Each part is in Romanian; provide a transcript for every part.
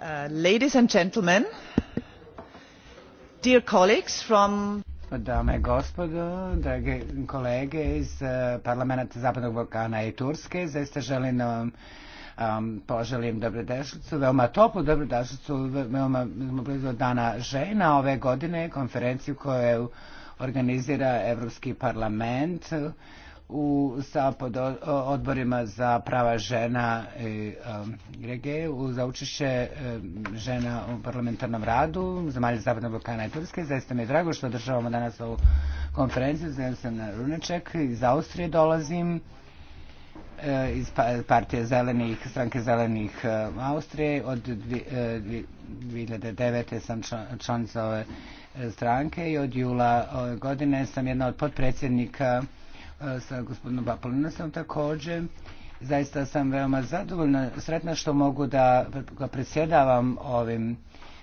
Uh, ladies and gentlemen, dear colleagues from Dame i gospodo, drage kolege iz uh, parlamenta Zapadnog Balkana i Turske, zaista želim da vam um, um, poželim dobrodošlicu, veoma toplu dobrodošlicu, veoma smo blizu dana žena ove godine, konferenciju koju organizira Evropski parlament. Uh, u, sa pod odborima za prava žena i um, regije za učešće um, žena u parlamentarnom radu zemalja Zapadnog Balkana i Turske. Zaista mi je drago što održavamo danas ovu konferenciju. Zajem sam na Runeček, iz Austrije dolazim iz partije zelenih, stranke zelenih Austrije. Od 2009. sam članica ove stranke i od jula ove godine sam jedna od podpredsjednika sa gospodinom Bapolinasom takođe. Zaista sam veoma zadovoljna, sretna što mogu da ga predsjedavam ovim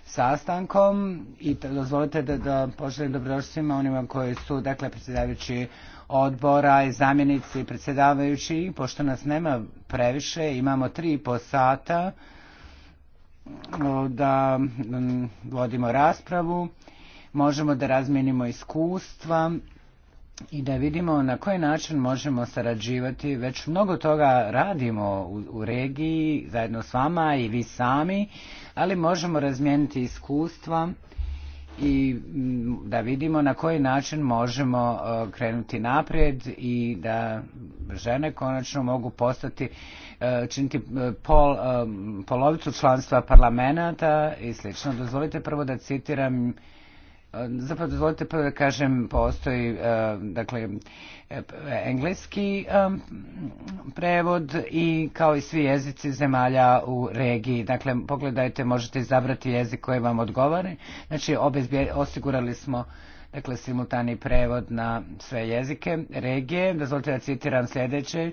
sastankom i da dozvolite da, da poželim dobrodošćima onima koji su, dakle, predsjedavajući odbora i zamjenici predsjedavajući pošto nas nema previše, imamo tri i po sata da vodimo raspravu, možemo da razmenimo iskustva i da vidimo na koji način možemo sarađivati. Već mnogo toga radimo u, u regiji zajedno s vama i vi sami, ali možemo razmijeniti iskustva i mm, da vidimo na koji način možemo krenuti naprijed i da žene konačno mogu postati činiti pol, polovicu članstva parlamenta i slično. Dozvolite prvo da citiram zapravo dozvolite prvo da kažem postoji dakle engleski prevod i kao i svi jezici zemalja u regiji. Dakle, pogledajte, možete izabrati jezik koji vam odgovara. Znači, osigurali smo dakle simultani prevod na sve jezike, regije. Dozvolite da citiram sljedeće.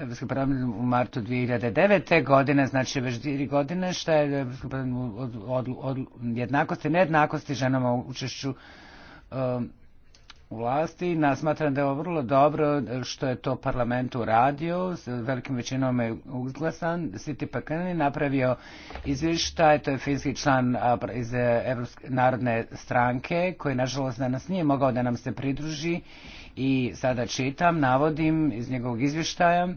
Evropski parlament u martu 2009. godine, znači već dvije godine, što je Evropski parlament od, od, od, jednakosti, nejednakosti ženama u učešću vlasti. Nasmatram da je ovo vrlo dobro što je to parlament uradio, s velikim većinom je uzglasan. Siti je napravio izvještaj, to je finski član iz Evropske narodne stranke, koji nažalost danas nije mogao da nam se pridruži i sada čitam, navodim iz njegovog izvještaja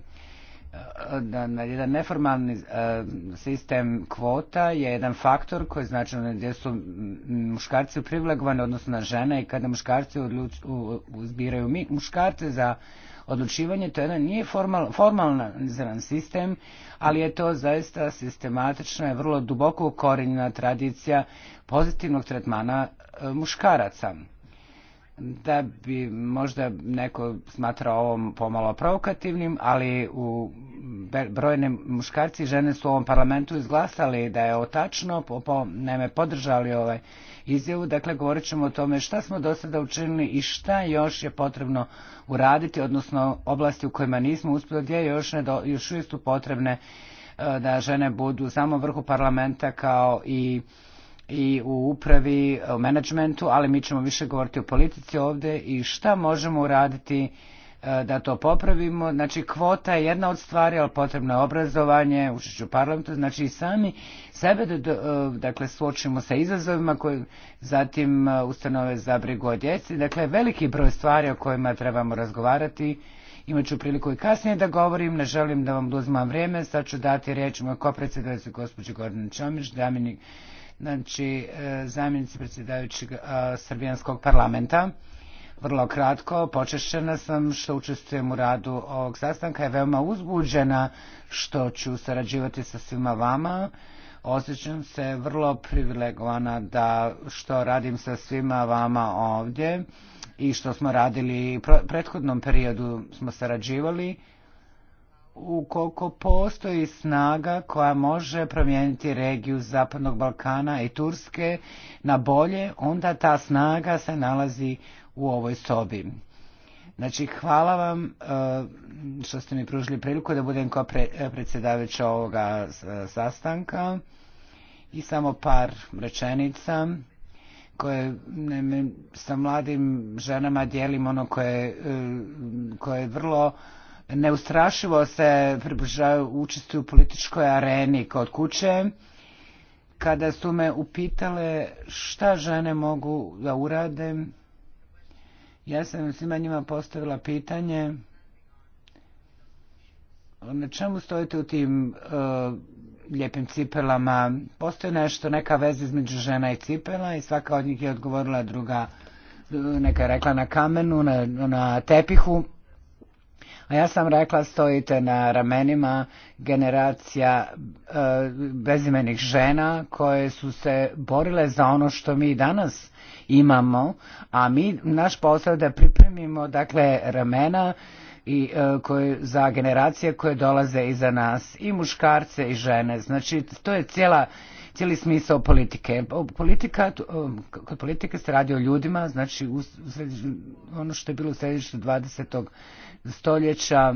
da, da, jedan neformalni sistem kvota je jedan faktor koji znači da gdje su muškarci privlegovani odnosno na žene i kada muškarci odluč, uzbiraju mi, muškarce za odlučivanje, to je jedan nije formal, formaliziran sistem, ali je to zaista sistematična i vrlo duboko ukorinjena tradicija pozitivnog tretmana muškaraca da bi možda neko smatrao ovom pomalo provokativnim, ali u brojne muškarci i žene su u ovom parlamentu izglasali da je otačno, po, po, neme podržali ovaj izjavu, dakle govorit ćemo o tome šta smo do sada učinili i šta još je potrebno uraditi, odnosno oblasti u kojima nismo uspjeli, gdje još, ne do, još uvijek su potrebne da žene budu samo vrhu parlamenta kao i uh, i u upravi, u menadžmentu, ali mi ćemo više govoriti o politici ovde i šta možemo uraditi da to popravimo. Znači, kvota je jedna od stvari, ali potrebno je obrazovanje, učešće u parlamentu, znači i sami sebe da, dakle, suočimo sa izazovima koje zatim ustanove za brigu o djeci. Dakle, veliki broj stvari o kojima trebamo razgovarati. Imaću priliku i kasnije da govorim, ne želim da vam oduzmam vrijeme, sad ću dati reč moj kopredsedovicu gospođi Gordon Čomiš, Dominik znači zamjenici predsjedajućeg Srbijanskog parlamenta. Vrlo kratko, počešćena sam što učestvujem u radu ovog sastanka i veoma uzbuđena što ću sarađivati sa svima vama. Osjećam se vrlo privilegovana da što radim sa svima vama ovdje i što smo radili u prethodnom periodu smo sarađivali ukoliko postoji snaga koja može promijeniti regiju Zapadnog Balkana i Turske na bolje, onda ta snaga se nalazi u ovoj sobi. Znači, hvala vam što ste mi pružili priliku da budem kao predsjedavajuća ovoga sastanka i samo par rečenica koje ne, sa mladim ženama dijelim ono koje, koje je vrlo uh, neustrašivo se približaju učestvuju u političkoj areni kod kuće. Kada su me upitale šta žene mogu da urade, ja sam svima njima postavila pitanje na čemu stojite u tim uh, lijepim cipelama? Postoje nešto, neka veza između žena i cipela i svaka od njih je odgovorila druga, neka je rekla na kamenu, na, na tepihu. A ja sam rekla stojite na ramenima generacija bezimenih žena koje su se borile za ono što mi danas imamo, a mi naš posao da pripremimo dakle ramena i e, koje, za generacije koje dolaze iza nas i muškarce i žene. Znači to je cijela cijeli smisao politike. Politika, kod politike se radi o ljudima, znači u, ono što je bilo u središtu 20 stoljeća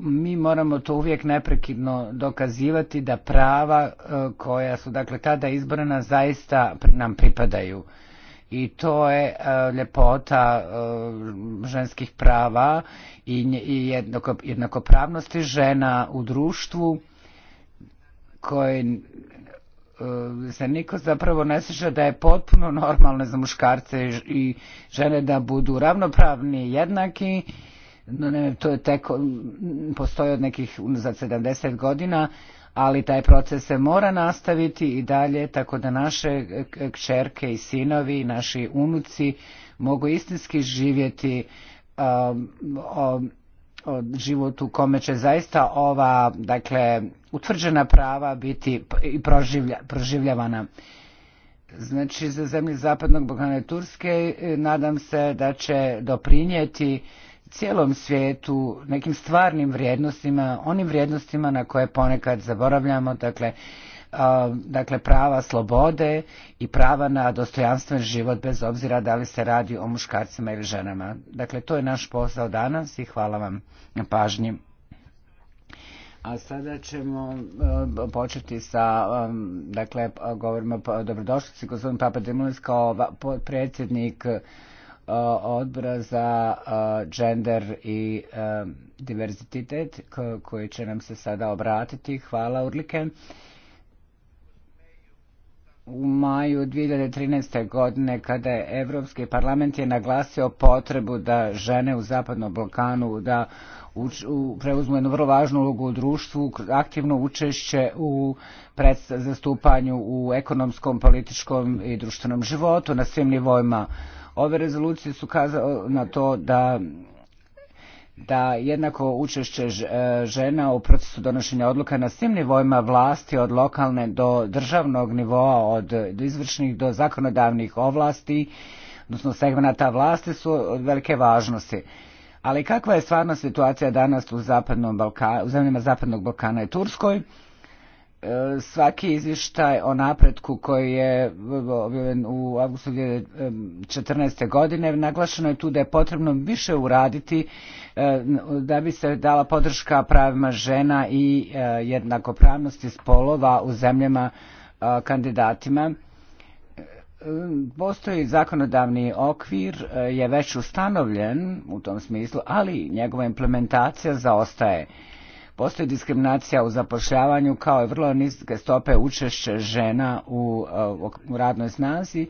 mi moramo to uvijek neprekidno dokazivati da prava koja su dakle tada izbrana zaista nam pripadaju i to je ljepota ženskih prava i jednakopravnosti žena u društvu koje se niko zapravo ne sjeća da je potpuno normalno za muškarce i žene da budu ravnopravni i jednaki. No, ne, to je tek, postoji od nekih za 70 godina, ali taj proces se mora nastaviti i dalje, tako da naše kćerke i sinovi, naši unuci mogu istinski živjeti um, um, u kome će zaista ova dakle utvrđena prava biti i proživlja, proživljavana. Znači za zemlje Zapadnog Balkana Turske nadam se da će doprinijeti cijelom svijetu nekim stvarnim vrijednostima, onim vrijednostima na koje ponekad zaboravljamo, dakle dakle prava slobode i prava na dostojanstven život bez obzira da li se radi o muškarcima ili ženama. Dakle, to je naš posao danas i hvala vam na pažnji. A sada ćemo početi sa, dakle, govorimo o dobrodošlici, gospodin Papa Dimulis kao predsjednik odbora za gender i diverzitet koji će nam se sada obratiti. Hvala Urlike u maju 2013. godine kada je Evropski parlament je naglasio potrebu da žene u Zapadnom Balkanu da uč, u, preuzmu jednu vrlo važnu ulogu u društvu, aktivno učešće u pred, zastupanju u ekonomskom, političkom i društvenom životu na svim nivoima. Ove rezolucije su kazao na to da da jednako učešće žena u procesu donošenja odluka na svim nivoima vlasti od lokalne do državnog nivoa, od izvršnih do zakonodavnih ovlasti, odnosno segmenata vlasti su od velike važnosti. Ali kakva je stvarna situacija danas u, zapadnom Balkanu, u zemljama Zapadnog Balkana i Turskoj? svaki izvještaj o napretku koji je objavljen u avgustu 2014. godine naglašeno je tu da je potrebno više uraditi da bi se dala podrška pravima žena i jednakopravnosti spolova u zemljama kandidatima. Postoji zakonodavni okvir, je već ustanovljen u tom smislu, ali njegova implementacija zaostaje. Postoji diskriminacija u zapošljavanju kao i vrlo niske stope učešće žena u, u radnoj snazi.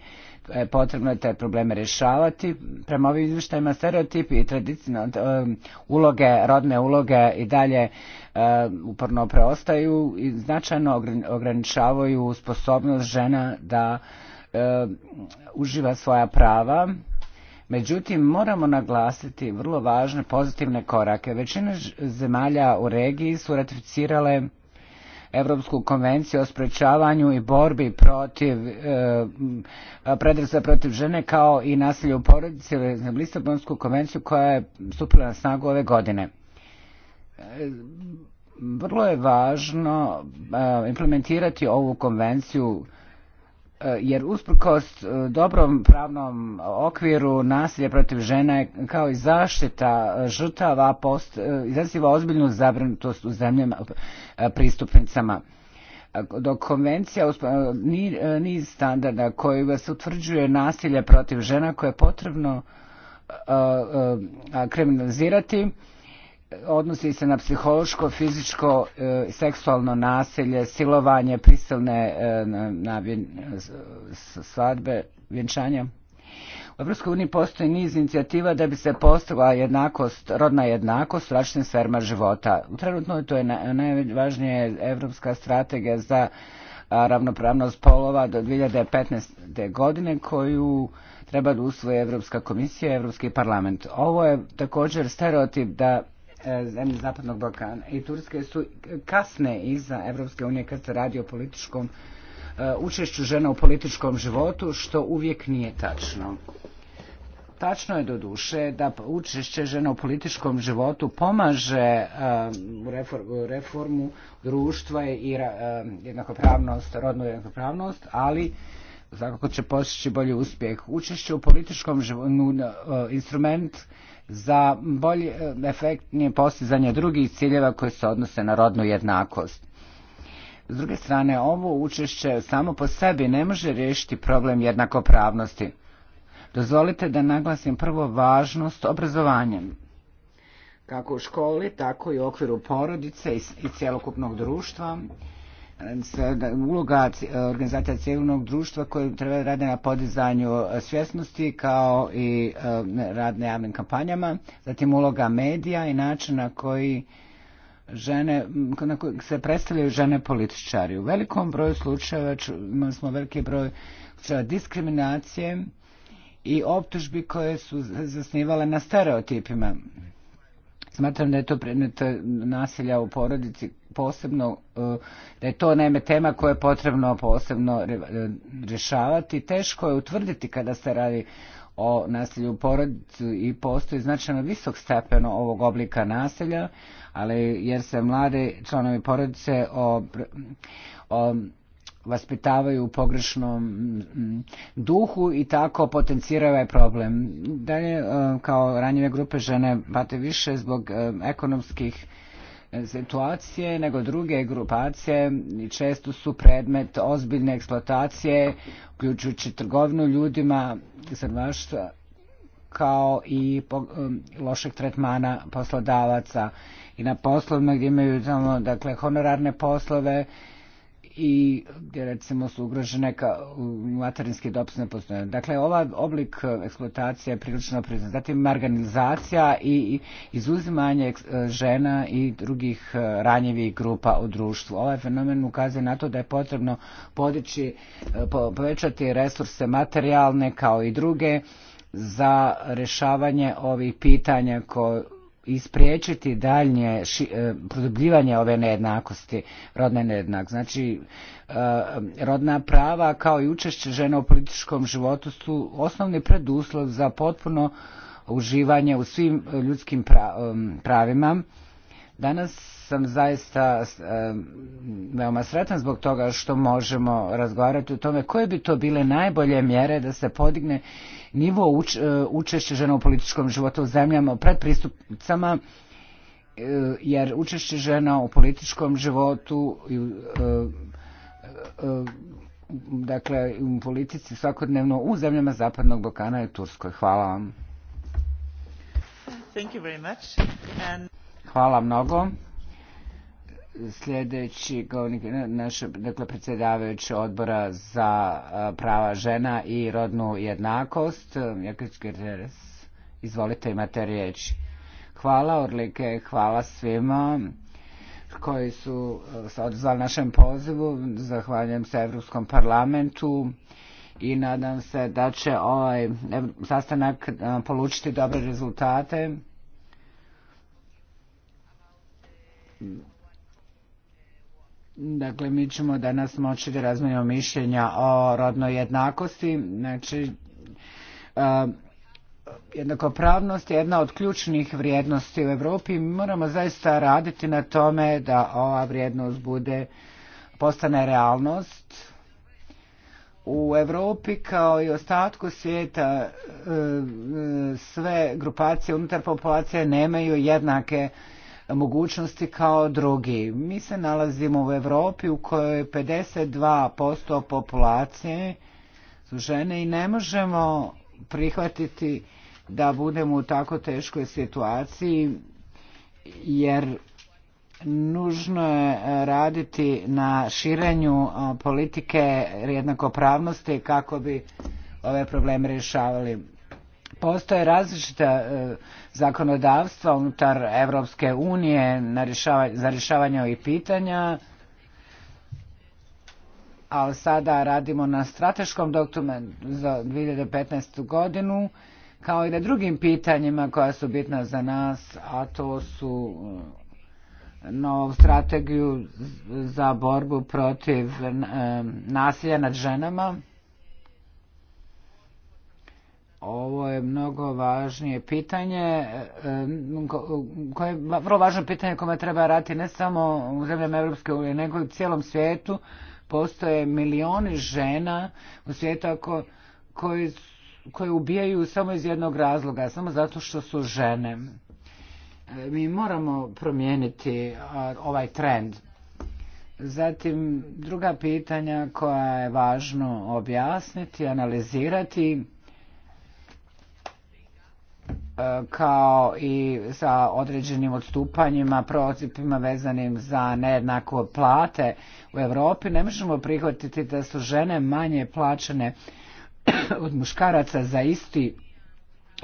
Potrebno je te probleme rješavati. Prema ovim izvještajima stereotipi i tradicionalne uloge, rodne uloge i dalje uporno preostaju i značajno ograničavaju sposobnost žena da uživa svoja prava Međutim, moramo naglasiti vrlo važne pozitivne korake. Većina zemalja u regiji su ratificirale Evropsku konvenciju o sprečavanju i borbi protiv e, predrasa protiv žene kao i nasilje u porodici ili Lisabonsku konvenciju koja je stupila na snagu ove godine. E, vrlo je važno e, implementirati ovu konvenciju Eh, jer usprkos eh, dobrom pravnom okviru nasilje protiv žene kao i zaštita eh, žrtava post, izaziva ozbiljnu zabrinutost u zemljama pristupnicama dok konvencija niz standarda koji se utvrđuje nasilje protiv žena koje je potrebno kriminalizirati odnosi se na psihološko, fizičko, seksualno nasilje, silovanje, prisilne na svadbe, vjenčanja. U Evropskoj uniji postoji niz inicijativa da bi se postigla jednakost, rodna jednakost u različitim sferma života. Trenutno to je najvažnije evropska strategija za ravnopravnost polova do 2015. godine koju treba da usvoje Evropska komisija i Evropski parlament. Ovo je također stereotip da zemlje Zapadnog Balkana i Turske su kasne iza Evropske unije kad se radi o političkom eh, učešću žena u političkom životu, što uvijek nije tačno. Tačno je do duše da učešće žena u političkom životu pomaže eh, reformu društva i eh, jednakopravnost, rodnu jednakopravnost, ali zakako će postići bolji uspjeh. Učešće u političkom životu, instrument za bolji eh, efektni postizanje drugih ciljeva koji se odnose na rodnu jednakost. S druge strane, ovo učešće samo po sebi ne može riješiti problem jednakopravnosti. Dozvolite da naglasim prvo važnost obrazovanja. Kako u školi, tako i u okviru porodice i cjelokupnog društva, uloga uh, organizacija civilnog društva koje treba rade na podizanju uh, svjesnosti kao i uh, rad na javnim kampanjama, zatim uloga medija i način na koji žene, na koji se predstavljaju žene političari. U velikom broju slučajeva imali smo veliki broj slučajeva diskriminacije i optužbi koje su zasnivale na stereotipima. Smatram da je to predmet nasilja u porodici posebno, da je to naime tema koju je potrebno posebno rješavati. Teško je utvrditi kada se radi o nasilju u porodicu i postoji značajno visok stepen ovog oblika nasilja, ali jer se mlade članovi porodice o, o vaspitavaju u pogrešnom duhu i tako potenciraju ovaj problem. Dalje, kao ranjive grupe žene pate više zbog ekonomskih situacije nego druge grupacije i često su predmet ozbiljne eksploatacije uključujući trgovinu ljudima crvaštva kao i po, um, lošeg tretmana poslodavaca i na poslovima gdje imaju samo dakle honorarne poslove i recimo su ugrožene ka, materinski dopustne postoje. Dakle, ovaj oblik eksploatacije je prilično priznat. Zatim marginalizacija i izuzimanje žena i drugih ranjivih grupa u društvu. Ovaj fenomen ukazuje na to da je potrebno podići, povećati resurse materijalne kao i druge za rešavanje ovih pitanja koje ispriječiti daljnje ši, produbljivanje ove nejednakosti, rodne nejednak. Znači, rodna prava kao i učešće žena u političkom životu su osnovni preduslov za potpuno uživanje u svim ljudskim pravima. Danas sam zaista eh, veoma sretan zbog toga što možemo razgovarati o tome koje bi to bile najbolje mjere da se podigne nivo uč, eh, učešće žena u političkom životu u zemljama pred pristupnicama eh, jer učešće žena u političkom životu dakle u politici svakodnevno u zemljama Zapadnog Balkana i Turskoj. Hvala vam. Thank you very much. And... Hvala mnogo sljedeći govornik naš dakle predsjedavajući odbora za prava žena i rodnu jednakost Jakić Gerderes izvolite imate riječ hvala Orlike hvala svima koji su se odzvali našem pozivu zahvaljujem se Evropskom parlamentu i nadam se da će ovaj sastanak polučiti dobre rezultate Dakle, mi ćemo danas moći da razmenimo mišljenja o rodnoj jednakosti. Znači, jednakopravnost je jedna od ključnih vrijednosti u Evropi. Mi moramo zaista raditi na tome da ova vrijednost bude postane realnost. U Evropi, kao i ostatku svijeta sve grupacije unutar populacije nemaju jednake vrijednosti mogućnosti kao drugi. Mi se nalazimo u Evropi u kojoj 52% populacije su žene i ne možemo prihvatiti da budemo u tako teškoj situaciji jer nužno je raditi na širenju politike jednakopravnosti kako bi ove probleme rješavali. Postoje različita zakonodavstva unutar Evropske unije za rješavanje ovih pitanja, ali sada radimo na strateškom dokumentu za 2015. godinu, kao i na drugim pitanjima koja su bitna za nas, a to su novu strategiju za borbu protiv nasilja nad ženama, Ovo je mnogo važnije pitanje, koje je vrlo važno pitanje kome treba rati ne samo u zemljama Evropske unije, nego i u cijelom svijetu. Postoje milioni žena u svijetu ako, koje, koje ubijaju samo iz jednog razloga, samo zato što su žene. Mi moramo promijeniti ovaj trend. Zatim, druga pitanja koja je važno objasniti, analizirati, kao i sa određenim odstupanjima, procipima vezanim za nejednako plate u Europi, ne možemo prihvatiti da su žene manje plaćene od muškaraca za isti,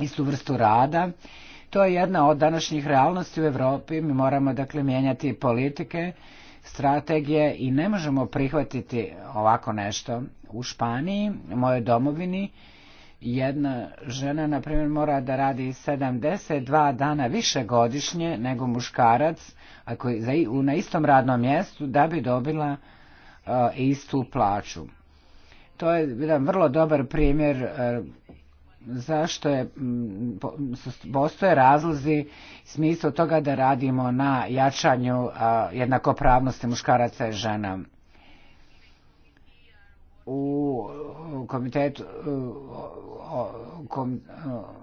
istu vrstu rada. To je jedna od današnjih realnosti u Europi. Mi moramo dakle mijenjati politike, strategije i ne možemo prihvatiti ovako nešto u Španiji, u mojoj domovini jedna žena, na primjer, mora da radi 72 dana više godišnje nego muškarac ako je na istom radnom mjestu da bi dobila uh, istu plaću. To je jedan vrlo dobar primjer uh, zašto je, postoje razlozi smislu toga da radimo na jačanju uh, jednakopravnosti muškaraca i žena o komitetu, kom,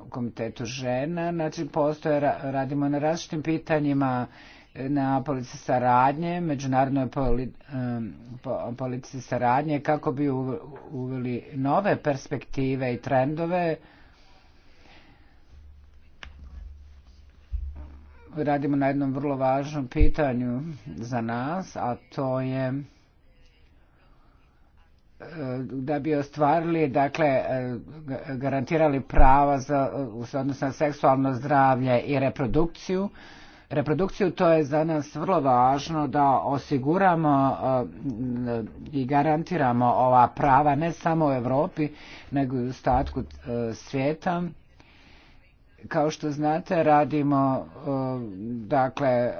komitetu žena, znači postoje, radimo na različitim pitanjima na politici saradnje, međunarodnoj poli, politici saradnje kako bi uveli nove perspektive i trendove radimo na jednom vrlo važnom pitanju za nas, a to je da bi ostvarili, dakle, garantirali prava za, odnosno na seksualno zdravlje i reprodukciju. Reprodukciju to je za nas vrlo važno da osiguramo i garantiramo ova prava ne samo u Europi nego i u statku svijeta kao što znate radimo dakle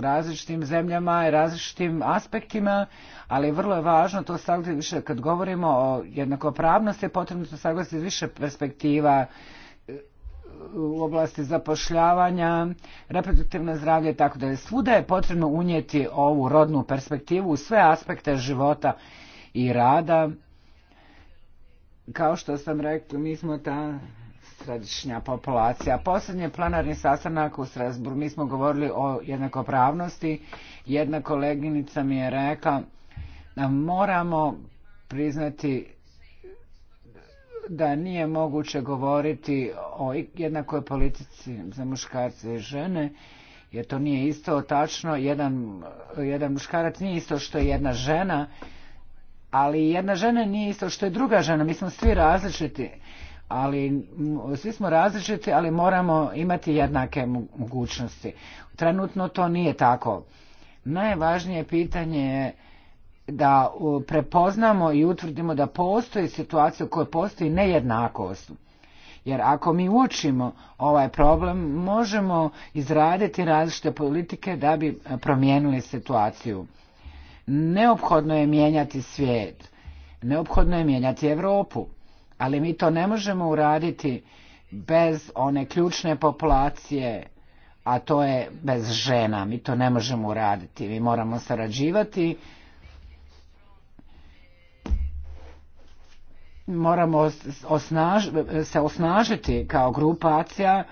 različitim zemljama i različitim aspektima, ali vrlo je važno to sagledati više kad govorimo o jednakopravnosti, potrebno to sagledati više perspektiva u oblasti zapošljavanja, reproduktivno zdravlje tako da je Svuda je potrebno unijeti ovu rodnu perspektivu u sve aspekte života i rada. Kao što sam rekla, mi smo ta središnja populacija. Posljednji planarni sastanak u Strasburgu, mi smo govorili o jednakopravnosti. Jedna koleginica mi je rekla da moramo priznati da nije moguće govoriti o jednakoj politici za muškarce i žene, jer to nije isto tačno. Jedan, jedan muškarac nije isto što je jedna žena, ali jedna žena nije isto što je druga žena. Mi smo svi različiti ali svi smo različiti, ali moramo imati jednake mogućnosti. Trenutno to nije tako. Najvažnije pitanje je da prepoznamo i utvrdimo da postoji situacija u kojoj postoji nejednakost. Jer ako mi učimo ovaj problem, možemo izraditi različite politike da bi promijenili situaciju. Neophodno je mijenjati svijet. Neophodno je mijenjati Europu ali mi to ne možemo uraditi bez one ključne populacije, a to je bez žena. Mi to ne možemo uraditi. Mi moramo sarađivati, moramo osnaž, se osnažiti kao grupacija,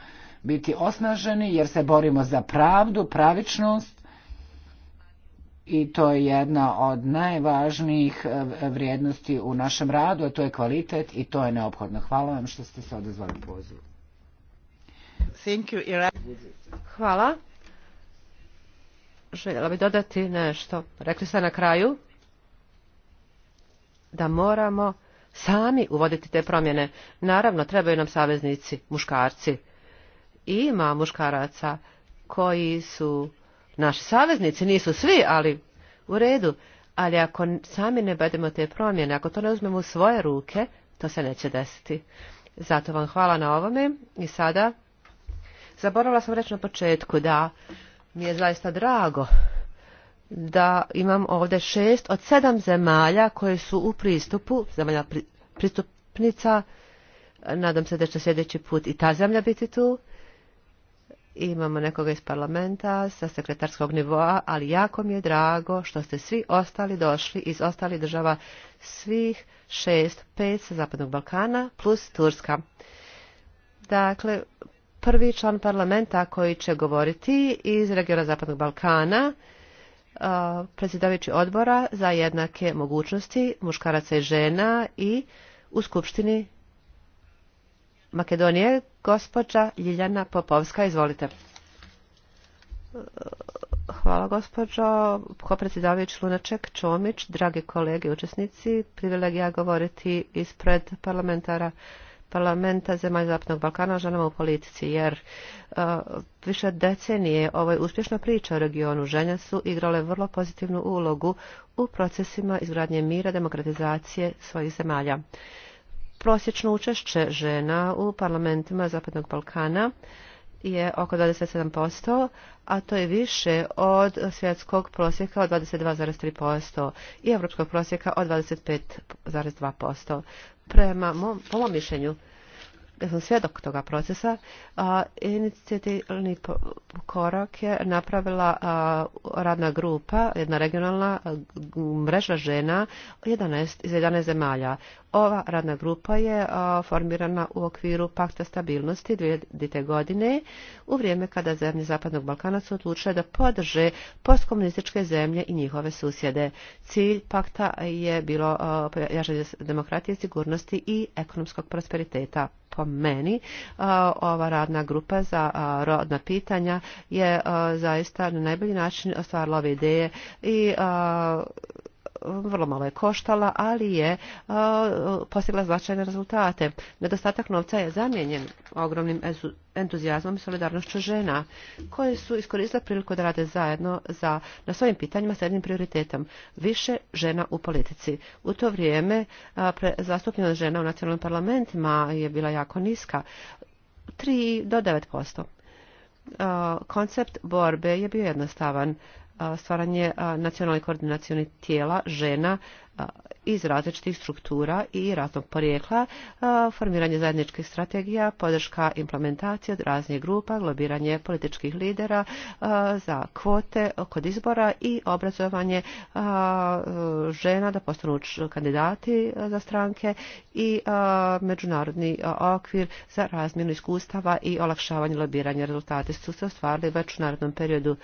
biti osnaženi jer se borimo za pravdu, pravičnost i to je jedna od najvažnijih eh, vrijednosti u našem radu, a to je kvalitet i to je neophodno. Hvala vam što ste se odezvali pozivu. Hvala. Željela bi dodati nešto. Rekli ste na kraju da moramo sami uvoditi te promjene. Naravno, trebaju nam saveznici, muškarci. Ima muškaraca koji su naši saveznici, nisu svi, ali u redu. Ali ako sami ne bedemo te promjene, ako to ne uzmemo u svoje ruke, to se neće desiti. Zato vam hvala na ovome i sada zaboravila sam reći na početku da mi je zaista drago da imam ovdje šest od sedam zemalja koje su u pristupu, zemalja pri, pristupnica, nadam se da će sljedeći put i ta zemlja biti tu imamo nekoga iz parlamenta sa sekretarskog nivoa, ali jako mi je drago što ste svi ostali došli iz ostalih država svih šest, pet sa Zapadnog Balkana plus Turska. Dakle, prvi član parlamenta koji će govoriti iz regiona Zapadnog Balkana, predsjedavajući odbora za jednake mogućnosti muškaraca i žena i u Skupštini Makedonije. Gospođa Ljiljana Popovska, izvolite. Hvala gospođo, kopredsjedavajući Lunaček, Čomić, dragi kolege i učesnici, privilegija govoriti ispred parlamentara parlamenta zemalja Zapadnog Balkana o ženama u politici, jer uh, više decenije ovoj je uspješna priča o regionu. ženja su igrale vrlo pozitivnu ulogu u procesima izgradnje mira, demokratizacije svojih zemalja. Uh, Prosječno učešće žena u parlamentima Zapadnog Balkana je oko 27%, a to je više od svjetskog prosjeka od 22,3% i evropskog prosjeka od 25,2%. Prema mom, po mom mišljenju, ja da sam svjedok toga procesa, a, inicijativni korak je napravila a, radna grupa, jedna regionalna a, mreža žena 11, iz 11 zemalja. Ova radna grupa je formirana u okviru Pakta stabilnosti 2000. godine u vrijeme kada zemlje Zapadnog Balkana su odlučile da podrže postkomunističke zemlje i njihove susjede. Cilj pakta je bilo jažanje demokratije, sigurnosti i ekonomskog prosperiteta. Po meni ova radna grupa za rodna pitanja je zaista na najbolji način ostvarila ove ideje i vrlo malo je koštala, ali je postigla značajne rezultate. Nedostatak novca je zamijenjen ogromnim entuzijazmom i solidarnošću žena, koje su iskoristile priliku da rade zajedno za, na svojim pitanjima s jednim prioritetom. Više žena u politici. U to vrijeme zastupljenost žena u nacionalnim parlamentima je bila jako niska. 3 do 9%. Koncept borbe je bio jednostavan stvaranje nacionalne koordinacione tijela žena iz različitih struktura i ratnog porijekla, formiranje zajedničkih strategija, podrška implementacije od raznih grupa, globiranje političkih lidera za kvote kod izbora i obrazovanje žena da postanu kandidati za stranke i međunarodni okvir za razmjenu iskustava i olakšavanje lobiranja. rezultate su se ostvarili već u narodnom periodu.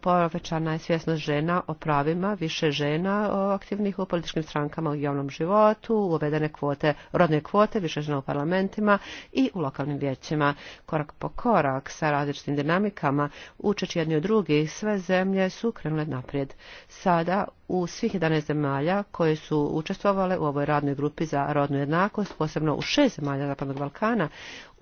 Povećana je svjesnost žena o pravima, više žena aktivnih u političkim strankama u javnom životu, uvedene kvote, rodne kvote, više žena u parlamentima i u lokalnim vijećima. Korak po korak sa različitim dinamikama, učeći jedni od drugih, sve zemlje su krenule naprijed. Sada u svih 11 zemalja koje su učestvovale u ovoj radnoj grupi za rodnu jednakost, posebno u šest zemalja Zapadnog Balkana,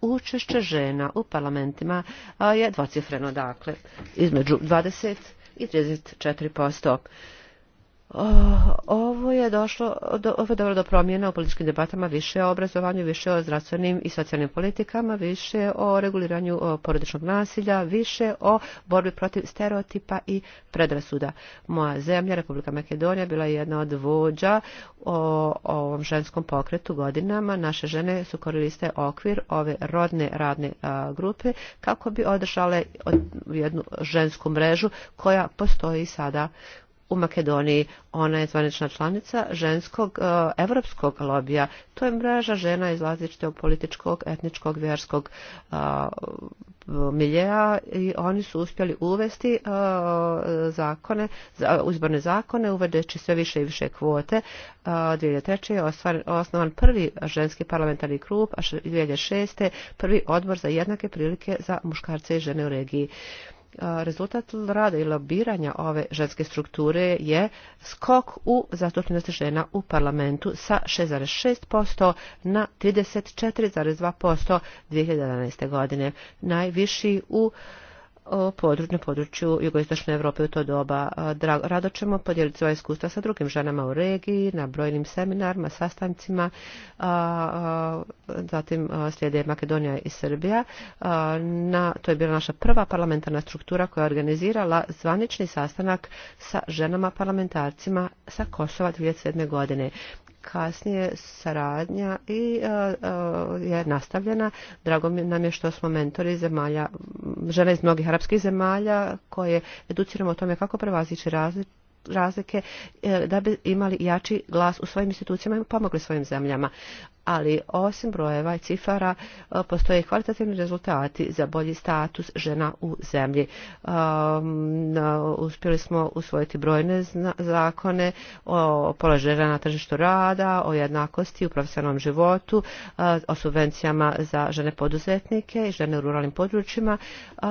učešće žena u parlamentima je dvocifreno, dakle, između 20 i 34%. Eh, ovo je došlo, do, ovo je dobro do promjene u političkim debatama, više o obrazovanju, više o zdravstvenim i socijalnim politikama, više o reguliranju eh, porodičnog nasilja, više o borbi protiv stereotipa i predrasuda. Moja zemlja, Republika Makedonija, bila je jedna od vođa o ovom ženskom pokretu godinama. Naše žene su koriste okvir ove rodne radne a, eh, grupe kako bi održale jednu žensku mrežu koja postoji sada u Makedoniji. Ona je zvanična članica ženskog evropskog lobija. To je mreža žena iz različitog političkog, etničkog, vjerskog miljeja i oni su uspjeli uvesti zakone, uzborne zakone, uvedeći sve više i više kvote. 2003. je osvan, osnovan prvi ženski parlamentarni klub, a 2006. prvi odbor za jednake prilike za muškarce i žene u regiji rezultat rada i lobiranja ove ženske strukture je skok u zastupljenosti žena u parlamentu sa 6,6% na 34,2% 2011. godine, najviši u uh, o području, području jugoistočne Europe u to doba. Rado ćemo podijeliti svoje iskustva sa drugim ženama u regiji, na brojnim seminarima, sastancima, zatim slijede Makedonija i Srbija. Na, to je bila naša prva parlamentarna struktura koja je organizirala zvanični sastanak sa ženama parlamentarcima sa Kosova 2007. godine kasnije saradnja i je nastavljena. Drago nam je što smo mentori zemalja, žene iz mnogih arapskih zemalja koje educiramo o tome kako prevazići različit razlike da bi imali jači glas u svojim institucijama i pomogli svojim zemljama ali osim brojeva i cifara postoje kvalitativni rezultati za bolji status žena u zemlji. uspjeli smo usvojiti brojne zakone o položaju na tržištu rada, o jednakosti u profesionalnom životu, o subvencijama za žene poduzetnike i žene u ruralnim područjima,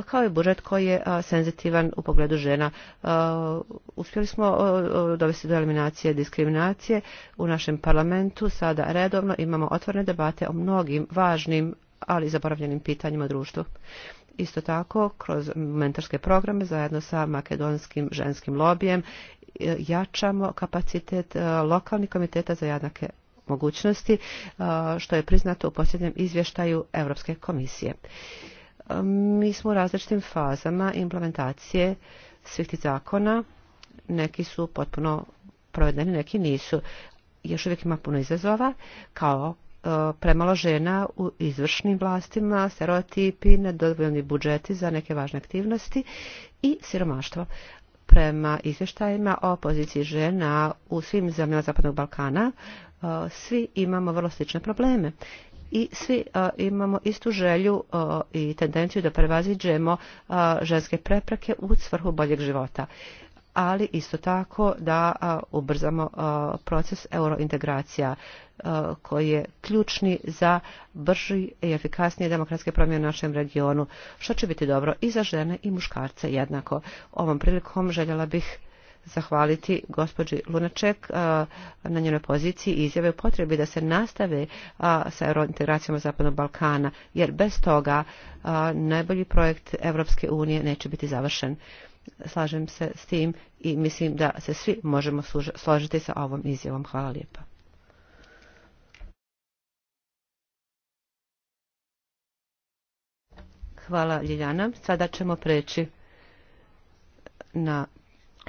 kao i budžet koji je senzitivan u pogledu žena. Uspjeli smo dovesti do eliminacije diskriminacije u našem parlamentu. Sada redovno imamo imamo otvorene debate o mnogim važnim, ali zaboravljenim pitanjima društvu. Isto tako, kroz mentorske programe zajedno sa makedonskim ženskim lobijem jačamo kapacitet lokalnih komiteta za jednake mogućnosti, što je priznato u posljednjem izvještaju Europske komisije. Mi smo u različitim fazama implementacije svih tih zakona, neki su potpuno provedeni, neki nisu još uvijek ima puno izazova, kao premalo žena u izvršnim vlastima, stereotipi, nedovoljni budžeti za neke važne aktivnosti i siromaštvo. Prema izvještajima o poziciji žena u svim zemljama Zapadnog Balkana, svi imamo vrlo slične probleme i svi a, imamo istu želju a, i tendenciju da prevaziđemo a, ženske prepreke u svrhu boljeg života ali isto tako da ubrzamo proces eurointegracija koji je ključni za brži i efikasnije demokratske promjene u našem regionu, što će biti dobro i za žene i muškarce jednako. Ovom prilikom željela bih zahvaliti gospođi Lunaček na njenoj poziciji i izjave potrebi da se nastave sa eurointegracijama Zapadnog Balkana, jer bez toga najbolji projekt Evropske unije neće biti završen slažem se s tim i mislim da se svi možemo složiti sa ovom izjavom. Hvala lijepa. Hvala Ljeljana. Sada ćemo preći na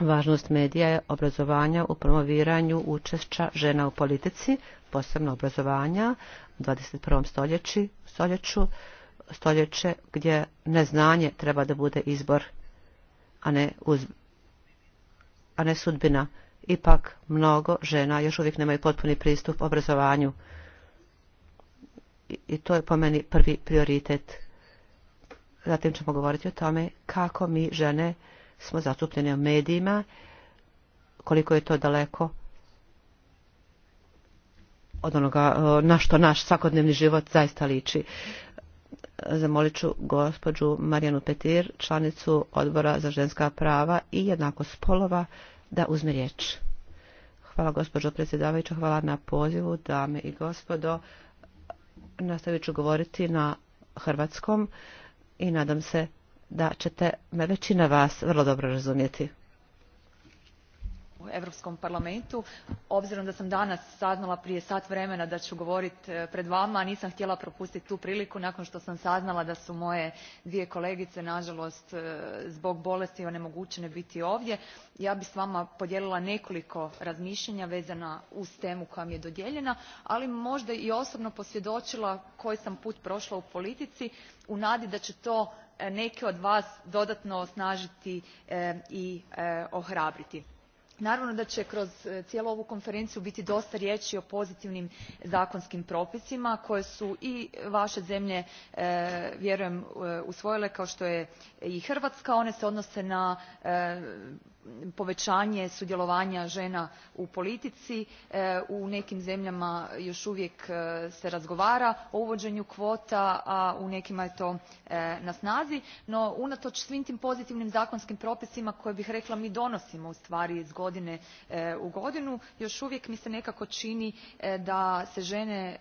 važnost medija, obrazovanja u promoviranju učešća žena u politici, posebno obrazovanja u 21. stoljeću, stoljeću, stoljeće gdje neznanje treba da bude izbor a ne, uz, a ne sudbina. Ipak mnogo žena još uvijek nemaju potpuni pristup obrazovanju. I, I to je po meni prvi prioritet. Zatim ćemo govoriti o tome kako mi žene smo zatupljene u medijima, koliko je to daleko od onoga na što naš svakodnevni život zaista liči zamolit ću gospođu Marijanu Petir, članicu odbora za ženska prava i jednako spolova, da uzme riječ. Hvala gospođo predsjedavajuća, hvala na pozivu, dame i gospodo. Nastavit ću govoriti na hrvatskom i nadam se da ćete me većina vas vrlo dobro razumjeti europskom parlamentu. obzirom da sam danas saznala prije sat vremena da ću govoriti pred vama nisam htjela propustiti tu priliku nakon što sam saznala da su moje dvije kolegice nažalost zbog bolesti onemogućene biti ovdje. ja bih s vama podijelila nekoliko razmišljanja vezana uz temu koja mi je dodijeljena ali možda i osobno posvjedočila koji sam put prošla u politici u nadi da će to neke od vas dodatno osnažiti i ohrabriti naravno da će kroz cijelu ovu konferenciju biti dosta riječi o pozitivnim zakonskim propisima koje su i vaše zemlje vjerujem usvojile kao što je i hrvatska. one se odnose na poveanje sudjelovanja ena u politici u nekim zemljama jo uvijek se razgovara o uvoenju kvota a u nekima je to na snazi no unato svim tim pozitivnim zakonskim propisima koje bih rekla mi donosimo ustvari iz godine u godinu jo uvijek mi se nekako ini da se ene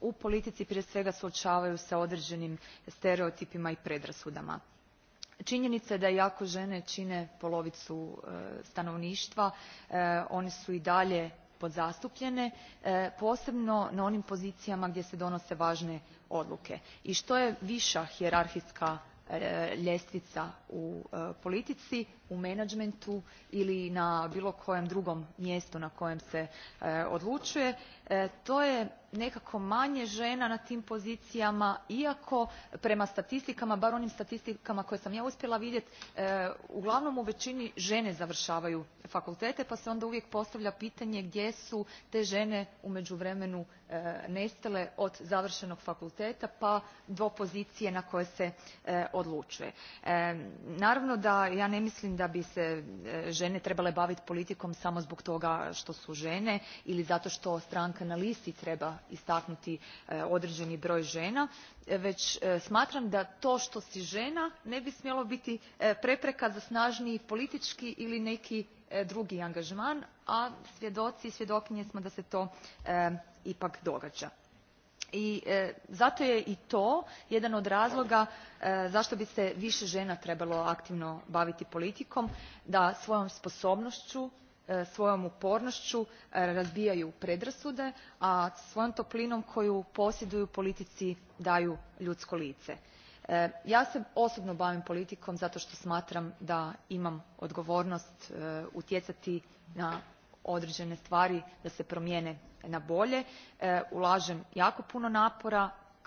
u politici prije svega suoavaju s odreenim stereotipima i predrasudama injenica je da iako ene ine polovicu stanovnitva one su i dalje podzastupljene posebno na onim pozicijama gdje se donose vane odluke i to je via hijerarhijska ljestvica u politici u menadmentu ili na bilo kojem drugom mjestu na kojem se odluuje to je nekako manje žena na tim pozicijama iako prema statistikama bar onim statistikama koje sam ja uspjela vidjeti uglavnom u većini žene završavaju fakultete pa se onda uvijek postavlja pitanje gdje su te žene u međuvremenu nestale od završenog fakulteta pa do pozicije na koje se odlučuje. naravno da ja ne mislim da bi se žene trebale baviti politikom samo zbog toga što su žene ili zato što stranka ipak na listi treba istaknuti određeni broj žena već smatram da to što si žena ne bi smjelo biti prepreka za snažniji politički ili neki drugi angažman a svjedoci i svjedokinje smo da se to ipak događa i zato je i to jedan od razloga zašto bi se više žena trebalo aktivno baviti politikom da svojom sposobnošću svojom upornou razbijaju predrasude a svojom toplinom koju posjeduju politici daju ljudsko lice. ja se osobno bavim politikom zato to smatram da imam odgovornost utjecati na odreene stvari da se promijene na bolje. ulaem jako puno napora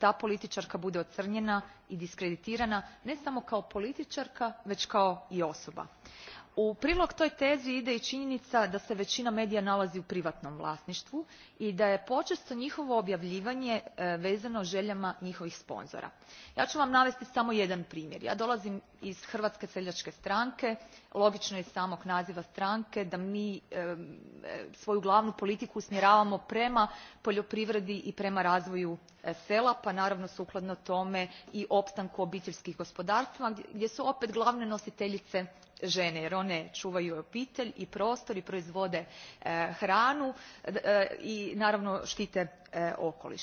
ta političarka bude ocrnjena i diskreditirana ne samo kao političarka već i kao osoba u prilog toj tezi ide i činjenica da se većina medija nalazi u privatnom vlasništvu i da je počesto njihovo objavljivanje vezano željama njihovih sponzora. ja ću vam navesti samo jedan primjer. ja dolazim iz hrvatske seljačke stranke logično je iz samog naziva stranke da mi svoju glavnu politiku usmjeravamo prema poljoprivredi i prema razvoju sela pa naravno sukladno tome i opstanku obiteljskih gospodarstava gdje su opet glavne nositeljice ene jer one uvaju obitelj i prostor i proizvode hranu i naravno tite okoli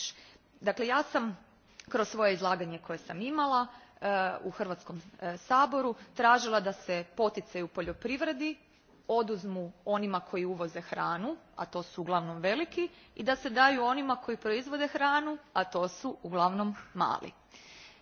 dakle ja sam kroz svoje izlaganje koje sam imala u hrvatskom saboru traila da se poticaji u poljoprivredi oduzmu onima koji uvoze hranu a to su uglavnom veliki i da se daju onima koji proizvode hranu a to su uglavnom mali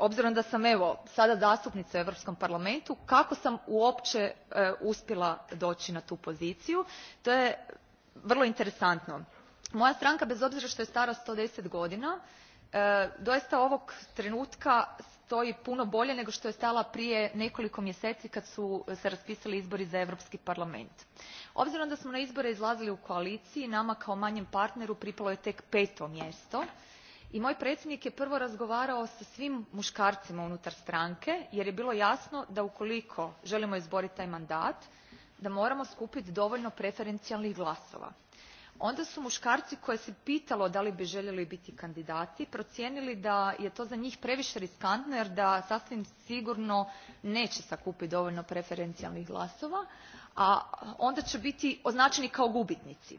obzirom da sam evo sada zastupnica u europskom parlamentu kako sam uope uspjela doi na tu poziciju to je vrlo interesantno. moja stranka bez obzira to je stara one hundred and ten godina doista ovog trenutka stoji puno bolje nego to je stajala prije nekoliko mjeseci kad su se raspisali izbori za europski parlament. obzirom da smo na izbore izlazili u koaliciji nama kao manjem partneru pripalo je tek peto mjesto i moj predsjednik je prvo razgovarao sa svim muškarcima unutar stranke jer je bilo jasno da ukoliko želimo izboriti taj mandat da moramo skupiti dovoljno preferencijalnih glasova. onda su muškarci koje se pitalo da li bi željeli biti kandidati procijenili da je to za njih previše riskantno jer da sasvim sigurno neće sakupiti dovoljno preferencijalnih glasova a onda će biti označeni kao gubitnici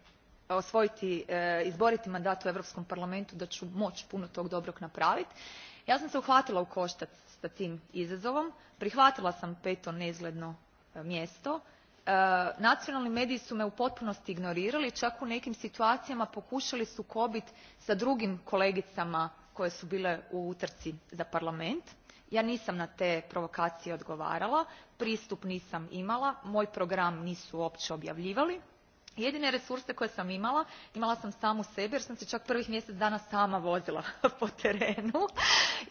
osvojiti izboriti mandat u europskom parlamentu da ću moći puno tog dobrog napraviti ja sam se uhvatila u koštac s tim izazovom prihvatila sam peto neizgledno mjesto nacionalni mediji su me u potpunosti ignorirali čak u nekim situacijama pokušali sukobiti s drugim kolegicama koje su bile u utrci za parlament ja nisam na te provokacije odgovarala pristup nisam imala moj program nisu uopće objavljivali jedine resurse koje sam imala imala sam samu sebe jer sam se ak prvih mjesec dana sama vozila po terenu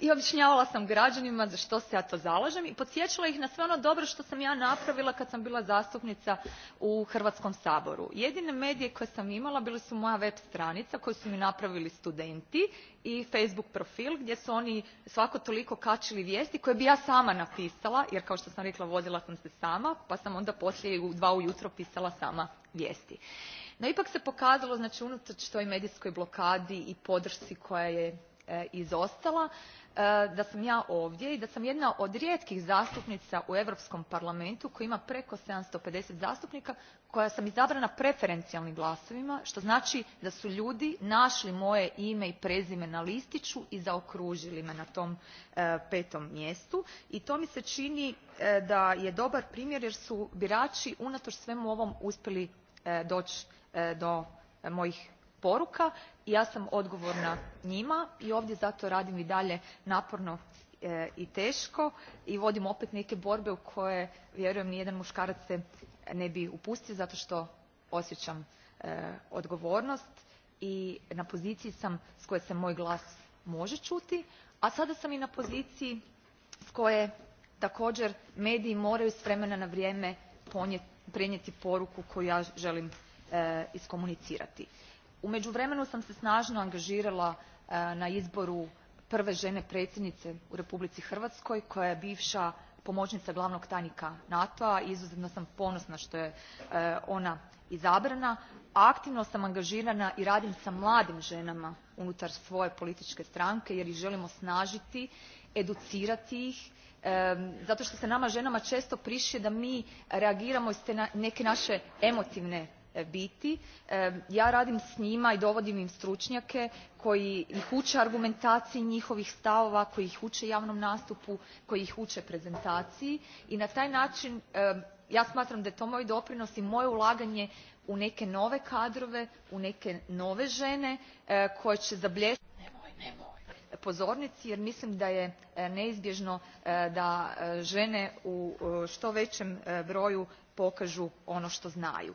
i objanjavala sam graanima za to se ja to zalaem i podsjeala ih na sve ono dobro to sam ja napravila kad sam bila zastupnica u hrvatskom saboru. jedine medije koje sam imala bili su moja web stranica koju su mi napravili studenti i facebook profil gdje su oni svako toliko kaili vijesti koje bi ja sama napisala jer kao to sam rekla vozila sam se sama pa sam onda poslije u two ujutro pisala sama vijesti. no ipak se pokazalo znači unatoč toj medijskoj blokadi i podršci koja je Eh, izostala eh, da sam ja ovdje i da sam jedna od rijetkih zastupnica u europskom parlamentu koji ima preko seven hundred and fifty zastupnika koja sam izabrana preferencijalnim glasovima to znai da su ljudi nali moje ime i prezime na listiu i zaokruili me na tom eh, petom mjestu i to mi se ini da je dobar primjer jer su birai unato svemu ovom uspjeli doi do mojih poruka i ja sam odgovorna njima i ovdje zato radim i dalje naporno i teško i vodim opet neke borbe u koje vjerujem nijedan muškarac se ne bi upustio zato što osjećam odgovornost i na poziciji sam s koje se moj glas može čuti a sada sam i na poziciji s koje također mediji moraju s vremena na vrijeme prenijeti poruku koju ja želim iskomunicirati u međuvremenu sam se snažno angažirala na izboru prve žene predsjednice u republici hrvatskoj koja je bivša pomoćnica glavnog tajnika nato a i izuzetno sam ponosna što je ona izabrana. aktivno sam angažirana i radim s mladim ženama unutar svoje političke stranke jer ih želim osnažiti educirati ih zato što se nama ženama često prišije da mi reagiramo iz te neke naše emotivne biti. ja radim s njima i dovodim im strunjake koji ih ue argumentaciji njihovih stavova koji ih ue javnom nastupu koji ih ue prezentaciji i na taj nain ja smatram da je to moj doprinos i moje ulaganje u neke nove kadrove u neke nove ene koje e zabljeiti pozornici jer mislim da je neizbjeno da ene u to veem broju pokau ono to znaju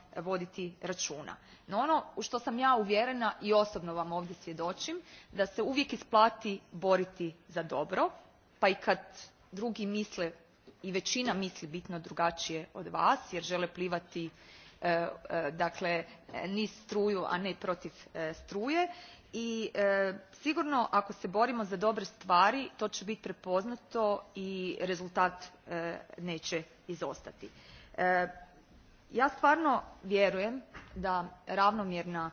voditi računa. No ono u što sam ja uvjerena i osobno vam ovdje svjedočim, da se uvijek isplati boriti za dobro, pa i kad drugi misle i većina misli bitno drugačije od vas jer žele plivati dakle niz struju a ne protiv struje i e, sigurno ako se borimo za dobre stvari to će biti prepoznato i rezultat neće izostati ja stvarno vjerujem da ravnomjerna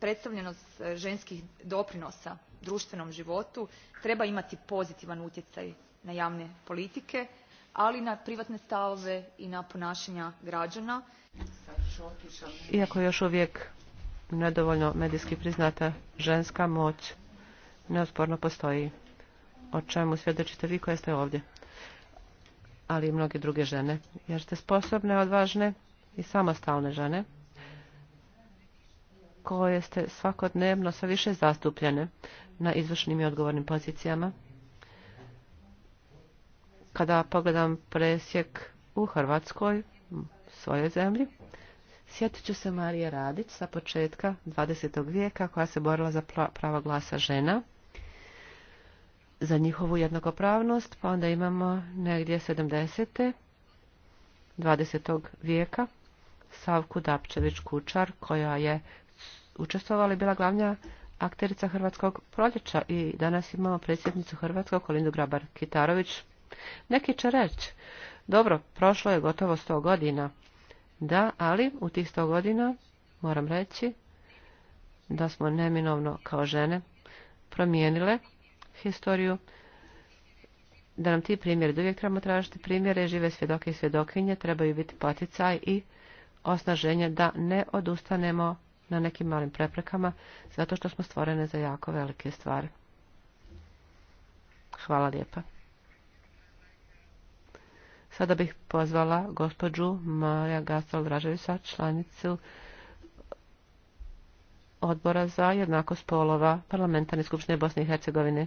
predstavljenost ženskih doprinosa društvenom životu treba imati pozitivan utjecaj na javne politike ali i na privatne stavove i na ponašanja građana iako još uvijek nedovoljno medijski priznata ženska moć neosporno postoji o čemu svjedočite vi koja ste ovdje ali i mnoge druge žene, jer ste sposobne, odvažne i samostalne žene koje ste svakodnevno sve više zastupljene na izvršnim i odgovornim pozicijama. Kada pogledam presjek u Hrvatskoj, svojoj zemlji, sjetit ću se Marije Radić sa početka 20. vijeka koja se borila za prava glasa žena za njihovu jednakopravnost, pa onda imamo negdje 70. 20. vijeka Savku Dapčević Kučar, koja je učestvovala i bila glavnja akterica Hrvatskog proljeća i danas imamo predsjednicu Hrvatskog Kolindu Grabar-Kitarović. Neki će reći, dobro, prošlo je gotovo 100 godina, da, ali u tih 100 godina moram reći da smo neminovno kao žene promijenile historiju, da nam ti primjeri, da uvijek trebamo tražiti primjere, žive svjedoke i svjedokinje, trebaju biti poticaj i osnaženje da ne odustanemo na nekim malim preprekama, zato što smo stvorene za jako velike stvari. Hvala lijepa. Sada bih pozvala gospođu Marija Gastal dražavisa članicu odbora za jednakost polova parlamentarne skupštine Bosne i Hercegovine.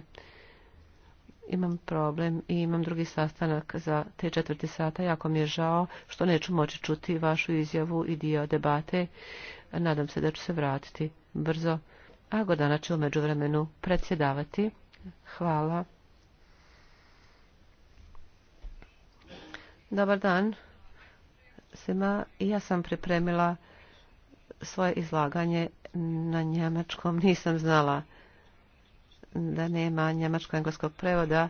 Imam problem i imam drugi sastanak za te četvrti sata. Jako mi je žao što neću moći čuti vašu izjavu i dio debate. Nadam se da ću se vratiti brzo. A Godana će umeđu vremenu predsjedavati. Hvala. Dobar dan svima. Ja sam pripremila svoje izlaganje na njemačkom nisam znala da nema njemačko-engleskog prevoda,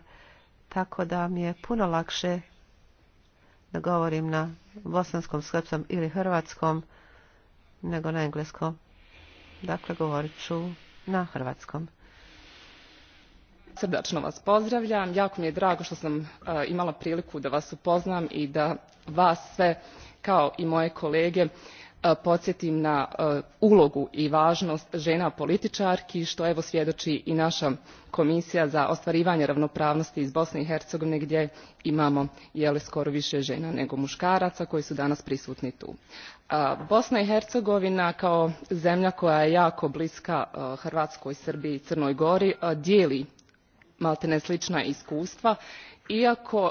tako da mi je puno lakše da govorim na bosanskom, srpskom ili hrvatskom nego na engleskom. Dakle, govorit ću na hrvatskom. Srdačno vas pozdravljam. Jako mi je drago što sam imala priliku da vas upoznam i da vas sve, kao i moje kolege, podsjetim na ulogu i važnost žena političarki što evo svjedoči i naša komisija za ostvarivanje ravnopravnosti iz bosne i hercegovine gdje imamo skoro više žena nego muškaraca koji su danas prisutni tu. bosna i hercegovina kao zemlja koja je jako bliska hrvatskoj srbiji i crnoj gori dijeli maltene slična iskustva iako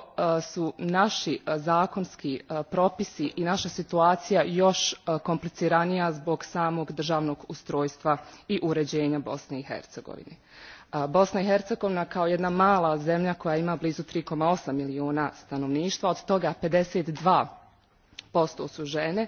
su naši zakonski propisi i naša situacija još kompliciranija zbog samog državnog ustrojstva i uređenja bosne i hercegovine bosna i hercegovina kao jedna mala zemlja koja ima blizu three eight milijuna stanovništva od toga fifty two su žene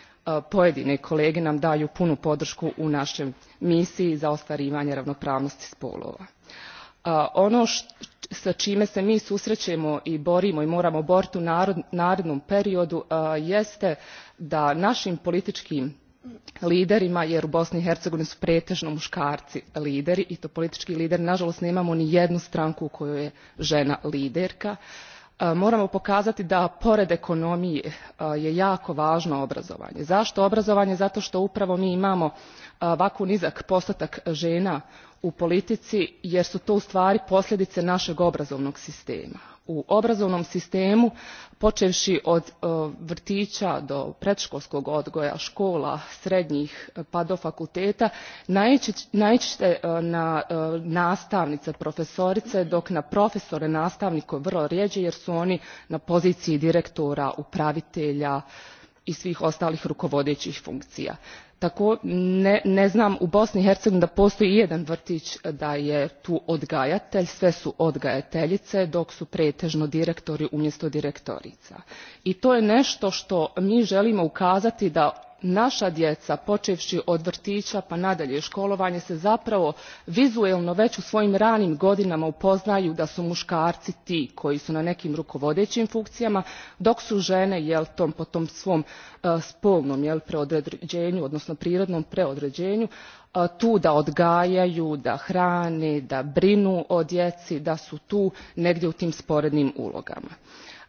pojedine kolege nam daju punu podršku u našoj misiji za ostvarivanje ravnopravnosti spolova. ono sa čime se mi susrećemo i borimo i moramo boriti u narednom periodu jeste da našim političkim liderima jer u bosni i hercegovini su pretežno muškarci lideri i to politički lideri nažalost nemamo jednu stranku u kojoj je žena liderka moramo pokazati da pored ekonomije je jako vano obrazovanje. zato obrazovanje? zato to upravo mi imamo ovako nizak postotak ena u politici jer su to ustvari posljedice naeg obrazovnog sistema u obrazovnom sistemu poevši od vrtića do predškolskog odgoja škola srednjih pa do fakulteta naići na nastavnice profesorice dok na profesore nastavnike vrlo rjeđe jer su oni na poziciji direktora upravitelja i svih ostalih rukovodećih funkcija ne, ne znam u bosni i hercegovini da postoji ijedan vrti da je tu odgajatelj sve su odgajateljice dok su pretežno direktori umjesto direktorica i to je nešto na što mi želimo ukazati da naša djeca počevši od vrtića pa nadalje i školovanje se zapravo vizuelno već u svojim ranim godinama upoznaju da su muškarci ti koji su na nekim rukovodećim funkcijama dok su žene jel, tom, po tom svom spolnom preodređenju odnosno prirodnom preodređenju tu da odgajaju da hrane da brinu o djeci da su tu negdje u tim sporednim ulogama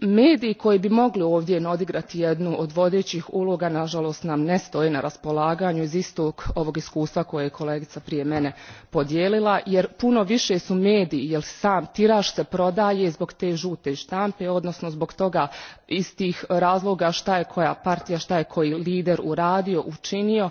mediji koji bi mogli ovdje odigrati jednu od vodeih uloga naalost nam ne stoje na raspolaganju iz istog ovog iskustva koje je kolegica prije mene podijelila jer puno vie su mediji jer sam tira se prodaje zbog te ute tampe odnosno zbog toga iz tih razloga to je koja partija to je koji lider uradio uinio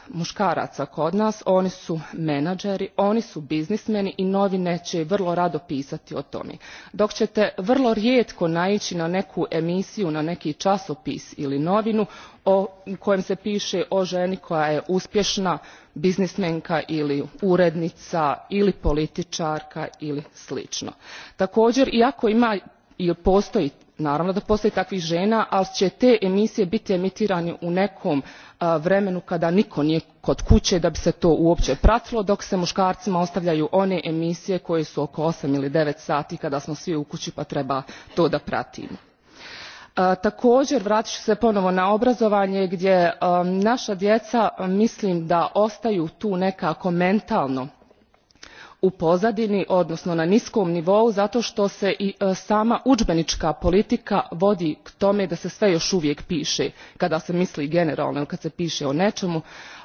mukaraca kod nas oni su menadžeri oni su biznismeni i novine će vrlo rado pisati o tome dok ćete vrlo rijetko naići na neku emisiju na neki časopis ili novinu o, u kojem se piše o ženi koja je uspješna biznismenka ili urednica ili političarka ili slično. također iako ima i postoji naravno da postoji takvih žena ali će te emisije biti emitirane u nekom vremenu kada nitko nije kod kuće da bi se to uopće pratilo dok se muškarcima ostavljaju one emisije koje su oko osam ili devet sati kada smo svi u kući pa treba to da pratimo. također vratit ću se ponovo na obrazovanje gdje naša djeca mislim da ostaju tu nekako mentalno u pozadini odnosno na niskom nivou zato što se i sama udžbenička politika vodi k tome da se sve još uvijek pie kada se misli generalno ili kad se pie o neemu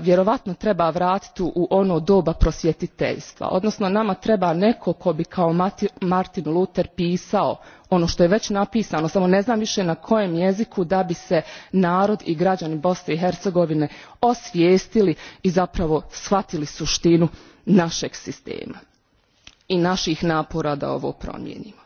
vjerojatno treba vratiti u ono doba prosvjetiteljstva odnosno nama treba netko tko bi kao martin luther pisao ono što je već napisano samo ne znam više na kojem jeziku da bi se narod i građani bosne i hercegovine osvijestili i zapravo shvatili suštinu našeg sistema i naših napora da ovo promijenimo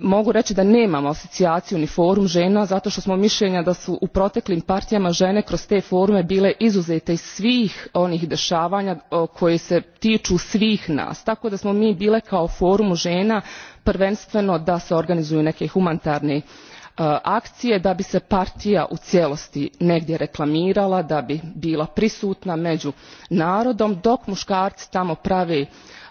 mogu rei da nemamo asocijaciju ni forum ena zato to smo miljenja da su u proteklim partijama ene kroz te forume bile izuzete iz svih onih deavanja koja se tiu svih nas tako da smo mi bile kao forum ena prvenstveno da se organizuju neke humanitarne akcije da bi se partija u cijelosti negdje reklamirala da bi bila prisutna meu narodom dok mukarci tamo prave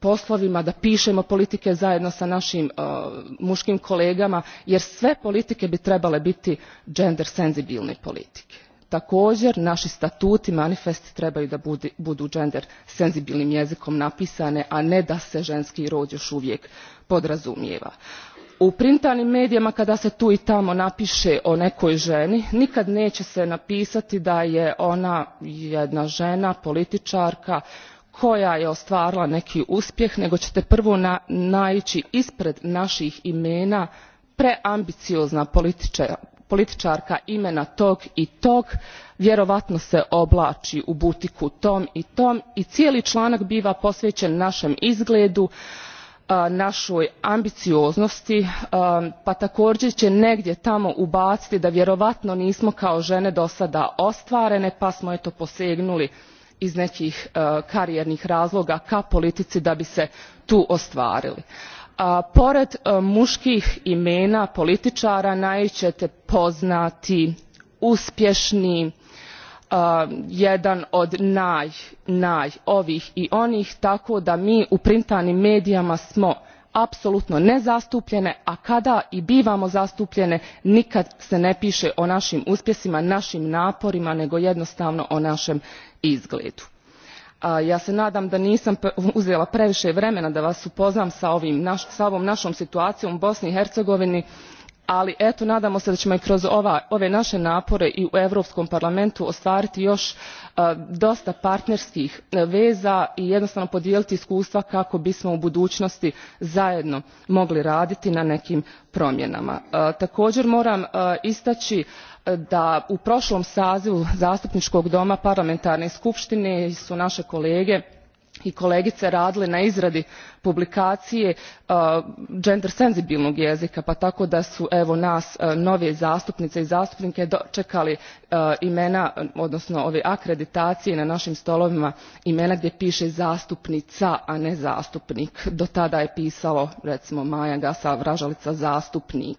poslovima da pišemo politike zajedno sa našim muškim kolegama jer sve politike bi trebale biti gender senzibilne politike. također naši statuti manifesti trebaju da budu gender senzibilnim jezikom napisane a ne da se ženski rod još uvijek podrazumijeva u printanim medijima kada se tu i tamo napiše o nekoj ženi nikad neće se napisati da je ona jedna žena političarka koja je ostvarila neki uspjeh nego ćete prvo na, naići ispred naših imena preambiciozna političarka imena tog i tog vjerojatno se oblači u butiku tom i tom i cijeli članak biva posvećen našem izgledu našoj ambicioznosti pa također će negdje tamo ubaciti da vjerojatno nismo kao žene do sada ostvarene pa smo eto posegnuli iz nekih karijernih razloga ka politici da bi se tu ostvarili. pored mukih imena politiara naići ete poznati uspješni jedan od naj naj ovih i onih tako da mi u printanim medijima smo apsolutno nezastupljene a kada i bivamo zastupljene nikad se ne pie o naim uspjesima naim naporima nego jednostavno o naem izgledu. ja se nadam da nisam uzela previe vremena da vas upoznam s ovom naom situacijom u bosni i hercegovini ali eto nadamo se da ćemo i kroz ova, ove naše napore i u europskom parlamentu ostvariti još dosta partnerskih veza i jednostavno podijeliti iskustva kako bismo u budućnosti zajedno mogli raditi na nekim promjenama. također moram istaći da u prošlom sazivu zastupničkog doma parlamentarne skupštine su naše kolege i kolegice radile na izradi publikacije uh, gender senzibilnog jezika pa tako da su evo nas uh, novije zastupnice i zastupnike dočekali uh, imena odnosno ove akreditacije na našim stolovima imena gdje piše zastupnica a ne zastupnik. do tada je pisalo recimo maja gasa vražalica zastupnik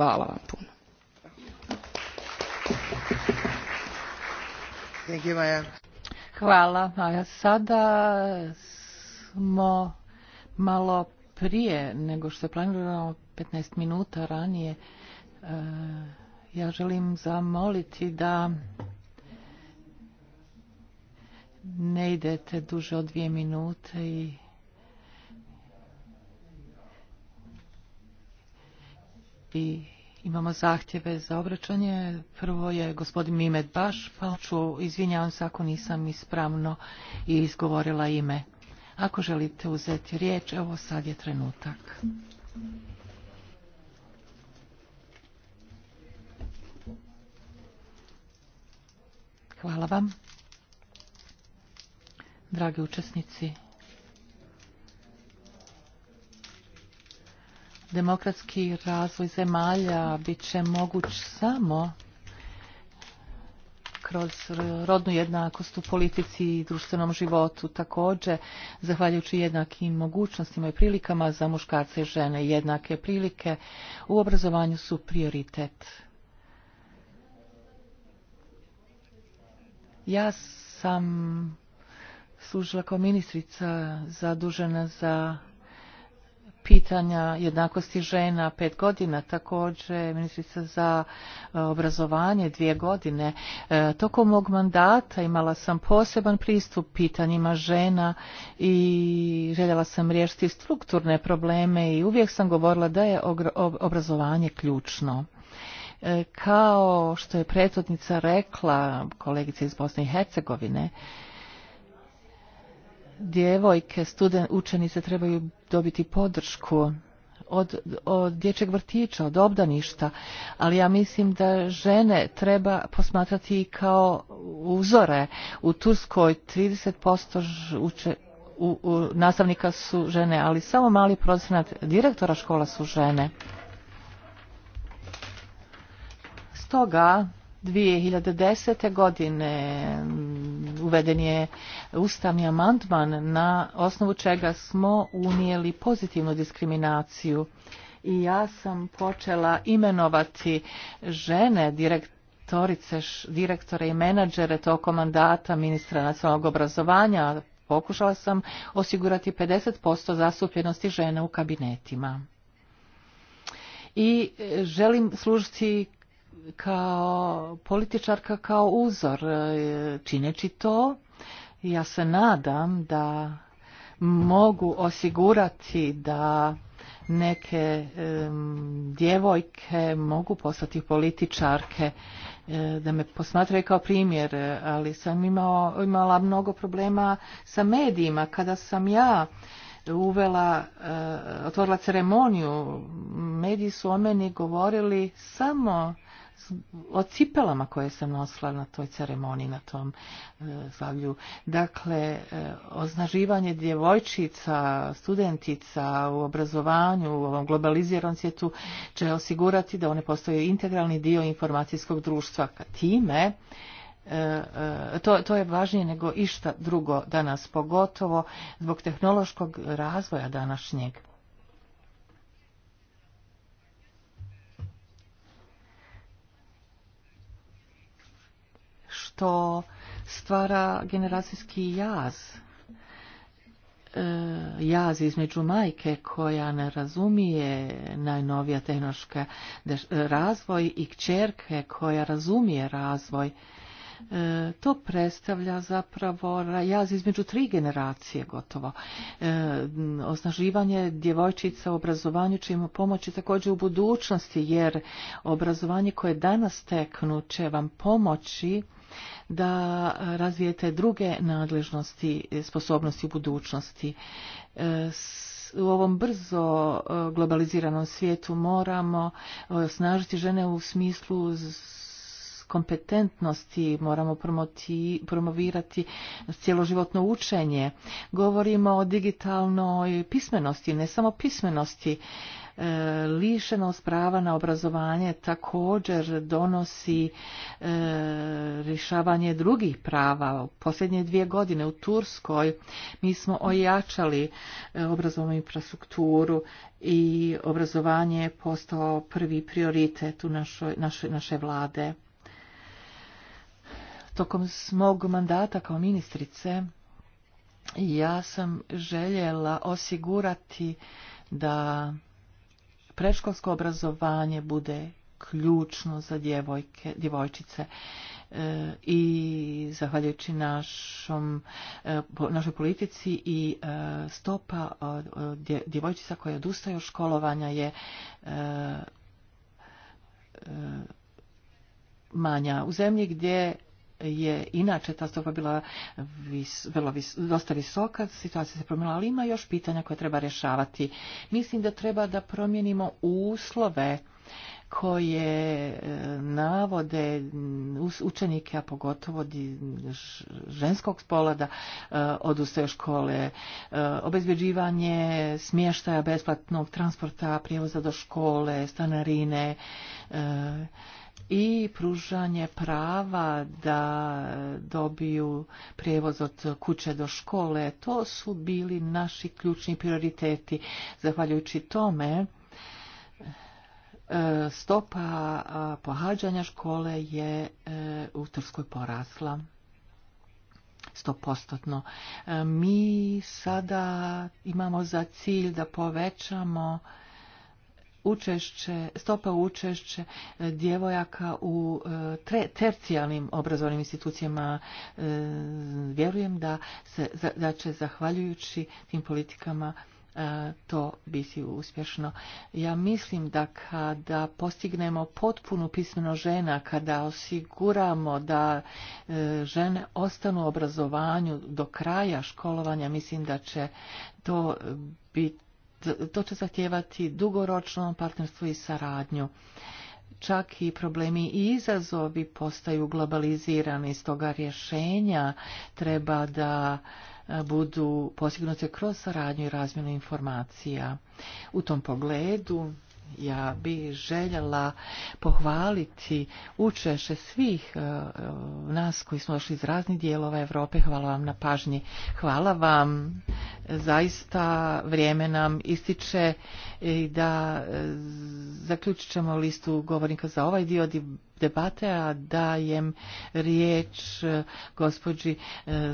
Hvala vam puno. Hvala. Maja. sada smo malo prije nego što je planirano 15 minuta ranije. Eh, ja želim zamoliti da ne idete duže od dvije minute i i imamo zahtjeve za obraćanje. Prvo je gospodin Mimet Baš, pa ću, izvinjavam se ako nisam ispravno izgovorila ime. Ako želite uzeti riječ, evo sad je trenutak. Hvala vam. Dragi učesnici, demokratski razvoj zemalja bit će moguć samo kroz rodnu jednakost u politici i društvenom životu. Također, zahvaljujući jednakim mogućnostima i prilikama za muškarce i žene, jednake prilike u obrazovanju su prioritet. Ja sam služila kao ministrica zadužena za pitanja jednakosti žena pet godina, također ministrica za obrazovanje dvije godine. Tokom mog mandata imala sam poseban pristup pitanjima žena i željela sam riješiti strukturne probleme i uvijek sam govorila da je obrazovanje ključno kao što je prethodnica rekla kolegica iz Bosne i Hercegovine, djevojke, student, učenice trebaju dobiti podršku od, od dječjeg vrtića, od obdaništa, ali ja mislim da žene treba posmatrati kao uzore. U Turskoj 30% uče, u, u, nastavnika su žene, ali samo mali procenat direktora škola su žene. Stoga 2010. godine uveden je ustavni amandman na osnovu čega smo unijeli pozitivnu diskriminaciju i ja sam počela imenovati žene direktorice, direktore i menadžere tokom mandata ministra nacionalnog obrazovanja. Pokušala sam osigurati 50% zastupljenosti žena u kabinetima. I želim služiti kao političarka kao uzor čineći to ja se nadam da mogu osigurati da neke um, djevojke mogu postati političarke da me posmatraju kao primjer, ali sam imao, imala mnogo problema sa medijima. Kada sam ja uvela, otvorila ceremoniju, mediji su o meni govorili samo o cipelama koje sam nosila na toj ceremoniji, na tom e, zavlju. Dakle, e, oznaživanje djevojčica, studentica u obrazovanju, u ovom globaliziranom svijetu će osigurati da one postaju integralni dio informacijskog društva. Ka time, to, to je važnije nego išta drugo danas, pogotovo zbog tehnološkog razvoja današnjeg što stvara generacijski jaz E, jaz između majke koja ne razumije najnovija tehnološka deš, razvoj i kćerke koja razumije razvoj E, to predstavlja zapravo jaz između tri generacije gotovo. E, Osnaživanje djevojčica u obrazovanju će im pomoći također u budućnosti jer obrazovanje koje danas teknu će vam pomoći da razvijete druge nadležnosti, sposobnosti u budućnosti. U ovom brzo globaliziranom svijetu moramo osnažiti žene u smislu kompetentnosti, moramo promoti, promovirati cjeloživotno učenje. Govorimo o digitalnoj pismenosti, ne samo pismenosti. E, lišenost prava na obrazovanje također donosi e, rješavanje drugih prava. U posljednje dvije godine u Turskoj mi smo ojačali e, obrazovnu infrastrukturu i obrazovanje je postao prvi prioritet u našoj, našoj, naše vlade. Tokom smog mandata kao ministrice ja sam željela osigurati da preškolsko obrazovanje bude ključno za djevojke, djevojčice e, i zahvaljujući našom, e, našoj politici i e, stopa od, od djevojčica koje odustaju od školovanja je e, e, manja. U zemlji gdje je inače ta stopa bila vis, vrlo vis, dosta visoka, situacija se promijenila, ali ima još pitanja koje treba rješavati. Mislim da treba da promijenimo uslove koje navode učenike, a pogotovo ženskog spola da odustaju škole, obezbeđivanje smještaja besplatnog transporta, prijevoza do škole, stanarine, i pružanje prava da dobiju prijevoz od kuće do škole. To su bili naši ključni prioriteti. Zahvaljujući tome, stopa pohađanja škole je u Trskoj porasla postotno. Mi sada imamo za cilj da povećamo učešće, stopa učešće djevojaka u tre, tercijalnim obrazovnim institucijama vjerujem da, se, da će zahvaljujući tim politikama to biti uspješno. Ja mislim da kada postignemo potpunu pismeno žena, kada osiguramo da žene ostanu u obrazovanju do kraja školovanja, mislim da će to biti to će zahtijevati dugoročno partnerstvo i saradnju. Čak i problemi i izazovi postaju globalizirani, stoga rješenja treba da budu posignute kroz saradnju i razmjenu informacija. U tom pogledu ja bi željela pohvaliti učeše svih nas koji smo došli iz raznih dijelova Evrope. Hvala vam na pažnji. Hvala vam. Zaista vrijeme nam ističe i da zaključit ćemo listu govornika za ovaj dio debate, a dajem riječ gospođi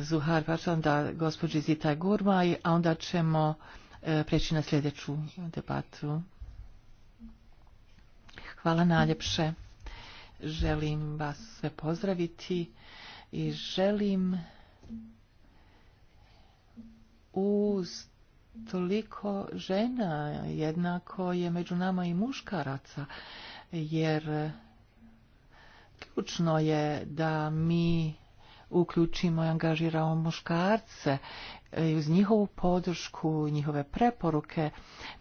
Zuhar Pačan, da gospođi Zita Gurmaj, a onda ćemo preći na sljedeću debatu. Hvala najljepše. Želim vas sve pozdraviti i želim uz toliko žena jednako je među nama i muškaraca, jer ključno je da mi uključimo i angažiramo muškarce i uz njihovu podršku, njihove preporuke,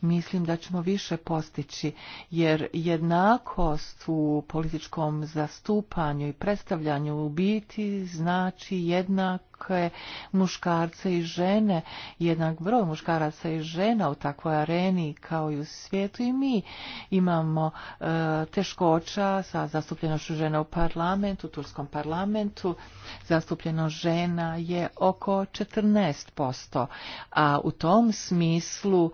mislim da ćemo više postići, jer jednakost u političkom zastupanju i predstavljanju u biti znači jednake muškarce i žene, jednak broj muškaraca i žena u takvoj areni kao i u svijetu i mi imamo e, teškoća sa zastupljenošću žena u parlamentu, u turskom parlamentu, zastupljeno žena je oko 14 5%. A u tom smislu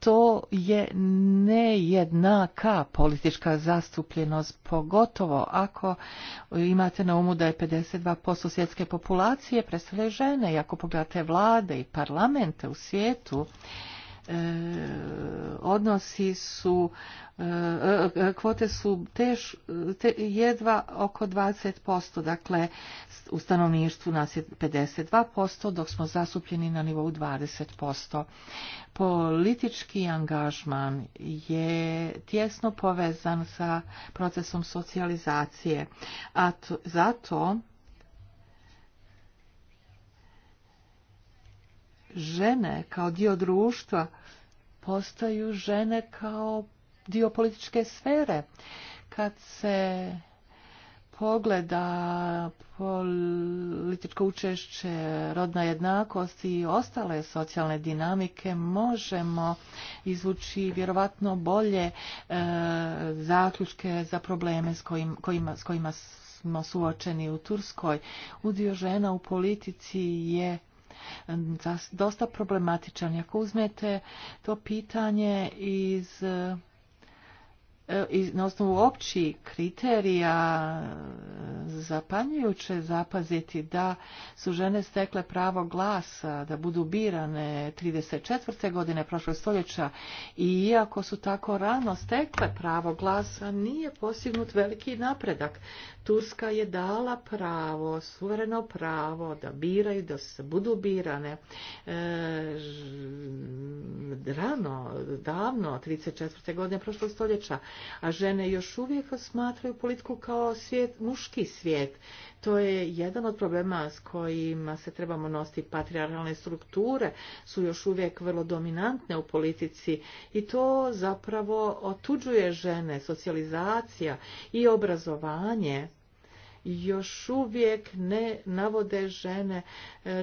to je nejednaka politička zastupljenost, pogotovo ako imate na umu da je 52% svjetske populacije predstavlja žene i ako pogledate vlade i parlamente u svijetu, Eh, odnosi su eh, eh, kvote su teš te, jedva oko 20%, dakle u stanovništvu nas je 52%, dok smo zasupljeni na nivou 20%. Politički angažman je tjesno povezan sa procesom socijalizacije, a to, zato žene kao dio društva postaju žene kao dio političke sfere. Kad se pogleda političko učešće, rodna jednakost i ostale socijalne dinamike, možemo izvući vjerovatno bolje e, zaključke za probleme s, kojim, kojima, s kojima smo suočeni u Turskoj. Udio žena u politici je dosta problematičan. Ako uzmete to pitanje iz i na osnovu opći kriterija zapanjujuće zapaziti da su žene stekle pravo glasa, da budu birane 34. godine prošlog stoljeća i iako su tako rano stekle pravo glasa, nije posignut veliki napredak. Turska je dala pravo, suvereno pravo da biraju, da se budu birane. E, rano, davno, 34. godine prošlog stoljeća a žene još uvijek smatraju politiku kao svijet, muški svijet. To je jedan od problema s kojima se trebamo nositi. Patriarhalne strukture su još uvijek vrlo dominantne u politici i to zapravo otuđuje žene, socijalizacija i obrazovanje još uvijek ne navode žene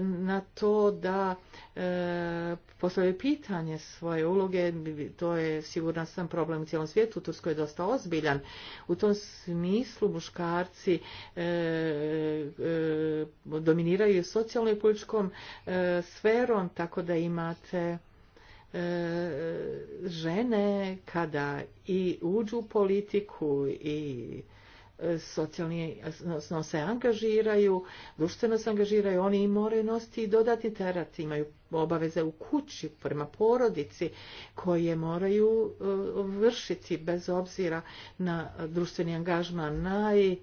na to da e, postoje pitanje svoje uloge. To je siguran sam problem u cijelom svijetu. U Turskoj je dosta ozbiljan. U tom smislu muškarci e, e, dominiraju socijalnom i političkom e, sferom, tako da imate žene kada i uđu u politiku i socijalni se angažiraju, društveno se angažiraju, oni i moraju nositi i dodatni teret, imaju obaveze u kući, prema porodici, koje moraju uh, vršiti bez obzira na društveni angažman. Naj uh,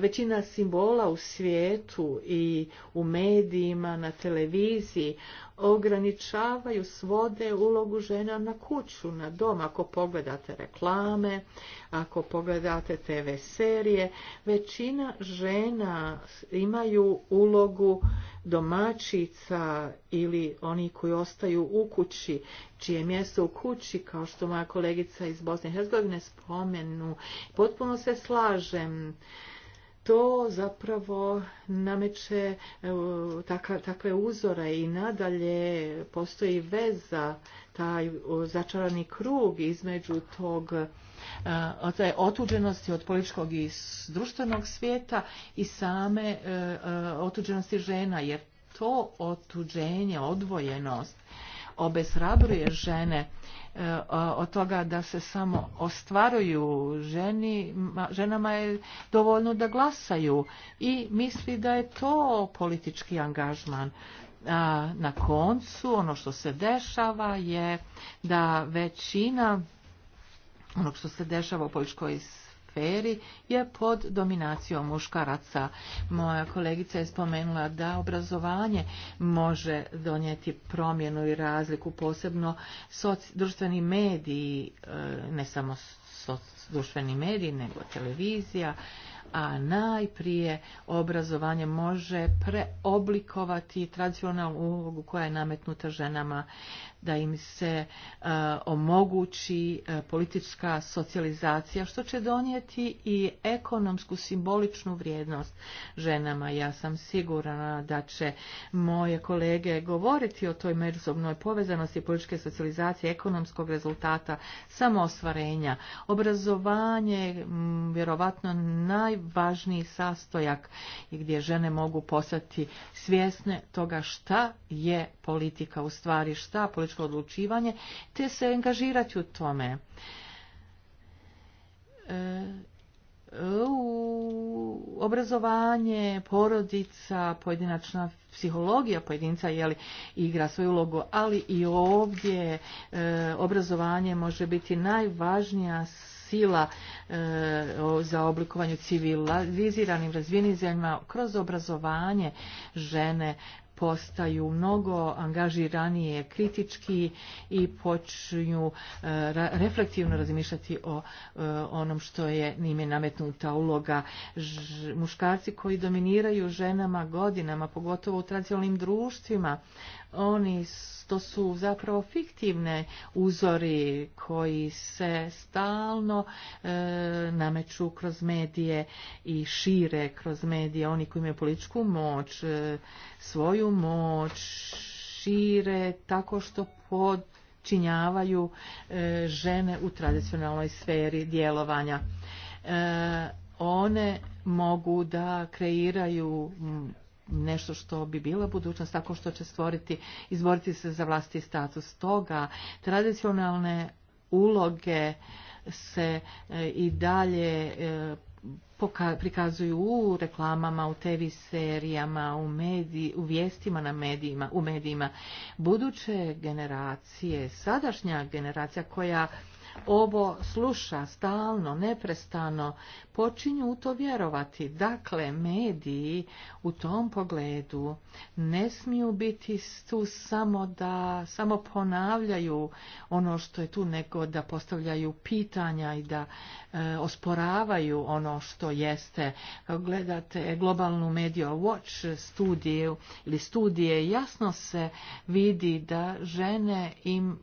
većina simbola u svijetu i u medijima, na televiziji ograničavaju, svode ulogu žena na kuću, na dom. Ako pogledate reklame, ako pogledate TV serije, većina žena imaju ulogu domaćica ili oni koji ostaju u kući, čije mjesto u kući, kao što moja kolegica iz Bosne i Hercegovine spomenu. Potpuno se slažem to zapravo nameće takve uzore i nadalje postoji veza, taj začarani krug između tog te otuđenosti od političkog i društvenog svijeta i same otuđenosti žena, jer to otuđenje, odvojenost obezhrabruje žene od toga da se samo ostvaruju ženi, ženama je dovoljno da glasaju i misli da je to politički angažman. Na koncu ono što se dešava je da većina onog što se dešava u političkoj sferi je pod dominacijom muškaraca. Moja kolegica je spomenula da obrazovanje može donijeti promjenu i razliku, posebno soci, društveni mediji, ne samo soc, društveni mediji, nego televizija, a najprije obrazovanje može preoblikovati tradicionalnu ulogu koja je nametnuta ženama da im se omogući politička socijalizacija što će donijeti i ekonomsku simboličnu vrijednost ženama. Ja sam sigurna da će moje kolege govoriti o toj međusobnoj povezanosti političke socijalizacije ekonomskog rezultata samoostvarenja. Obrazovanje je vjerovatno najvažniji sastojak gdje žene mogu postati svjesne toga šta je politika u stvari, šta politička političko odlučivanje te se angažirati u tome. U obrazovanje, porodica, pojedinačna psihologija pojedinca jeli, igra svoju ulogu, ali i ovdje obrazovanje može biti najvažnija sila za oblikovanje viziranim, razvijenim zemljama kroz obrazovanje žene postaju mnogo angažiranije kritički i počinju reflektivno razmišljati o onom što je nime nametnuta uloga. Muškarci koji dominiraju ženama godinama, pogotovo u tradicionalnim društvima, Oni to su zapravo fiktivne uzori koji se stalno e, nameću kroz medije i šire kroz medije. Oni koji imaju političku moć, e, svoju moć šire tako što pod činjavaju e, žene u tradicionalnoj sferi djelovanja. E, one mogu da kreiraju nešto što bi bila budućnost tako što će stvoriti, izboriti se za vlasti status. Toga tradicionalne uloge se i dalje prikazuju u reklamama, u TV serijama, u, mediji, u vijestima na medijima, u medijima. Buduće generacije, sadašnja generacija koja ovo sluša stalno, neprestano, počinju u to vjerovati. Dakle, mediji u tom pogledu ne smiju biti tu samo da samo ponavljaju ono što je tu, nego da postavljaju pitanja i da e, osporavaju ono što jeste. Gledate globalnu Media Watch studiju ili studije, jasno se vidi da žene im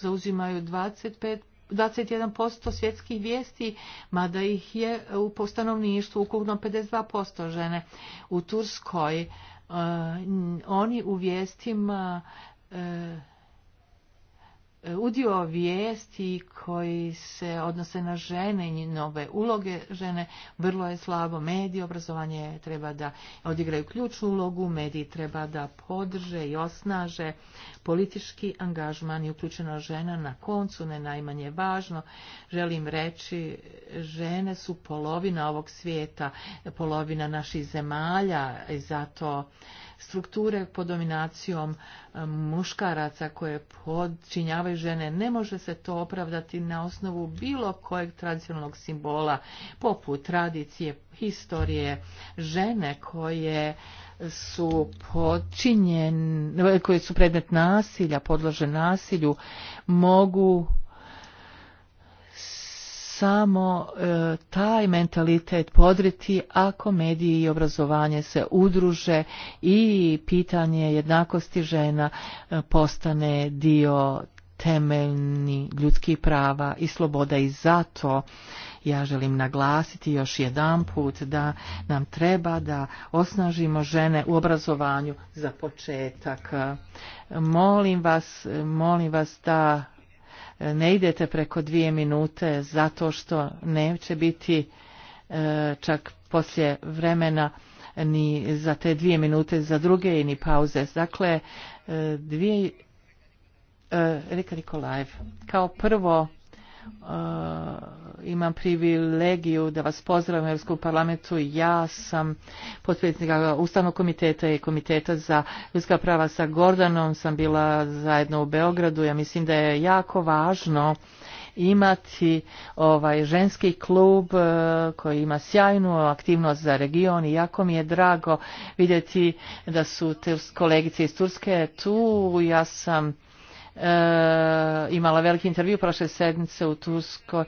zauzimaju 25 21% svjetskih vijesti, mada ih je u postanovništvu ukupno 52% žene. U Turskoj eh, oni u vijestima udio vijesti koji se odnose na žene i nove uloge žene vrlo je slabo. Mediji, obrazovanje treba da odigraju ključnu ulogu, mediji treba da podrže i osnaže politički angažman i uključeno žena na koncu, ne najmanje važno. Želim reći, žene su polovina ovog svijeta, polovina naših zemalja i zato strukture pod dominacijom muškaraca koje podčinjavaju žene. Ne može se to opravdati na osnovu bilo kojeg tradicionalnog simbola, poput tradicije, historije, žene koje su podčinjen, koje su predmet nasilja, podlože nasilju, mogu samo e, taj mentalitet podriti ako mediji i obrazovanje se udruže i pitanje jednakosti žena postane dio temeljni ljudskih prava i sloboda i zato ja želim naglasiti još jedan put da nam treba da osnažimo žene u obrazovanju za početak. Molim vas, molim vas da ne idete preko dvije minute zato što neće biti čak poslije vremena ni za te dvije minute za druge i ni pauze. Dakle, dvije Rika Nikolajev. Kao prvo, uh, imam privilegiju da vas pozdravim u Europskom parlamentu. Ja sam potpredsjednik Ustavnog komiteta i komiteta za ljudska prava sa Gordanom. Sam bila zajedno u Beogradu. Ja mislim da je jako važno imati ovaj ženski klub uh, koji ima sjajnu aktivnost za region i jako mi je drago vidjeti da su te kolegice iz Turske tu. Ja sam Eh, imala veliki intervju prošle sedmice u Turskoj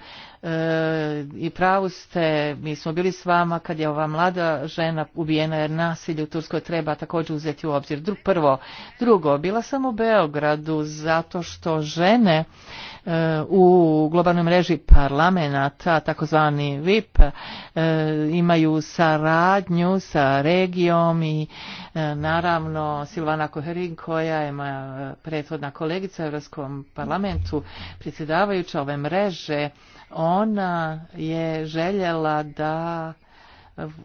i pravu ste, mi smo bili s vama kad je ova mlada žena ubijena jer nasilje u Turskoj treba također uzeti u obzir. Dru, prvo, drugo, bila sam u Beogradu zato što žene e, u globalnoj mreži parlamenta, takozvani VIP, e, imaju saradnju sa regijom i e, naravno Silvana Koherin koja je moja prethodna kolegica u Europskom parlamentu, predsjedavajuća ove mreže, ona je željela da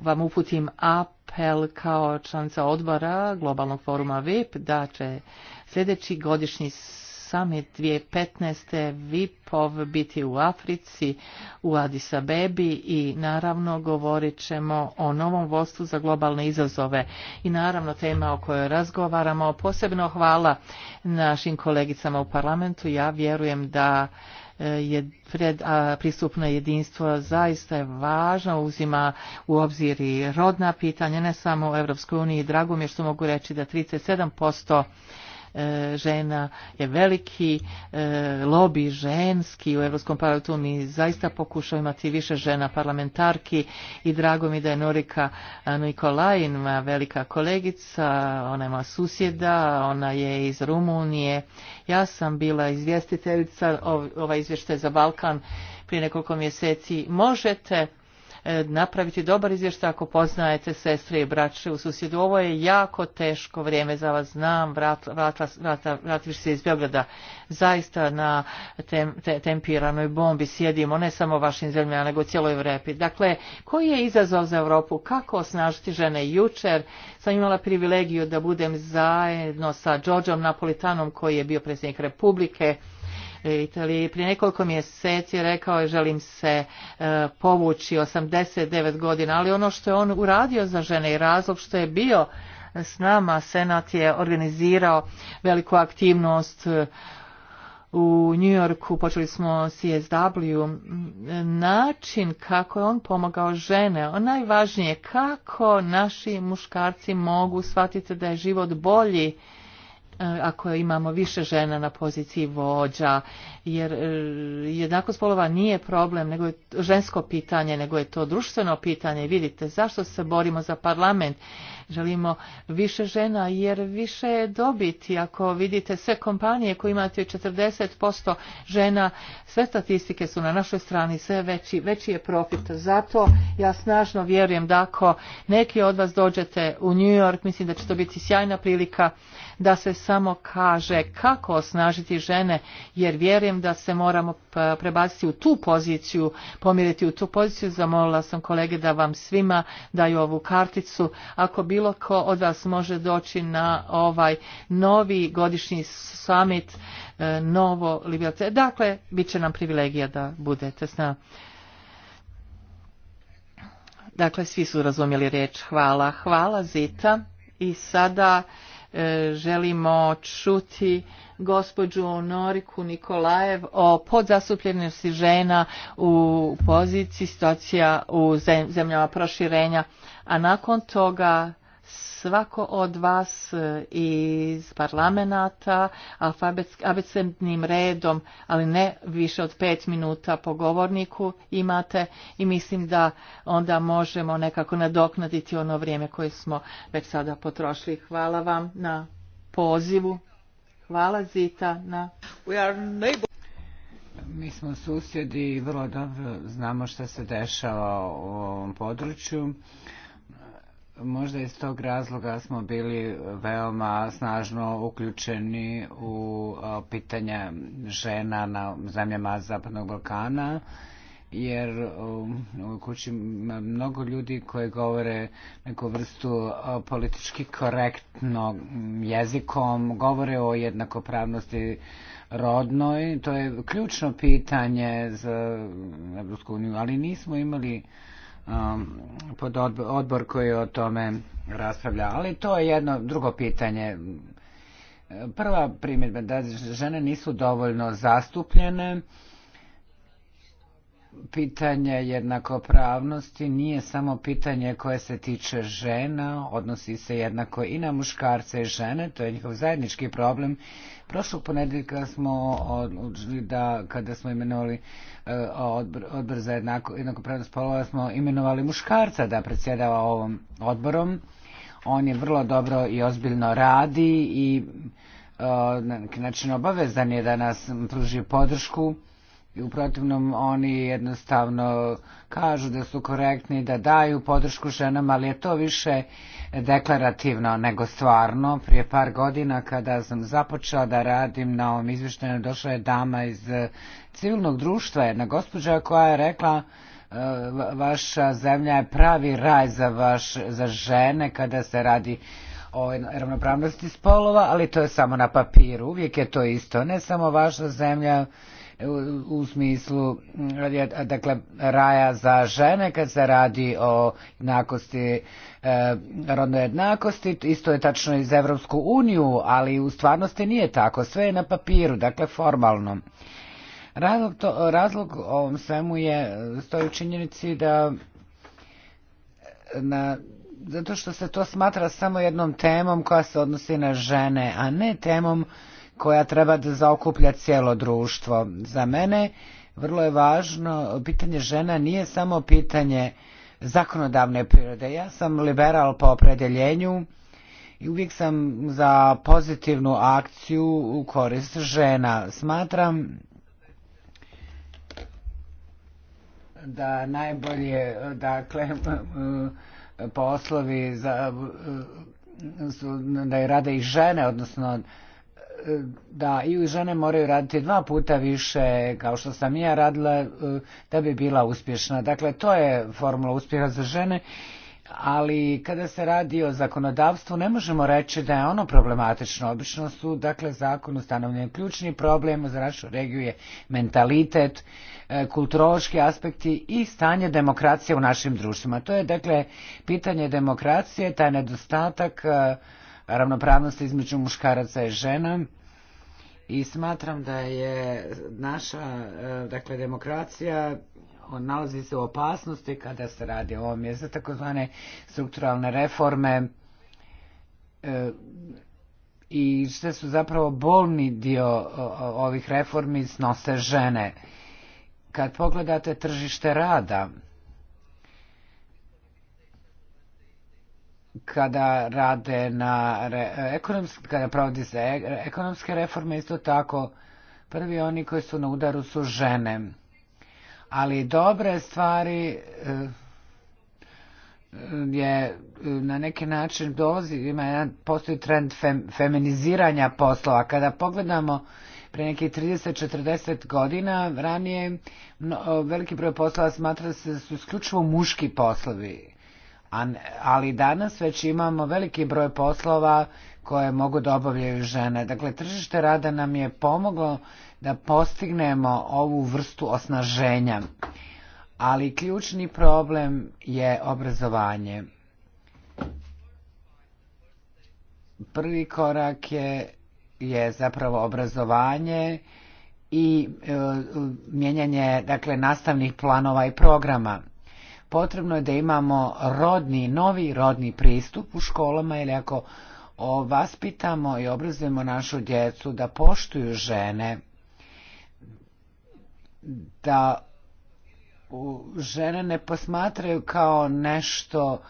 vam uputim apel kao članca odbora globalnog foruma VIP da će sljedeći godišnji summit 2015. VIPov biti u Africi, u Addis Abebi i naravno govorit ćemo o novom vodstvu za globalne izazove i naravno tema o kojoj razgovaramo. Posebno hvala našim kolegicama u parlamentu. Ja vjerujem da a pristupno jedinstvo zaista je važno, uzima u obzir i rodna pitanja, ne samo u Evropskoj uniji. Drago mi je što mogu reći da 37% žena je veliki lobby ženski u Evropskom parlamentu. Mi zaista pokušamo imati više žena parlamentarki i drago mi da je Norika Nikolajin, moja velika kolegica, ona je moja susjeda, ona je iz Rumunije. Ja sam bila izvjestiteljica, ovaj izvještaj za Balkan prije nekoliko mjeseci. Možete napraviti dobar izvještaj ako poznajete sestre i braće u susjedu. Ovo je jako teško vrijeme za vas, znam, vratiš se iz Beograda. Zaista na tem, te, tempiranoj bombi sjedimo, ne samo vašim zemljama, nego cijeloj Evropi. Dakle, koji je izazov za Europu? Kako osnažiti žene? Jučer sam imala privilegiju da budem zajedno sa Đorđom Napolitanom koji je bio predsjednik Republike Italiji. Prije nekoliko mjeseci rekao je želim se e, povući 89 godina, ali ono što je on uradio za žene i razlog što je bio s nama, Senat je organizirao veliku aktivnost u New Yorku, počeli smo CSW, način kako je on pomogao žene, on najvažnije kako naši muškarci mogu shvatiti da je život bolji ako imamo više žena na poziciji vođa, jer jednako spolova nije problem, nego je žensko pitanje, nego je to društveno pitanje. Vidite, zašto se borimo za parlament? Želimo više žena jer više je dobiti. Ako vidite sve kompanije koje imate 40% žena, sve statistike su na našoj strani, sve veći, veći je profit. Zato ja snažno vjerujem da ako neki od vas dođete u New York, mislim da će to biti sjajna prilika da se samo kaže kako osnažiti žene, jer vjerujem da se moramo prebaciti u tu poziciju, pomiriti u tu poziciju. Zamolila sam kolege da vam svima daju ovu karticu. Ako bilo bilo ko od vas može doći na ovaj novi godišnji summit novo Libijace. Dakle, bit će nam privilegija da budete s nama. Dakle, svi su razumjeli riječ. Hvala. Hvala, Zita. I sada e, želimo čuti gospođu Noriku Nikolajev o podzastupljenosti žena u poziciji situacija u zemljama proširenja. A nakon toga svako od vas iz parlamenta abecednim redom, ali ne više od pet minuta po govorniku imate i mislim da onda možemo nekako nadoknaditi ono vrijeme koje smo već sada potrošili. Hvala vam na pozivu. Hvala Zita na... Mi smo susjedi i vrlo dobro znamo što se dešava u ovom području. Možda iz tog razloga smo bili veoma snažno uključeni u pitanja žena na zemljama Zapadnog Balkana jer u kući ima mnogo ljudi koji govore neku vrstu politički korektno jezikom, govore o jednakopravnosti rodnoj. To je ključno pitanje za Evropsku uniju, ali nismo imali Um, pod odbor koji o tome raspravlja. Ali to je jedno drugo pitanje. Prva primjedba da žene nisu dovoljno zastupljene pitanje jednakopravnosti nije samo pitanje koje se tiče žena, odnosi se jednako i na muškarce i žene, to je njihov zajednički problem. Prošlog ponedeljka smo odlučili da kada smo imenovali eh, odbor, odbor za jednako, jednakopravnost polova smo imenovali muškarca da predsjedava ovom odborom. On je vrlo dobro i ozbiljno radi i eh, na neki način obavezan je da nas pruži podršku i u protivnom oni jednostavno kažu da su korektni, da daju podršku ženama, ali je to više deklarativno nego stvarno. Prije par godina kada sam započela da radim na ovom izvištenju, došla je dama iz eh, civilnog društva, jedna gospođa koja je rekla eh, vaša zemlja je pravi raj za, vaš, za žene kada se radi o ravnopravnosti spolova, ali to je samo na papiru. Uvijek je to isto. Ne samo vaša zemlja, u, smislu dakle raja za žene kad se radi o jednakosti e, rodnoj jednakosti isto je tačno i za Evropsku uniju ali u stvarnosti nije tako sve je na papiru dakle formalno razlog, to, razlog ovom svemu je stoji u činjenici da na zato što se to smatra samo jednom temom koja se odnosi na žene, a ne temom koja treba da zaokuplja cijelo društvo. Za mene vrlo je važno, pitanje žena nije samo pitanje zakonodavne prirode. Ja sam liberal po opredeljenju i uvijek sam za pozitivnu akciju u korist žena. Smatram da najbolje, dakle, poslovi za, su, da je rade i žene, odnosno da i žene moraju raditi dva puta više kao što sam ja radila da bi bila uspješna. Dakle, to je formula uspjeha za žene, ali kada se radi o zakonodavstvu ne možemo reći da je ono problematično. Obično su, dakle, zakon ustanovljen ključni problem za našu regiju je mentalitet, kulturološki aspekti i stanje demokracije u našim društvima. To je, dakle, pitanje demokracije, taj nedostatak uh, ravnopravnosti između muškaraca i žena i smatram da je naša dakle demokracija nalazi se u opasnosti kada se radi o ovom za takozvane strukturalne reforme i što su zapravo bolni dio ovih reformi snose žene. Kad pogledate tržište rada, kada rade na re, ekonomski, kada provodi se ekonomske reforme, isto tako prvi oni koji su na udaru su žene. Ali dobre stvari je na neki način dolazi, ima jedan, postoji trend fem, feminiziranja poslova. Kada pogledamo pre neki 30-40 godina ranije, no, veliki broj poslova smatra se da su isključivo muški poslovi ali danas već imamo veliki broj poslova koje mogu da obavljaju žene. Dakle, tržište rada nam je pomoglo da postignemo ovu vrstu osnaženja, ali ključni problem je obrazovanje. Prvi korak je, je zapravo obrazovanje i e, mijenjanje dakle, nastavnih planova i programa potrebno je da imamo rodni, novi rodni pristup u školama ili ako vaspitamo i obrazujemo našu djecu da poštuju žene, da žene ne posmatraju kao nešto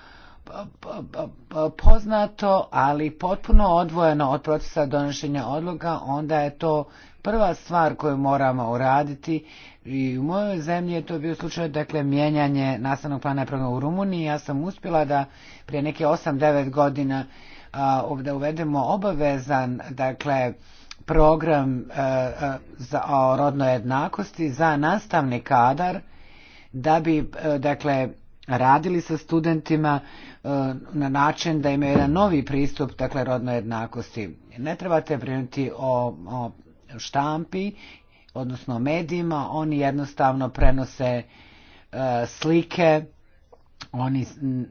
poznato, ali potpuno odvojeno od procesa donošenja odloga, onda je to prva stvar koju moramo uraditi I u mojoj zemlji je to bio slučaj, dakle, mijenjanje nastavnog plana programa u Rumuniji. Ja sam uspjela da prije neke 8-9 godina a, da uvedemo obavezan, dakle, program a, a, za, o rodnoj jednakosti za nastavni kadar da bi, a, dakle, radili sa studentima na način da imaju jedan novi pristup, dakle, rodnoj jednakosti. Ne trebate brinuti o, o štampi odnosno medijima, oni jednostavno prenose slike, oni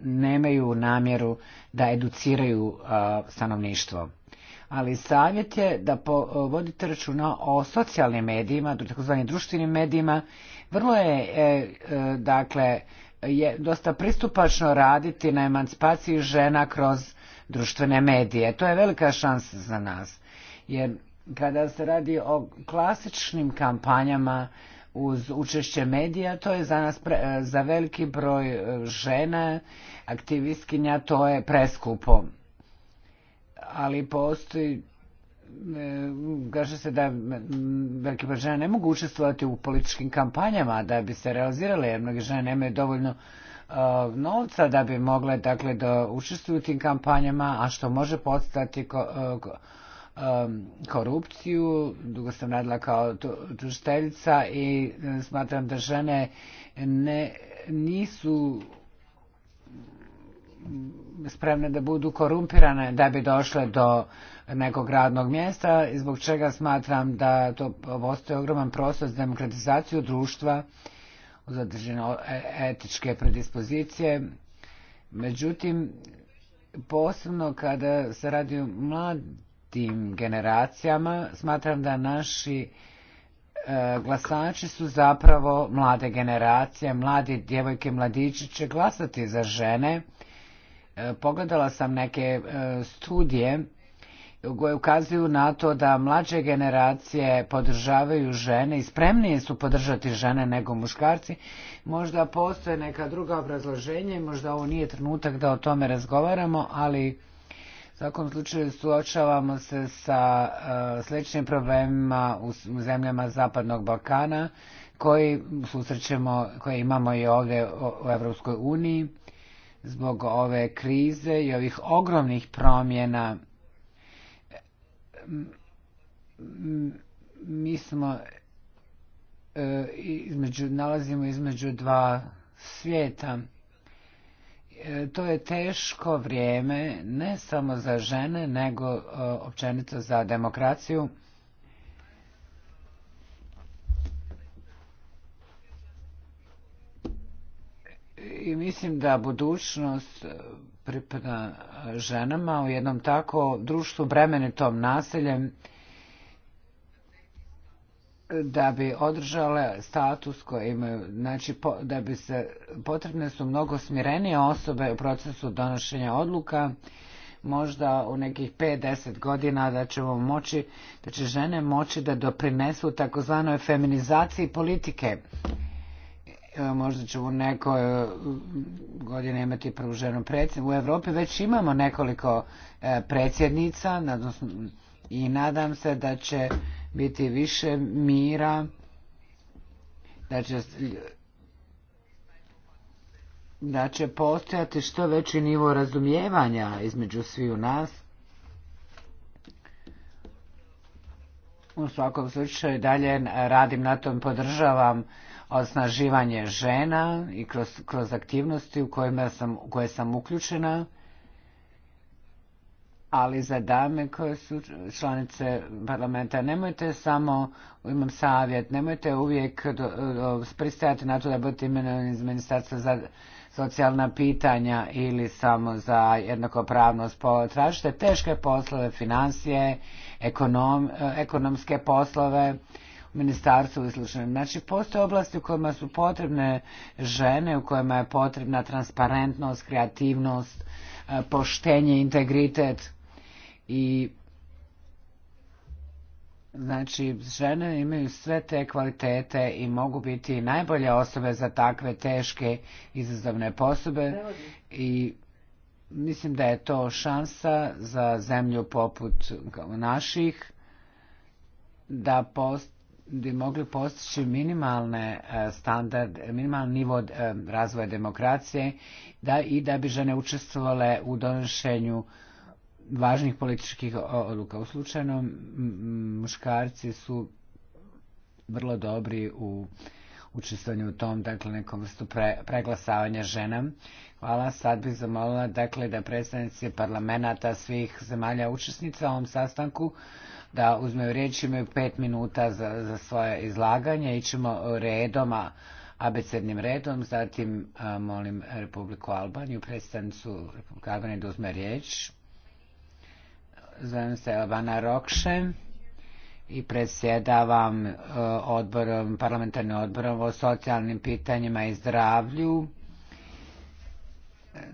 nemaju namjeru da educiraju stanovništvo. Ali savjet je da vodite računa o socijalnim medijima, takozvanim društvenim medijima. Vrlo je, dakle, je dosta pristupačno raditi na emancipaciji žena kroz društvene medije. To je velika šansa za nas. Jer Kada se radi o klasičnim kampanjama uz učešće medija, to je za nas pre, za veliki broj žena, aktivistkinja, to je preskupo. Ali postoji kaže se da veliki broj žena ne mogu učestvovati u političkim kampanjama da bi se realizirale, jer mnoge žene nemaju dovoljno novca da bi mogle dakle da učestvuju u tim kampanjama, a što može postati ko, ko, korupciju, um, dugo sam radila kao tužiteljica i smatram da žene ne, nisu spremne da budu korumpirane da bi došle do nekog radnog mjesta i zbog čega smatram da to postoje ogroman prostor za demokratizaciju društva uz određene etičke predispozicije. Međutim, posebno kada se radi o mladim tim generacijama, smatram da naši glasači su zapravo mlade generacije, mladi djevojke, mladići će glasati za žene. Pogledala sam neke studije koje ukazuju na to da mlađe generacije podržavaju žene i spremnije su podržati žene nego muškarci. Možda postoje neka druga obrazloženja i možda ovo nije trenutak da o tome razgovaramo, ali svakom slučaju suočavamo se sa e, sličnim problemima u, u zemljama Zapadnog Balkana koji susrećemo, koje imamo i ovdje u, u Evropskoj uniji zbog ove krize i ovih ogromnih promjena mi smo e, između, nalazimo između dva svijeta to je teško vrijeme ne samo za žene nego općenito za demokraciju i mislim da budućnost pripada ženama u jednom tako društvu bremenitom nasiljem da bi održale status koji imaju, znači po, da bi se, potrebne su mnogo smirenije osobe u procesu donošenja odluka, možda u nekih 5-10 godina da ćemo moći, da će žene moći da doprinesu takozvanoj feminizaciji politike. Možda ćemo u nekoj godine imati prvu ženu predsjednicu. U Europi već imamo nekoliko predsjednica, i nadam se da će biti više mira, da će, da će postojati što veći nivo razumijevanja između sviju nas. U svakom slučaju dalje radim na tom, podržavam osnaživanje žena i kroz, kroz aktivnosti u kojima sam, u koje sam uključena ali za dame koje su članice parlamenta nemojte samo, imam savjet, nemojte uvijek pristajati na to da budete imenovani iz ministarstva za socijalna pitanja ili samo za jednakopravnost. Tražite teške poslove, financije, ekonom, ekonomske poslove, ministarstvu i Znači, postoje oblasti u kojima su potrebne žene, u kojima je potrebna transparentnost, kreativnost, poštenje, integritet i Znači, žene imaju sve te kvalitete i mogu biti najbolje osobe za takve teške izazovne posobe i mislim da je to šansa za zemlju poput naših da post, bi mogli postići minimalne standard, minimalni nivo razvoja demokracije da i da bi žene učestvovale u donošenju važnih političkih odluka. U slučajno, muškarci su vrlo dobri u učestvanju u tom, dakle, nekom vrstu pre, preglasavanja žena. Hvala, sad bih zamolila, dakle, da predstavnici parlamenta svih zemalja učesnica u ovom sastanku da uzmeju riječ, imaju pet minuta za, za svoje izlaganje, ićemo redom, a abecednim redom, zatim a, molim Republiku Albaniju, predstavnicu Republike Albanije da uzme riječ, zovem se Albana Rokše i predsjedavam odborom, parlamentarnim odborom o socijalnim pitanjima i zdravlju.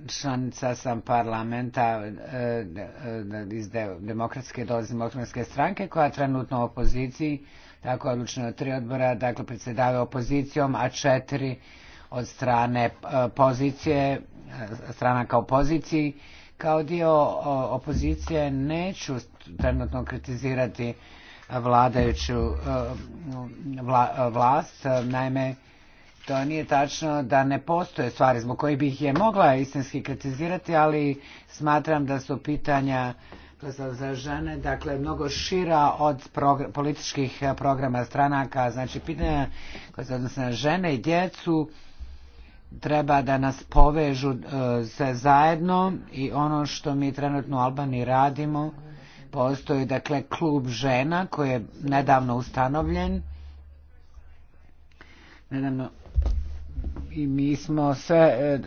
Članica sam parlamenta iz demokratske dolazi demokratske stranke koja je trenutno u opoziciji, tako odlučno odlučeno tri odbora, dakle predsjedavaju opozicijom, a četiri od strane pozicije, strana kao poziciji Kao dio opozicije neću trenutno kritizirati vladajuću vlast. Naime, to nije tačno da ne postoje stvari zbog kojih bih je mogla istinski kritizirati, ali smatram da su pitanja za žene, dakle, mnogo šira od progr političkih programa stranaka, znači pitanja koje se odnose na žene i djecu, treba da nas povežu se zajedno i ono što mi trenutno u Albani radimo postoji dakle klub žena koji je nedavno ustanovljen nedavno i mi smo sve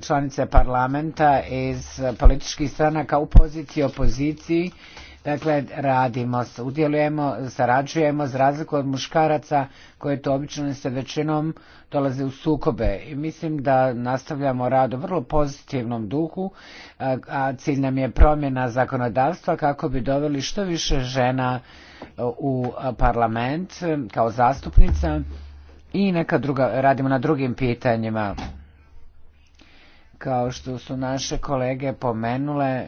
članice parlamenta iz političkih stranaka u poziciji opoziciji Dakle, radimo, udjelujemo, sarađujemo za razliku od muškaraca koje to obično se većinom dolaze u sukobe. I mislim da nastavljamo rad u vrlo pozitivnom duhu, a cilj nam je promjena zakonodavstva kako bi doveli što više žena u parlament kao zastupnica i neka druga, radimo na drugim pitanjima kao što su naše kolege pomenule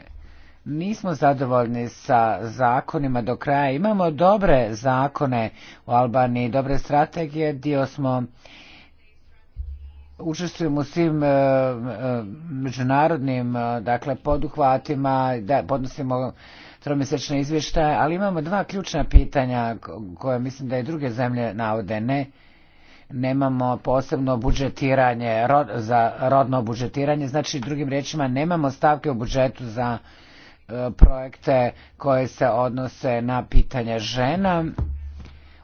nismo zadovoljni sa zakonima do kraja. Imamo dobre zakone u Albaniji, dobre strategije, dio smo učestvujemo u svim međunarodnim dakle poduhvatima, da podnosimo tromjesečne izvještaje, ali imamo dva ključna pitanja koje mislim da i druge zemlje navode ne nemamo posebno budžetiranje rod, za rodno budžetiranje, znači drugim riječima nemamo stavke u budžetu za uh, projekte koje se odnose na pitanje žena,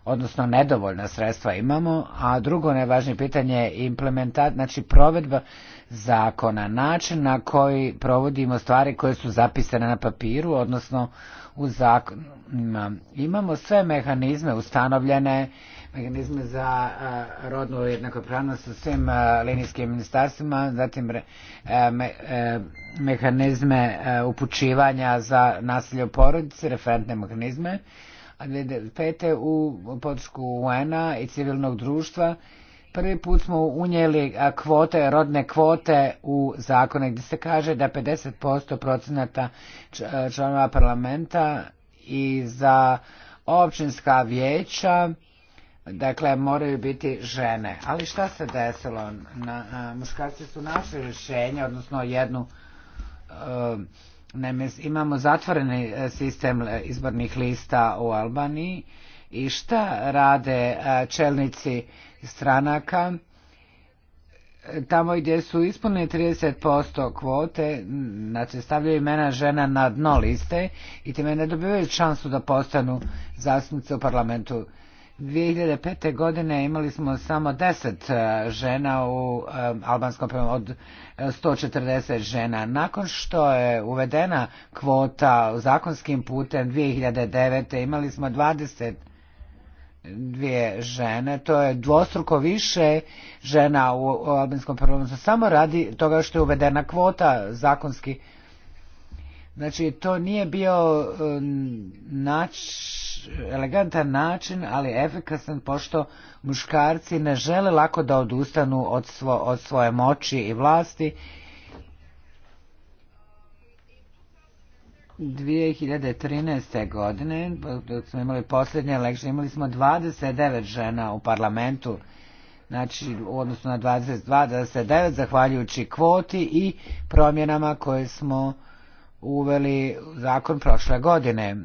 odnosno nedovoljna sredstva imamo, a drugo najvažnije pitanje je implementat, znači provedba zakona, način na koji provodimo stvari koje su zapisane na papiru, odnosno u zakonima. Imamo sve mehanizme ustanovljene, mehanizme za rodnu jednakopravnost u svim linijskim ministarstvima, zatim mehanizme eh, upućivanja za nasilje u porodici, referentne mehanizme, a 2005. u podršku UN-a i civilnog društva prvi put smo unijeli eh, kvote, rodne kvote u zakone gdje se kaže da 50% procenata eh, članova parlamenta i za općinska vijeća dakle moraju biti žene. Ali šta se desilo? Na, a, muškarci su našli rješenje, odnosno jednu Eh, Naime, imamo zatvoreni eh, sistem eh, izbornih lista u Albaniji i šta rade čelnici stranaka tamo gdje su ispunili 30% kvote, znači stavljaju imena žena na dno liste i time ne dobivaju šansu da postanu zastupnice u parlamentu. 2005. godine imali smo samo 10 žena u albanskom prvom od 140 žena. Nakon što je uvedena kvota zakonskim putem 2009. imali smo 20 dvije žene, to je dvostruko više žena u, u albanskom parlamentu, samo radi toga što je uvedena kvota zakonski. Znači, to nije bio um, način elegantan način, ali efikasan pošto muškarci ne žele lako da odustanu od, svo, od svoje moći i vlasti. 2013. godine, dok smo imali posljednje lekcije, imali smo 29 žena u parlamentu, znači u odnosu na 22, 29, zahvaljujući kvoti i promjenama koje smo uveli zakon prošle godine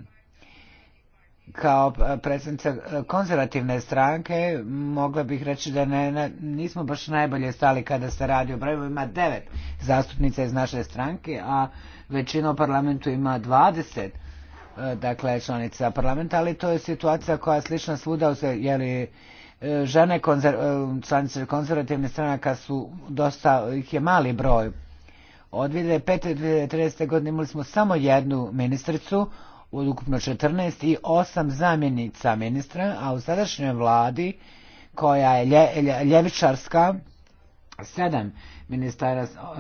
kao predsjednica konzervativne stranke mogla bih reći da ne, ne, nismo baš najbolje stali kada se radi o brojima. Ima devet zastupnica iz naše stranke, a većina u parlamentu ima 20 dakle članica parlamenta, ali to je situacija koja je slična svuda, je li žene konzer, članice konzervativne stranaka su dosta, ih je mali broj. Od 2005. do 2013. godine imali smo samo jednu ministricu, od ukupno 14 i 8 zamjenica ministra, a u sadašnjoj vladi koja je lje, lje, ljevičarska, 7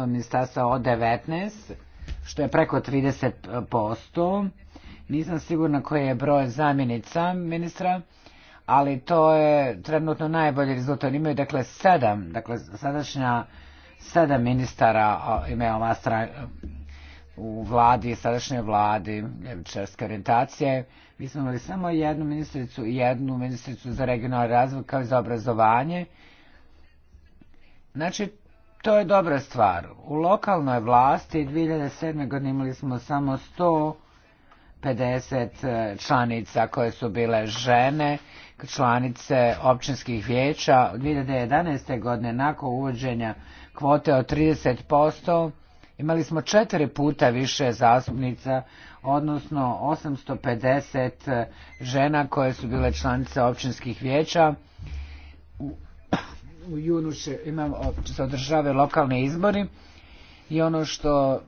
ministarstva od 19, što je preko 30%. Nisam sigurna koji je broj zamjenica ministra, ali to je trenutno najbolji rezultat. Imaju dakle 7, dakle sadašnja 7 ministara imaju ova u vladi, sadašnje vladi ljevičarske orientacije. Mi smo imali samo jednu ministricu i jednu ministricu za regionalni razvoj kao i za obrazovanje. Znači, to je dobra stvar. U lokalnoj vlasti 2007. godine imali smo samo 150 članica koje su bile žene, članice općinskih vijeća. 2011. godine nakon uvođenja kvote od 30%, Imali smo četiri puta više zastupnica, odnosno 850 žena koje su bile članice općinskih vijeća. U, u junu će, imamo, se održave lokalne izbori i ono što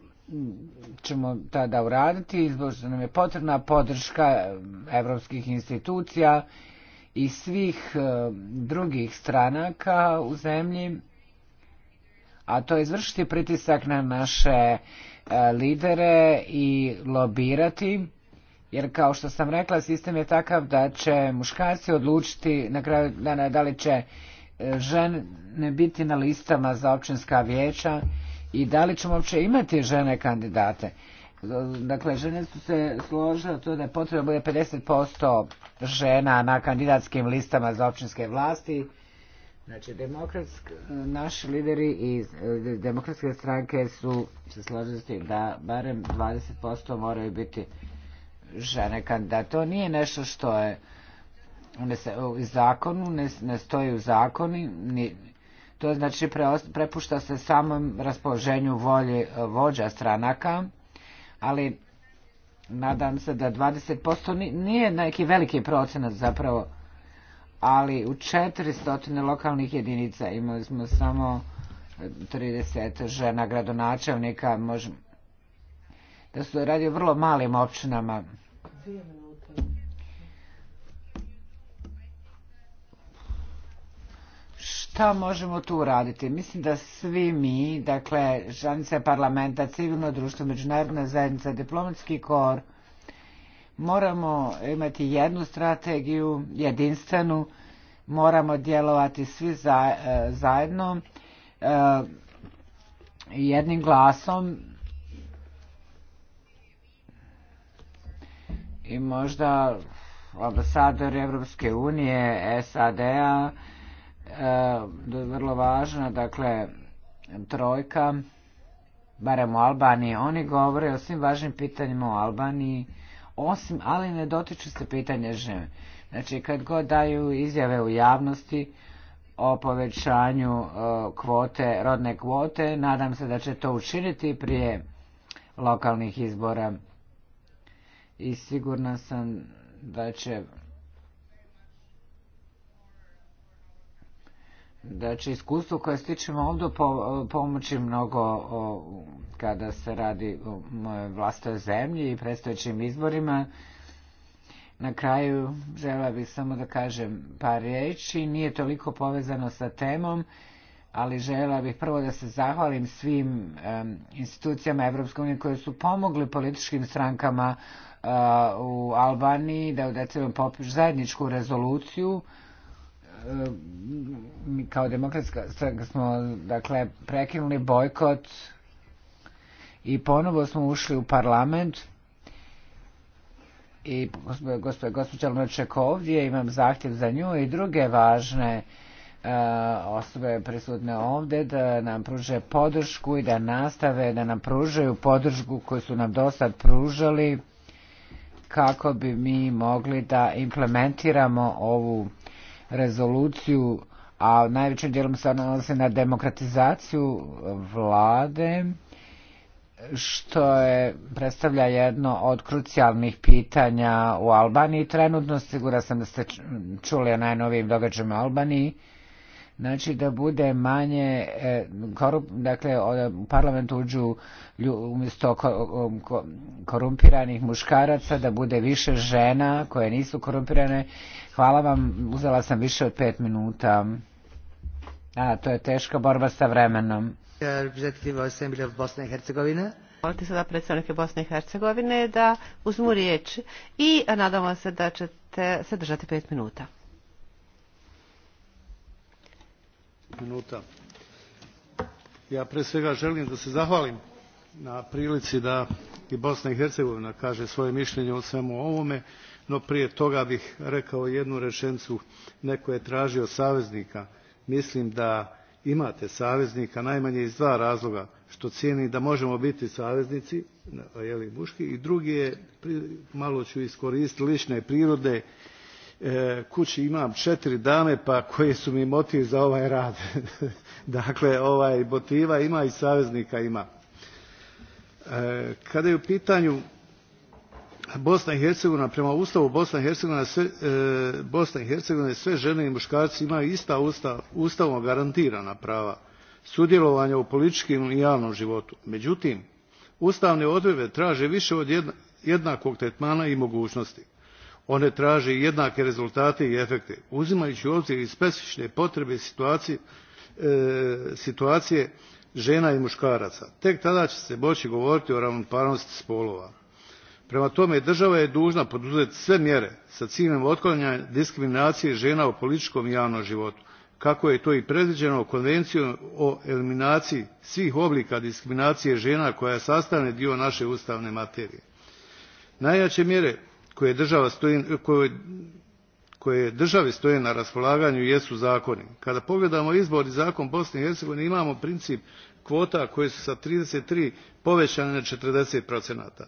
ćemo tada uraditi, izbor što nam je potrebna podrška evropskih institucija i svih drugih stranaka u zemlji a to je izvršiti pritisak na naše lidere i lobirati, jer kao što sam rekla, sistem je takav da će muškarci odlučiti na kraju dana da li će žene biti na listama za općinska vijeća i da li ćemo uopće imati žene kandidate. Dakle, žene su se složile to da je potrebno da bude 50% žena na kandidatskim listama za općinske vlasti, Znači, demokratsk, naši lideri i demokratske stranke su se složili da barem 20% moraju biti žene kandidata. To nije nešto što je ne se, u zakonu, ne, ne stoji u zakoni, ni, to znači pre, prepušta se samom raspoloženju volje vođa stranaka, ali nadam se da 20% nije neki veliki procenat zapravo ali u 400 lokalnih jedinica imali smo samo 30 žena gradonačelnika, možemo da su radi o vrlo malim općinama. Šta možemo tu uraditi? Mislim da svi mi, dakle, žanice parlamenta, civilno društvo, međunarodna zajednica, diplomatski kor, Moramo imati jednu strategiju, jedinstvenu, moramo djelovati svi zajedno, jednim glasom i možda ambasador Evropske unije, SAD-a, e, da vrlo važna, dakle, trojka, barem u Albaniji, oni govore o svim važnim pitanjima u Albaniji, osim, ali ne dotiču se pitanja žene. Znači, kad god daju izjave u javnosti o povećanju kvote, rodne kvote, nadam se da će to učiniti prije lokalnih izbora. I sigurna sam da će Da, znači, iskustvo koje stičemo ovdje pomoći mnogo kada se radi o moje vlastoj zemlji i predstojećim izborima. Na kraju žela bih samo da kažem par riječi, nije toliko povezano sa temom, ali žela bih prvo da se zahvalim svim institucijama Evropske unije koje su pomogli političkim strankama u Albaniji da u decembru popiš zajedničku rezoluciju Ehm, kao demokratska stranka smo dakle prekinuli bojkot i ponovo smo ušli u parlament i gospođa, gospođa Lunaček ovdje, imam zahtjev za nju i druge važne e, osobe prisutne ovdje da nam pruže podršku i da nastave da nam pružaju podršku koju su nam dosad pružali kako bi mi mogli da implementiramo ovu rezoluciju a najvećim dijelom se odnose na demokratizaciju vlade, što je, predstavlja jedno od krucijalnih pitanja u Albaniji trenutno. Sigura sam da ste čuli o najnovijim događajima u Albaniji. Znači da bude manje, korup, dakle u parlamentu uđu umjesto korumpiranih muškaraca, da bude više žena koje nisu korumpirane, Hvala vam, uzela sam više od pet minuta. A, to je teška borba sa vremenom. Reprezentativa Bosne i Hercegovine. Molite sada predstavnike Bosne i Hercegovine da uzmu riječ i nadamo se da ćete se držati pet minuta. Minuta. Ja pre svega želim da se zahvalim na prilici da i Bosna i Hercegovina kaže svoje mišljenje o svemu ovome no prije toga bih rekao jednu rečenicu neko je tražio saveznika mislim da imate saveznika najmanje iz dva razloga što cijeni da možemo biti saveznici li muški i drugi je malo ću iskoristiti lične prirode e, kući imam četiri dame pa koje su mi motiv za ovaj rad dakle ovaj motiva ima i saveznika ima e, kada je u pitanju Bosna i Hercegovina, prema Ustavu Bosna i Hercegovina, sve, e, Bosna i Hercegovina sve žene i muškarci imaju ista ustav, ustavom garantirana prava sudjelovanja u političkim i javnom životu. Međutim, ustavne odredbe traže više od jedna, jednakog tretmana i mogućnosti. One traže jednake rezultate i efekte, uzimajući u obzir i specifične potrebe situacije, e, situacije žena i muškaraca. Tek tada će se moći govoriti o ravnopravnosti spolova prema tome država je dužna poduzeti sve mjere s ciljem otklanjanja diskriminacije žena u političkom i javnom životu kako je to i predviđeno konvencijom o eliminaciji svih oblika diskriminacije žena koja je sastavni dio naše ustavne materije. najjače mjere koje, država stoji, koje, koje državi stoje na raspolaganju jesu zakoni. Kada pogledamo izbor i zakon Bosne i Hercegovine imamo princip kvota koje su sa 33 povećane na 40 procenata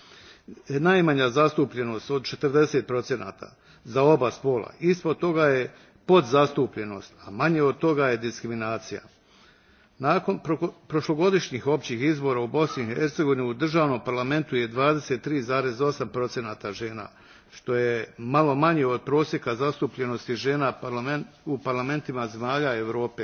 najmanja zastupljenost od forty za oba spola ispod toga je podzastupljenost a manje od toga je diskriminacija. nakon prošlogodišnjih općih izbora u bosni i hercegovini u državnom parlamentu je twenty three eight ena to je malo manje od prosjeka zastupljenosti žena u parlamentima zemalja europe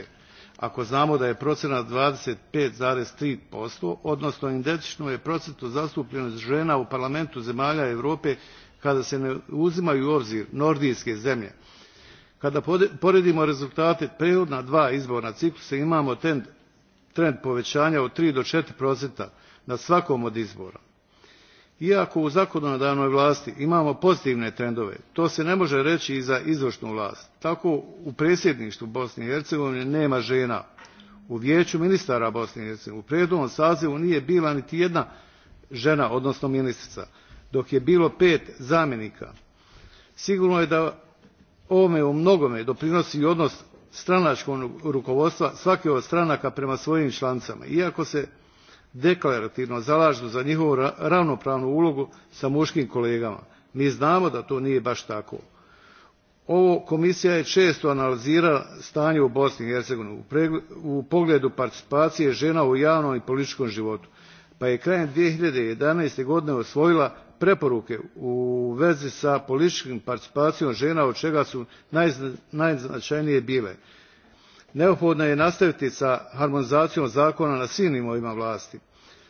ako znamo da je procenat 25,3%, odnosno identično je procentu zastupljenost žena u parlamentu zemalja Europe kada se ne uzimaju u obzir nordijske zemlje. Kada poredimo rezultate prethodna dva izborna ciklusa imamo trend, trend povećanja od 3 do 4 na svakom od izbora iako u zakonodavnoj vlasti imamo pozitivne trendove to se ne moe rei i za izvrnu vlast tako u predsjednitvu bosne i hercegovine nema ena u vijeu ministara bosne i hercegovine u prethodnom sazivu nije bila niti jedna ena odnosno ministrica dok je bilo pet zamjenika sigurno je da ovome u mnogome doprinosi i odnos stranakog rukovodstva svake od stranaka prema svojim lanicama iako se deklarativno zalažu za njihovu ravnopravnu ulogu s muškim kolegama. Mi znamo da to nije baš tako. Ovo komisija je često analizirala stanje u Bosni i Hercegovini u pogledu participacije žena u javnom i političkom životu, pa je krajem eleven godine usvojila preporuke u vezi s političkim participacijom žena od čega su najznačajnije bile neophodno je nastaviti s harmonizacijom zakona na svim nivoima vlasti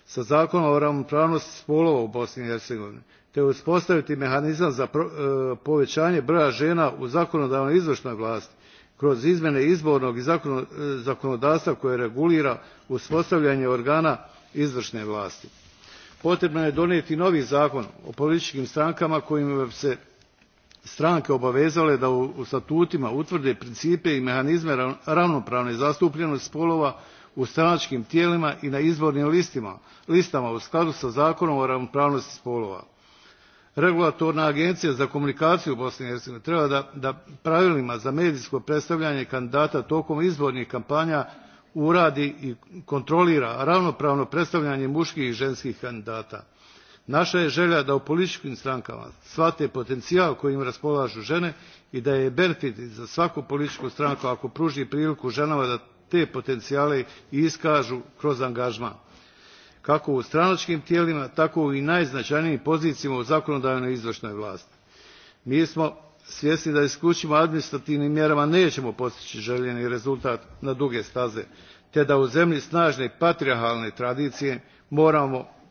sa zakonom o ravnopravnosti spolova u bosni i hercegovini te uspostaviti mehanizam za poveanje broja ena u zakonodavnoj i izvrnoj vlasti kroz izmjene izbornog i zakonodavstva koje regulira uspostavljanje organa izvrne vlasti. potrebno je donijeti novi zakon o politikim strankama kojim bi se stranke obavezale da u statutima utvrde principe i mehanizme ravnopravne zastupljenosti spolova u stranačkim tijelima i na izbornim listima, listama u skladu sa zakonom o ravnopravnosti spolova. Regulatorna agencija za komunikaciju u Bosni i Hercegovini treba da, da pravilima za medijsko predstavljanje kandidata tokom izbornih kampanja uradi i kontrolira ravnopravno predstavljanje muških i ženskih kandidata. Naša je želja da u političkim strankama shvate potencijal kojim raspolažu žene i da je benefit za svaku političku stranku ako pruži priliku ženama da te potencijale i iskažu kroz angažman kako u stranačkim tijelima tako i najznačajnijim pozicijama u zakonodavnoj i izvršnoj vlasti. Mi smo svjesni da isključivo administrativnim mjerama nećemo postići željeni rezultat na duge staze te da u zemlji snažne patrijarhalne tradicije moramo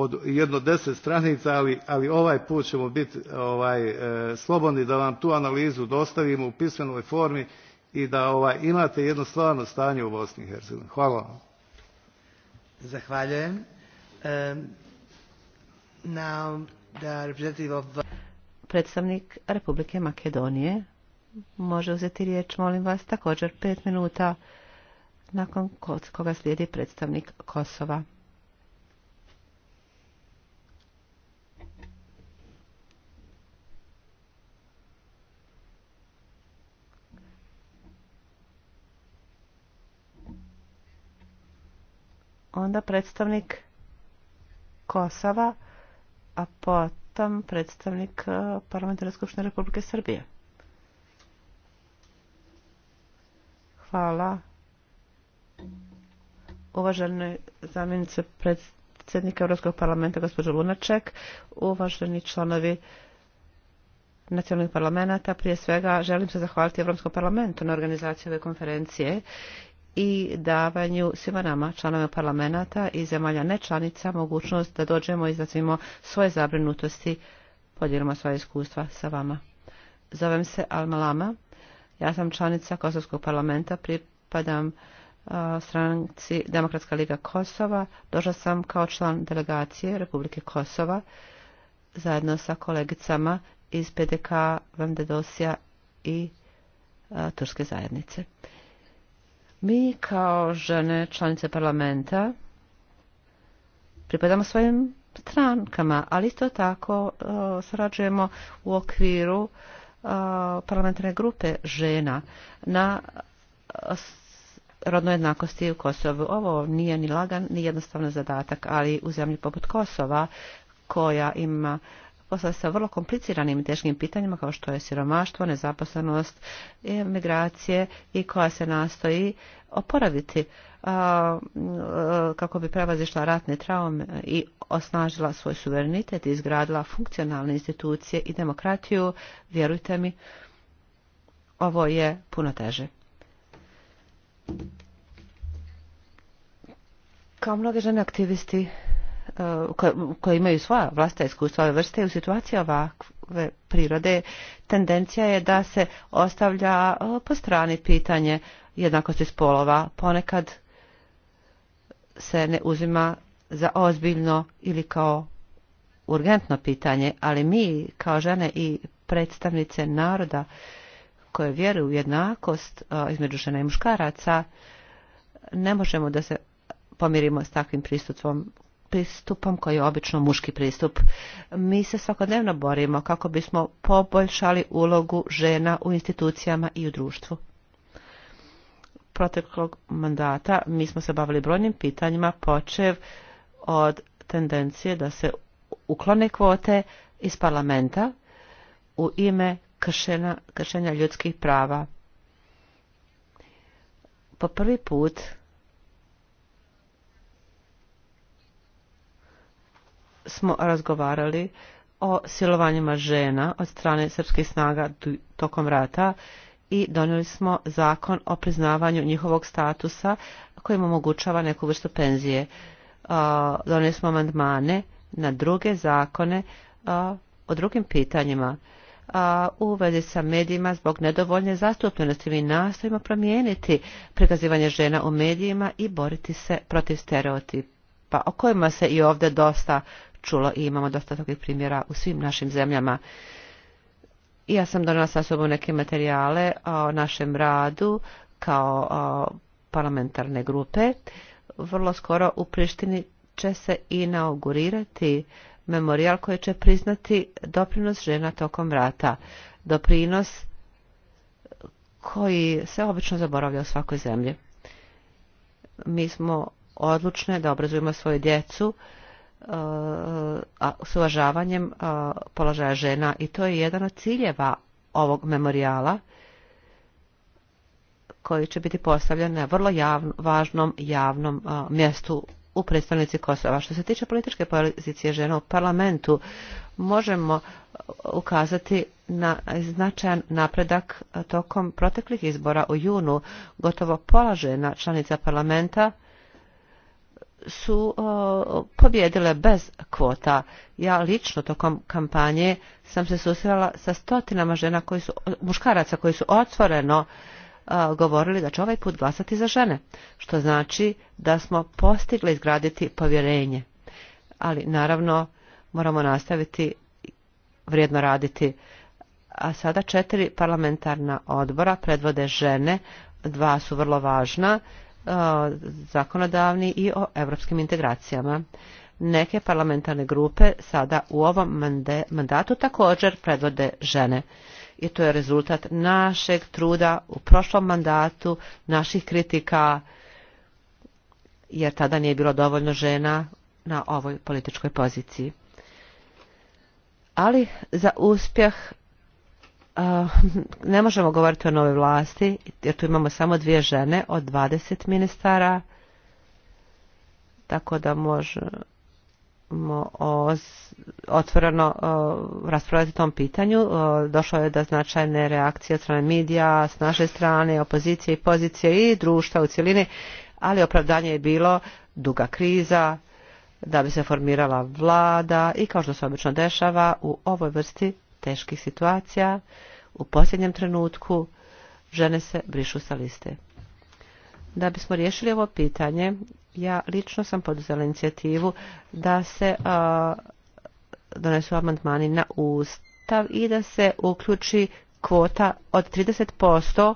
od jedno deset stranica, ali, ali ovaj put ćemo biti ovaj, e, slobodni da vam tu analizu dostavimo u pismenoj formi i da ovaj, imate jedno stvarno stanje u Bosni i Hercegovini. Hvala vam. Zahvaljujem. Um, now the representative of... Predstavnik Republike Makedonije može uzeti riječ, molim vas, također pet minuta nakon koga slijedi predstavnik Kosova. onda predstavnik Kosova, a potom predstavnik Parlamentarne skupštine Republike Srbije. Hvala. Uvažene zamjenice predsjednika Europskog parlamenta, gospođo Lunaček, uvaženi članovi nacionalnih parlamenta. Prije svega želim se zahvaliti Europskom parlamentu na organizaciji ove konferencije i davanju svima nama, članovima parlamenta i zemalja nečlanica, mogućnost da dođemo i izrazimo svoje zabrinutosti, podijelimo svoje iskustva sa vama. Zovem se Alma Lama, ja sam članica Kosovskog parlamenta, pripadam a, stranci Demokratska liga Kosova, došla sam kao član delegacije Republike Kosova, zajedno sa kolegicama iz PDK, Vendedosija i a, Turske zajednice. Mi kao žene članice parlamenta pripadamo svojim strankama, ali isto tako uh, sarađujemo u okviru uh, parlamentarne grupe žena na rodnoj jednakosti u Kosovu. Ovo nije ni lagan, ni jednostavno zadatak, ali u zemlji poput Kosova koja ima uh, postavlja se vrlo kompliciranim i teškim pitanjima kao što je siromaštvo, nezaposlenost, migracije i koja se nastoji oporaviti a, a, kako bi prevazišla ratne traume i osnažila svoj suverenitet i izgradila funkcionalne institucije i demokratiju, vjerujte mi, ovo je puno teže. Kao mnoge žene aktivisti koji uh, imaju svoja vlasta iskustva ove vrste u situaciji ovakve prirode tendencija je da se ostavlja uh, po strani pitanje jednakosti spolova. Ponekad se ne uzima za ozbiljno ili kao urgentno pitanje, ali mi kao žene i predstavnice naroda koje vjeruju u jednakost uh, između žena i muškaraca ne možemo da se pomirimo s takvim pristupom pristupom koji je obično muški pristup. Mi se svakodnevno borimo kako bismo poboljšali ulogu žena u institucijama i u društvu. Proteklog mandata mi smo se bavili brojnim pitanjima počev od tendencije da se uklone kvote iz parlamenta u ime kršena, kršenja ljudskih prava. Po prvi put smo razgovarali o silovanjima žena od strane srpskih snaga tokom rata i donijeli smo zakon o priznavanju njihovog statusa kojim omogućava neku vrstu penzije. Donijeli smo amandmane na druge zakone o drugim pitanjima a, u vezi sa medijima zbog nedovoljne zastupljenosti. Mi nastojimo promijeniti prikazivanje žena u medijima i boriti se protiv stereotipa o kojima se i ovdje dosta čulo i imamo dosta takvih primjera u svim našim zemljama. Ja sam donela sa sobom neke materijale o našem radu kao parlamentarne grupe. Vrlo skoro u Prištini će se inaugurirati memorial, koji će priznati doprinos žena tokom rata. Doprinos koji se obično zaboravlja u svakoj zemlji. Mi smo odlučne da obrazujemo svoju djecu Eh, s uvažavanjem eh, položaja žena i to je jedan od ciljeva ovog memorijala koji će biti postavljen na vrlo javno, važnom javnom a, eh, mjestu u predstavnici Kosova. Što se tiče političke pozicije žena u parlamentu, možemo ukazati na značajan napredak tokom proteklih izbora u junu. Gotovo pola žena članica parlamenta su uh, pobjedile bez kvota. Ja lično tokom kampanje sam se susrela sa stotinama žena koji su, muškaraca koji su otvoreno uh, govorili da će ovaj put glasati za žene, što znači da smo postigli izgraditi povjerenje. Ali naravno moramo nastaviti vrijedno raditi. A sada četiri parlamentarna odbora predvode žene, dva su vrlo važna, uh, zakonodavni i o evropskim integracijama. Neke parlamentarne grupe sada u ovom mandatu također predvode žene. I to je rezultat našeg truda u prošlom mandatu, naših kritika, jer tada nije bilo dovoljno žena na ovoj političkoj poziciji. Ali za uspjeh ne možemo govoriti o nove vlasti jer tu imamo samo dvije žene od 20 ministara tako da možemo otvoreno raspravljati o tom pitanju. Došlo je da značajne reakcije od strane medija, s naše strane, opozicije i pozicije i društva u cjelini, ali opravdanje je bilo duga kriza, da bi se formirala vlada i kao što se obično dešava u ovoj vrsti teških situacija u posljednjem trenutku žene se brišu sa liste. Da bismo riješili ovo pitanje, ja lično sam poduzela inicijativu da se a, donesu amandmani na ustav i da se uključi kvota od 30%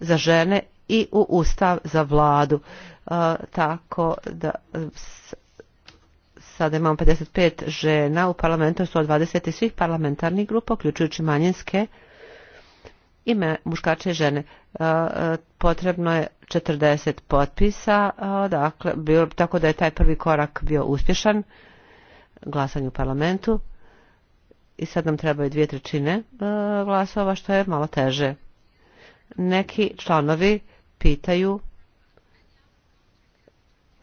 za žene i u ustav za vladu. A, tako da Sada imamo 55 žena u parlamentu, su od 20 svih parlamentarnih grupa, uključujući manjinske ime muškače i žene. Potrebno je 40 potpisa, dakle, bio, tako da je taj prvi korak bio uspješan, glasanje u parlamentu. I sad nam trebaju dvije trećine glasova, što je malo teže. Neki članovi pitaju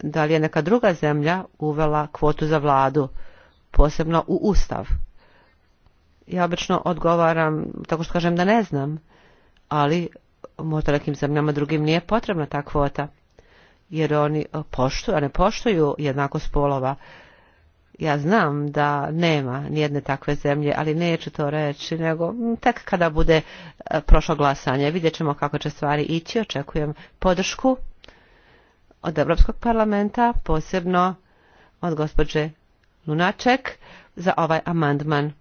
da li je neka druga zemlja uvela kvotu za vladu, posebno u ustav. Ja obično odgovaram tako što kažem da ne znam, ali možda nekim zemljama drugim nije potrebna ta kvota, jer oni poštuju, a ne poštuju jednako spolova. Ja znam da nema nijedne takve zemlje, ali neću to reći, nego tek kada bude prošlo glasanje. Vidjet ćemo kako će stvari ići, očekujem podršku od Europskog parlamenta, posebno od gospođe Lunaček za ovaj amandman,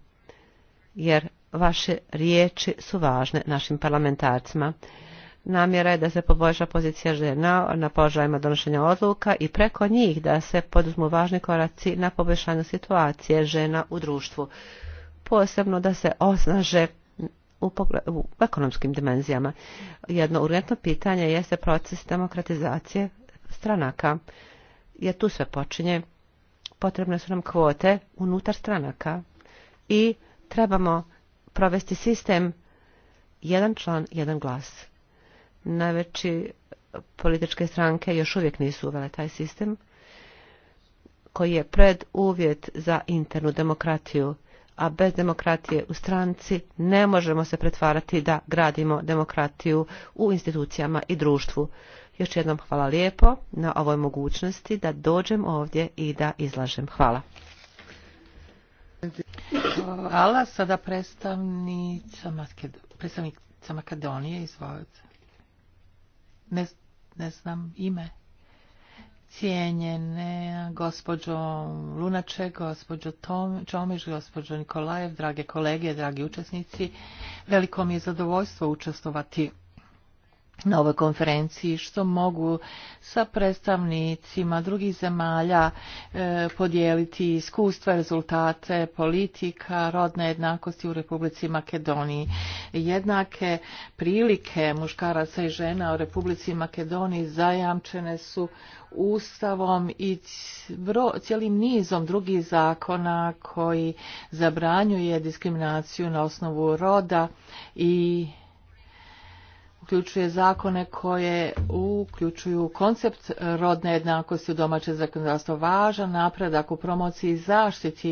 jer vaše riječi su važne našim parlamentarcima. Namjera je da se poboljša pozicija žena na položajima donošenja odluka i preko njih da se poduzmu važni koraci na poboljšanju situacije žena u društvu, posebno da se osnaže u, u ekonomskim dimenzijama. Jedno urgentno pitanje jeste proces demokratizacije stranaka, jer tu sve počinje. Potrebne su nam kvote unutar stranaka i trebamo provesti sistem jedan član, jedan glas. Najveći političke stranke još uvijek nisu uvele taj sistem koji je pred uvjet za internu demokratiju, a bez demokratije u stranci ne možemo se pretvarati da gradimo demokratiju u institucijama i društvu. Još jednom hvala lijepo na ovoj mogućnosti da dođem ovdje i da izlažem. Hvala. Hvala. Sada predstavnica, predstavnica Makedonije, izvolite. Ne, ne znam ime. Cijenjene gospođo Lunače, gospođo Tom, Čomiš, gospođo Nikolajev, drage kolege, dragi učesnici, veliko mi je zadovoljstvo učestovati nove konferenciji što mogu sa predstavnicima drugih zemalja e, podijeliti iskustva, rezultate, politika, rodne jednakosti u Republici Makedoniji. Jednake prilike muškaraca i žena u Republici Makedoniji zajamčene su ustavom i cijelim nizom drugih zakona koji zabranjuje diskriminaciju na osnovu roda i uključuje zakone koje uključuju koncept rodne jednakosti u domaćem zakonodavstvu. Važan napredak u promociji zaštiti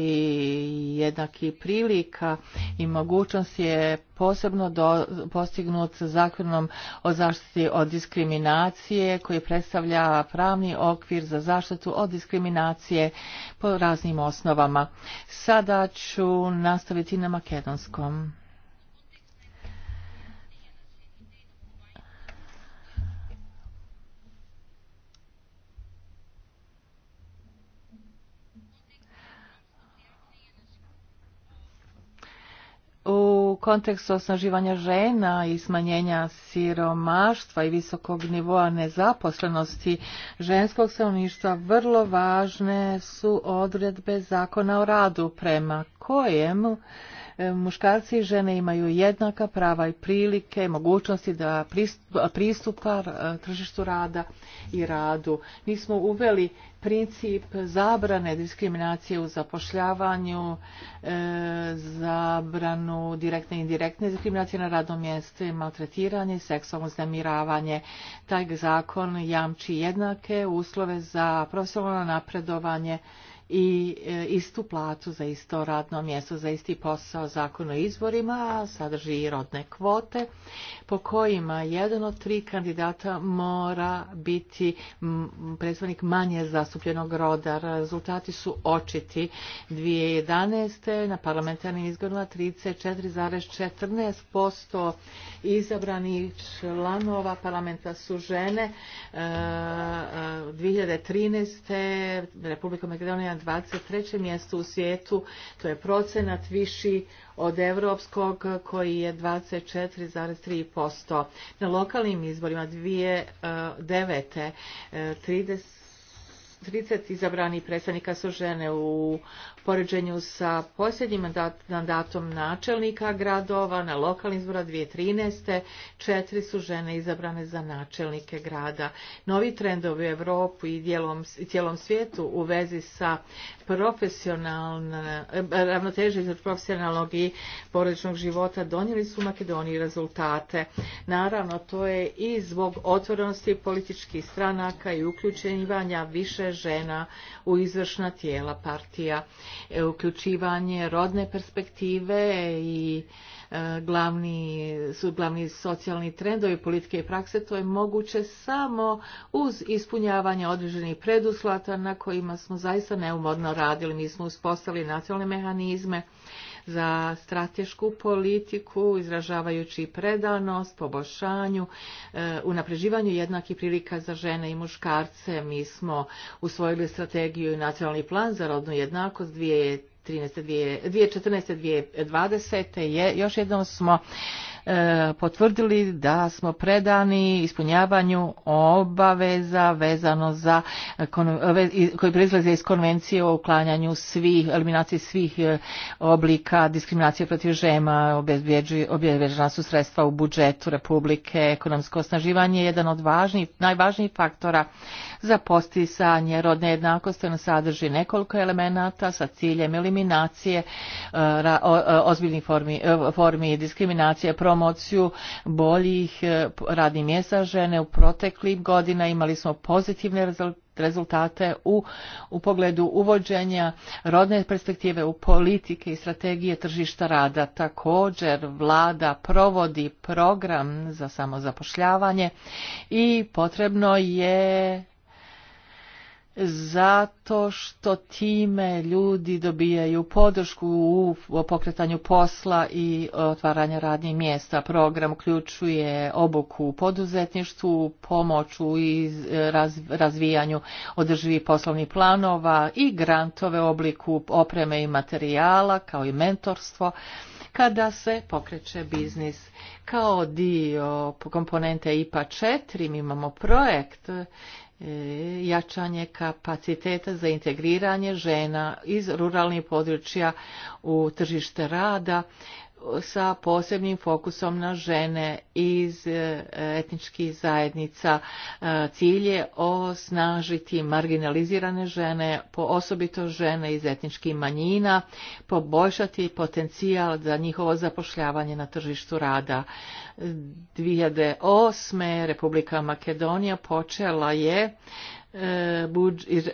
jednakih prilika i mogućnosti je posebno do, postignut zakonom o zaštiti od diskriminacije koji predstavlja pravni okvir za zaštitu od diskriminacije po raznim osnovama. Sada ću nastaviti na makedonskom. kontekstu osnaživanja žena i smanjenja siromaštva i visokog nivoa nezaposlenosti ženskog stanovništva vrlo važne su odredbe zakona o radu prema kojemu muškarci i žene imaju jednaka prava i prilike, mogućnosti da pristupa tržištu rada i radu. Mi smo uveli princip zabrane diskriminacije u zapošljavanju, zabranu direktne i indirektne diskriminacije na radnom mjestu, maltretiranje, seksualno znamiravanje. Taj zakon jamči jednake uslove za profesionalno napredovanje i istu plaću za isto radno mjesto, za isti posao zakon o izborima, sadrži i rodne kvote, po kojima jedan od tri kandidata mora biti predstavnik manje zastupljenog roda. Rezultati su očiti. 2011. na parlamentarnim izborima 34,14% izabranih članova parlamenta su žene. 2013. Republika Makedonija 23. mjestu u to je procenat viši od evropskog koji je 24,3%. Na lokalnim izborima 2009. 30 eh, 30 izabranih predstavnika su žene u poređenju sa posljednjim mandatom načelnika gradova na lokalni izbora 2013. Četiri su žene izabrane za načelnike grada. Novi trendovi u Europi i cijelom svijetu u vezi sa profesionalne, ravnoteže između profesionalnog i porodičnog života donijeli su u Makedoniji rezultate. Naravno, to je i zbog otvorenosti političkih stranaka i uključenjivanja više žena u izvršna tijela partija, uključivanje rodne perspektive i glavni, su glavni socijalni trendovi politike i prakse, to je moguće samo uz ispunjavanje određenih preduslata na kojima smo zaista neumodno radili. Mi smo uspostavili nacionalne mehanizme za stratešku politiku, izražavajući predanost, poboljšanju, unapređivanju jednakih prilika za žene i muškarce. Mi smo usvojili strategiju i nacionalni plan za rodnu jednakost 2013 2014-2020 je još jednom smo potvrdili da smo predani ispunjavanju obaveza vezano za koji proizlaze iz konvencije o uklanjanju svih, eliminaciji svih oblika diskriminacije protiv žena obezbjeđena su sredstva u budžetu Republike, ekonomsko osnaživanje jedan od važnijih, najvažnijih faktora za postisanje rodne jednakosti. ono sadrži nekoliko elemenata sa ciljem eliminacije ozbiljnih formi, formi diskriminacije, promocije promociju boljih eh, radnih mjesta žene u proteklih godina. Imali smo pozitivne rezultate u, u pogledu uvođenja rodne perspektive u politike i strategije tržišta rada. Također vlada provodi program za samozapošljavanje i potrebno je zato što time ljudi dobijaju podršku u pokretanju posla i otvaranja radnih mjesta. Program uključuje obuku u poduzetništvu, pomoć u razvijanju održivih poslovnih planova i grantove u obliku opreme i materijala kao i mentorstvo kada se pokreće biznis. Kao dio komponente IPA 4 mi imamo projekt jačanje kapaciteta za integriranje žena iz ruralnih područja u tržište rada sa posebnim fokusom na žene iz etničkih zajednica. Cilj je osnažiti marginalizirane žene, po osobito žene iz etničkih manjina, poboljšati potencijal za njihovo zapošljavanje na tržištu rada. 2008. Republika Makedonija počela je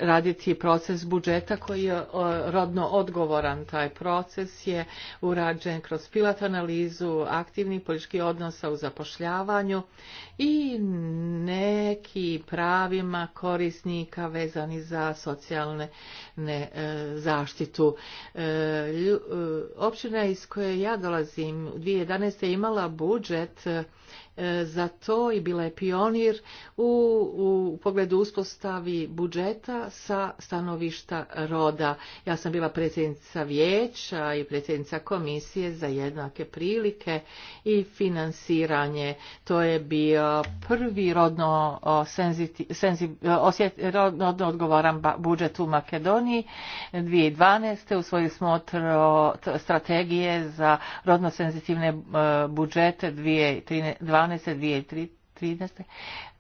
raditi proces budžeta koji je rodno odgovoran. Taj proces je urađen kroz pilot analizu aktivnih političkih odnosa u zapošljavanju i neki pravima korisnika vezani za socijalne ne, zaštitu. Općina iz koje ja dolazim 2011. je imala budžet za to i bila je pionir u, u pogledu uspostavi budžeta sa stanovišta roda. Ja sam bila predsjednica vijeća i predsjednica komisije za jednake prilike i finansiranje. To je bio prvi rodno, senziti, senzi, osjet, rodno odgovoran budžet u Makedoniji. 2012. usvojili smo strategije za rodno senzitivne budžete 2013 12, 2013.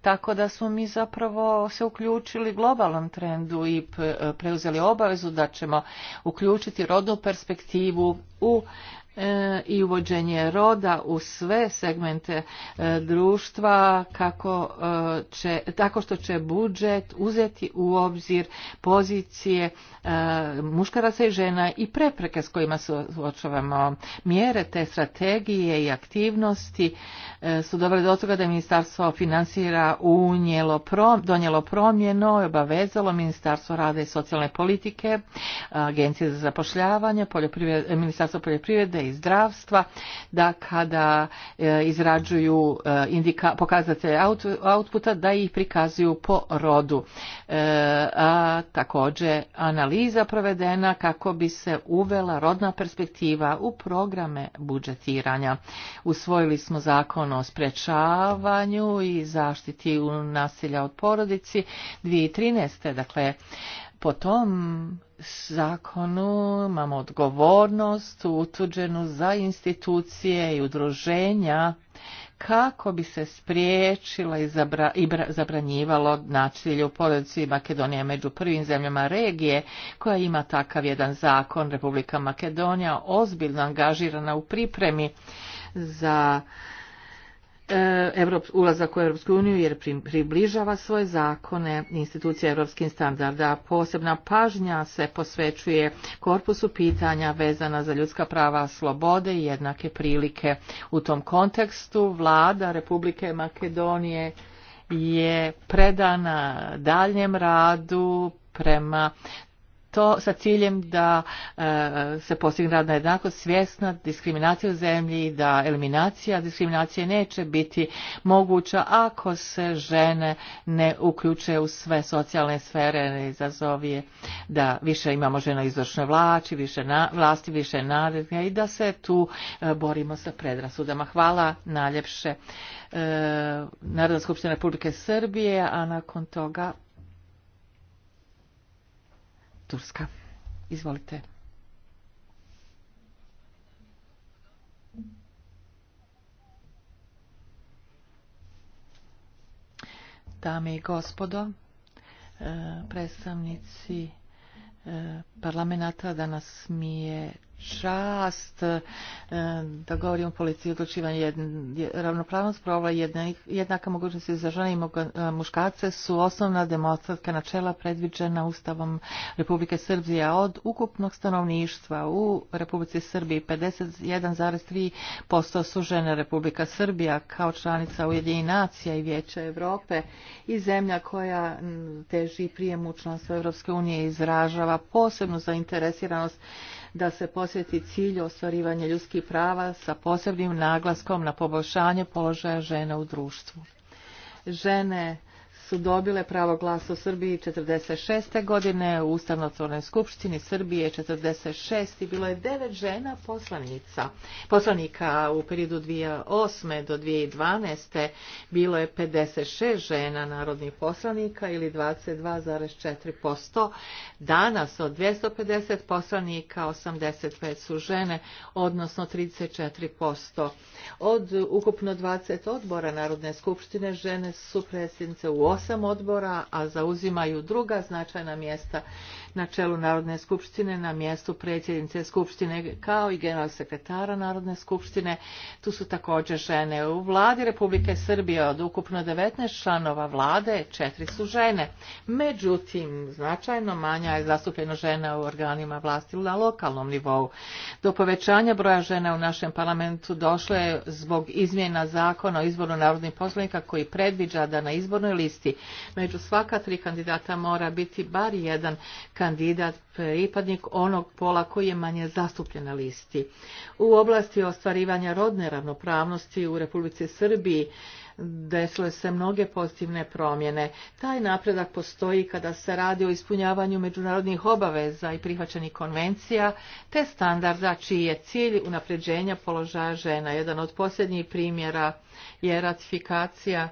Tako da smo mi zapravo se uključili globalnom trendu i preuzeli obavezu da ćemo uključiti rodnu perspektivu u i uvođenje roda u sve segmente društva kako će, tako što će budžet uzeti u obzir pozicije muškaraca i žena i prepreke s kojima se suočavamo mjere te strategije i aktivnosti su dobre do toga da je ministarstvo financira unijelo donijelo promjeno i obavezalo ministarstvo rade i socijalne politike agencije za zapošljavanje poljoprivred, ministarstvo poljoprivrede i zdravstva, da kada izrađuju indika, pokazatelje outputa, da ih prikazuju po rodu. A također analiza provedena kako bi se uvela rodna perspektiva u programe budžetiranja. Usvojili smo zakon o sprečavanju i zaštiti u nasilja od porodici 2013. Dakle, po tom zakonu imamo odgovornost utuđenu za institucije i udruženja kako bi se spriječila i, zabra, i bra, zabranjivalo nasilje u porodici Makedonija među prvim zemljama regije koja ima takav jedan zakon Republika Makedonija ozbiljno angažirana u pripremi za uh, ulazak u Europsku uniju jer približava svoje zakone institucije europskim standarda. Posebna pažnja se posvećuje korpusu pitanja vezana za ljudska prava, slobode i jednake prilike. U tom kontekstu vlada Republike Makedonije je predana daljem radu prema to sa ciljem da e, se postigne radna jednakost, svjesna diskriminacija u zemlji, da eliminacija diskriminacije neće biti moguća ako se žene ne uključe u sve socijalne sfere, ne izazovije da više imamo žena izvršne vlači, više na, vlasti, više narednja i da se tu e, borimo sa predrasudama. Hvala najljepše. E, Narodna skupština Republike Srbije, a nakon toga Turska. Izvolite. Dame i gospodo, predstavnici parlamenta danas mi je časť eh, dogovorí da o policii odlučivanja ravnopravnost prava jednaka mogućnosti za žene i eh, muškarce su osnovna demokratska načela predviđena Ustavom Republike Srbije. Od ukupnog stanovništva u Republici Srbiji 51,3% su žene Republika Srbija kao članica Ujedinjenih nacija i Vijeća Evrope i zemlja koja mm, teži prijemu članstva Evropske unije izražava posebnu zainteresiranost da se posjeti cilj ostvarivanja ljudskih prava sa posebnim naglaskom na poboljšanje položaja žena u društvu. Žene su dobile pravo glasa u Srbiji 46. godine u Ustavnotvornoj skupštini Srbije 46. i bilo je devet žena poslanica. Poslanika u periodu 2008. do 2012. bilo je 56 žena narodnih poslanika ili 22,4%. Danas od 250 poslanika 85 su žene, odnosno 34%. Od ukupno 20 odbora Narodne skupštine žene su predsjednice u osam odbora, a zauzimaju druga značajna mjesta na čelu Narodne skupštine na mjestu predsjednice Skupštine kao i general sekretara Narodne skupštine. Tu su također žene. U vladi Republike Srbije od ukupno 19 članova vlade, četiri su žene. Međutim, značajno manja je zastupljeno žena u organima vlasti na lokalnom nivou. Do povećanja broja žena u našem parlamentu došlo je zbog izmjena zakona o izboru narodnih poslanika koji predviđa da na izbornoj listi među svaka tri kandidata mora biti bar jedan kandidat kandidat pripadnik onog pola koji je manje zastupljen na listi. U oblasti ostvarivanja rodne ravnopravnosti u Republici Srbiji desile se mnoge pozitivne promjene. Taj napredak postoji kada se radi o ispunjavanju međunarodnih obaveza i prihvaćenih konvencija, te standarda čiji je cilj unapređenja položaja žena. Jedan od posljednjih primjera je ratifikacija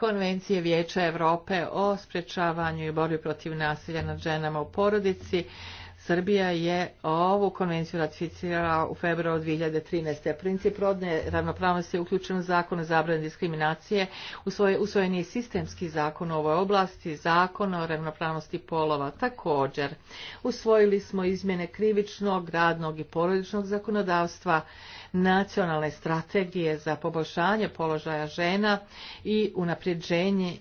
Konvencije Vijeća Evrope o sprečavanju i borbi protiv nasilja nad ženama u porodici. Srbija je ovu konvenciju ratificirala u februaru 2013. Princip rodne ravnopravnosti je uključen u zakon o zabranju diskriminacije. Usvojen je sistemski zakon u ovoj oblasti, zakon o ravnopravnosti polova također. Usvojili smo izmjene krivičnog, radnog i porodičnog zakonodavstva nacionalne strategije za poboljšanje položaja žena i unapređenje